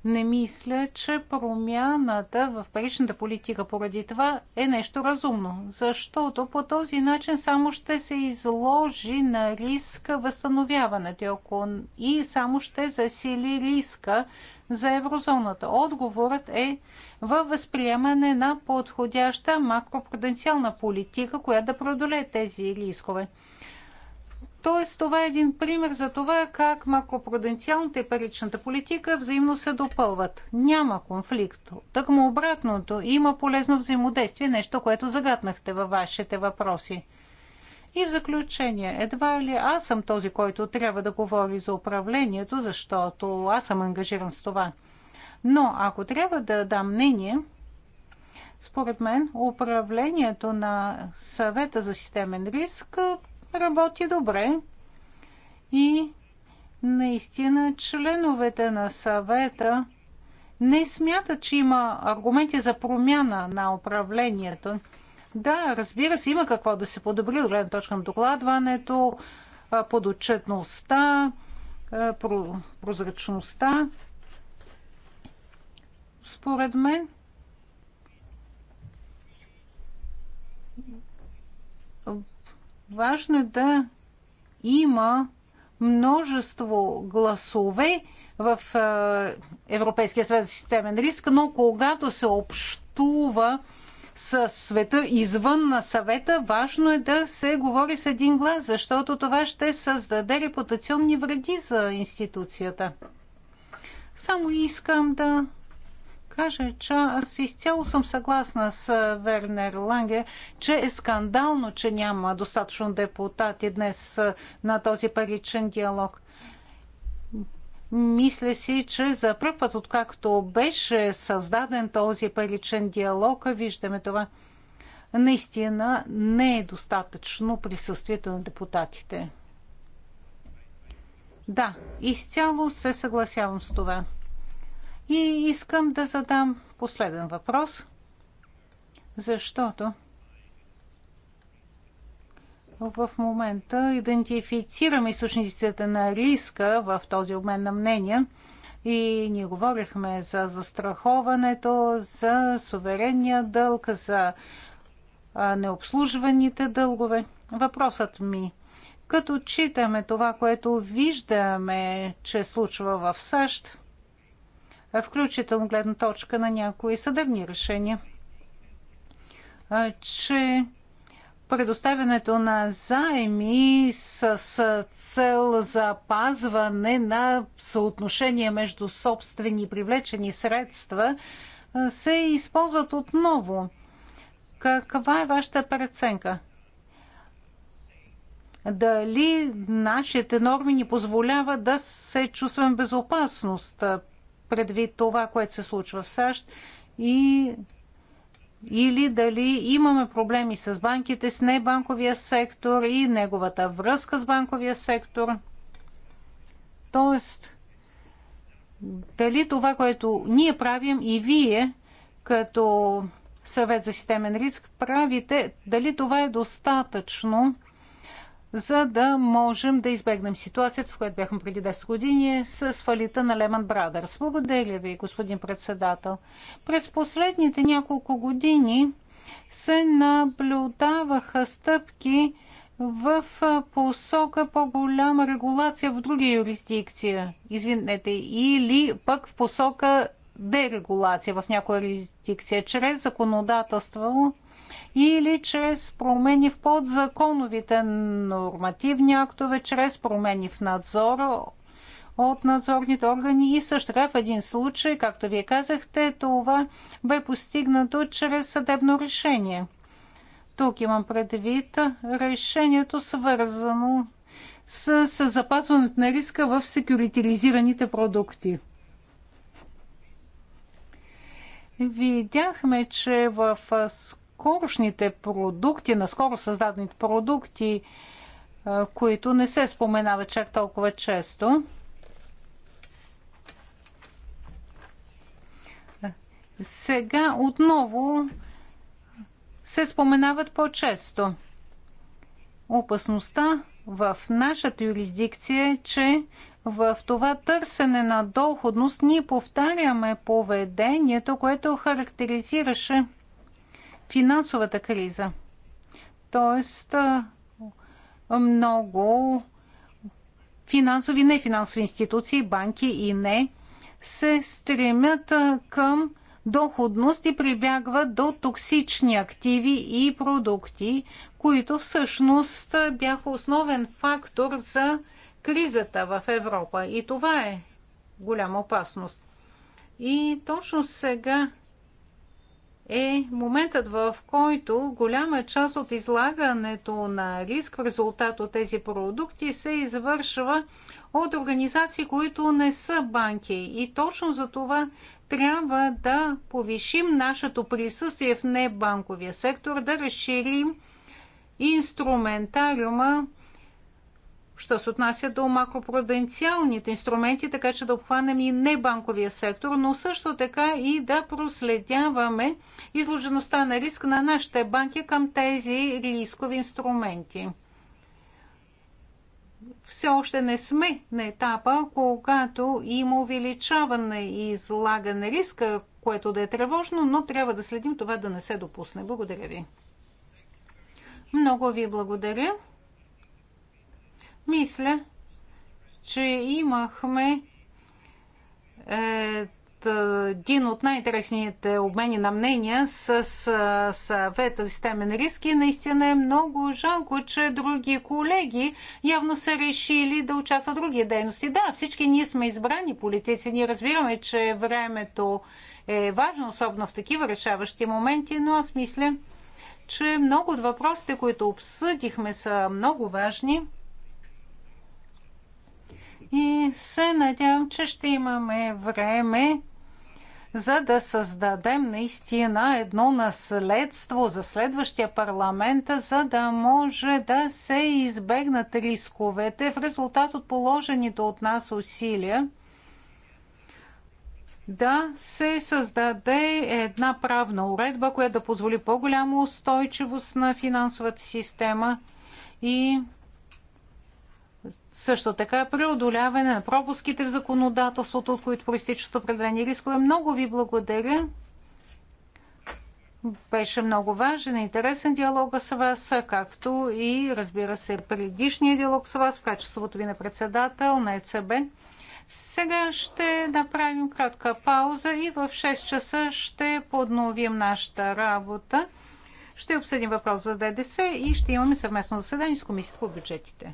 Speaker 6: Не мисля, че промяната в паричната политика поради това е нещо разумно, защото по този начин само ще се изложи на риска възстановяването и само ще засили риска за еврозоната. Отговорът е във възприемане на подходяща макропруденциална политика, която да преодолее тези рискове. Тоест, това е един пример за това как макропруденциалната и паричната политика взаимно се допълват. Няма конфликт. Тъкмо обратното, има полезно взаимодействие, нещо, което загаднахте във вашите въпроси. И в заключение, едва ли аз съм този, който трябва да говори за управлението, защото аз съм ангажиран с това. Но ако трябва да дам мнение, според мен управлението на съвета за системен риск работи добре и наистина членовете на съвета не смятат, че има аргументи за промяна на управлението. Да, разбира се, има какво да се подобри от гледна точка на докладването, подотчетността, прозрачността. Според мен, важно е да има множество гласове в Европейския съвет за системен риск, но когато се общува с света извън на съвета, важно е да се говори с един глас, защото това ще създаде репутационни вреди за институцията. Само искам да кажа, че аз изцяло съм съгласна с Вернер Ланге, че е скандално, че няма достатъчно депутати днес на този паричен диалог. Мисля си, че за първ път, откакто беше създаден този паричен диалог, виждаме това. Наистина не е достатъчно присъствието на депутатите. Да, изцяло се съгласявам с това. И искам да задам последен въпрос, защото в момента идентифицираме източниците на риска в този обмен на мнения и ние говорихме за застраховането, за суверенния дълг, за необслужваните дългове. Въпросът ми като читаме това, което виждаме, че случва в САЩ, включително гледна точка на някои съдебни решения, че предоставянето на заеми с, с цел запазване на съотношение между собствени привлечени средства се използват отново. Каква е вашата преценка? Дали нашите норми ни позволяват да се чувстваме безопасност предвид това, което се случва в САЩ и или дали имаме проблеми с банките, с небанковия сектор и неговата връзка с банковия сектор. Тоест, дали това, което ние правим и вие, като съвет за системен риск, правите, дали това е достатъчно за да можем да избегнем ситуацията, в която бяхме преди 10 години с фалита на Леман Брадърс. Благодаря ви, господин председател. През последните няколко години се наблюдаваха стъпки в посока по-голяма регулация в други юрисдикции, извинете, или пък в посока дерегулация в някоя юрисдикция, чрез законодателство или чрез промени в подзаконовите нормативни актове, чрез промени в надзора от надзорните органи и също така в един случай, както вие казахте, това бе постигнато чрез съдебно решение. Тук имам предвид решението свързано с, с запазването на риска в секюритилизираните продукти. Видяхме, че в скорошните продукти, скоро създадените продукти, които не се споменават чак толкова често. Сега отново се споменават по-често. Опасността в нашата юрисдикция е, че в това търсене на доходност ние повтаряме поведението, което характеризираше финансовата криза. Тоест, много финансови не финансови институции, банки и не, се стремят към доходност и прибягват до токсични активи и продукти, които всъщност бяха основен фактор за кризата в Европа. И това е голяма опасност. И точно сега е моментът, в който голяма част от излагането на риск в резултат от тези продукти се извършва от организации, които не са банки. И точно за това трябва да повишим нашето присъствие в небанковия сектор, да разширим инструментариума що се отнася до макропруденциалните инструменти, така че да обхванем и небанковия сектор, но също така и да проследяваме изложеността на риск на нашите банки към тези рискови инструменти. Все още не сме на етапа, когато има увеличаване и излагане риска, което да е тревожно, но трябва да следим това да не се допусне. Благодаря ви. Много ви благодаря. Мисля, че имахме е, един от най-интересните обмени на мнения с е, съвета за системен риск и наистина е много жалко, че други колеги явно са решили да участват в други дейности. Да, всички ние сме избрани политици, ние разбираме, че времето е важно, особено в такива решаващи моменти, но аз мисля, че много от въпросите, които обсъдихме, са много важни и се надявам, че ще имаме време за да създадем наистина едно наследство за следващия парламент, за да може да се избегнат рисковете в резултат от положените от нас усилия да се създаде една правна уредба, която да позволи по-голяма устойчивост на финансовата система и също така е преодоляване на пропуските в законодателството, от които проистичат определени рискове. Много ви благодаря. Беше много важен и интересен диалога с вас, както и, разбира се, предишния диалог с вас в качеството ви на председател на ЕЦБ. Сега ще направим кратка пауза и в 6 часа ще подновим нашата работа. Ще обсъдим въпрос за ДДС и ще имаме съвместно заседание с Комисията по бюджетите.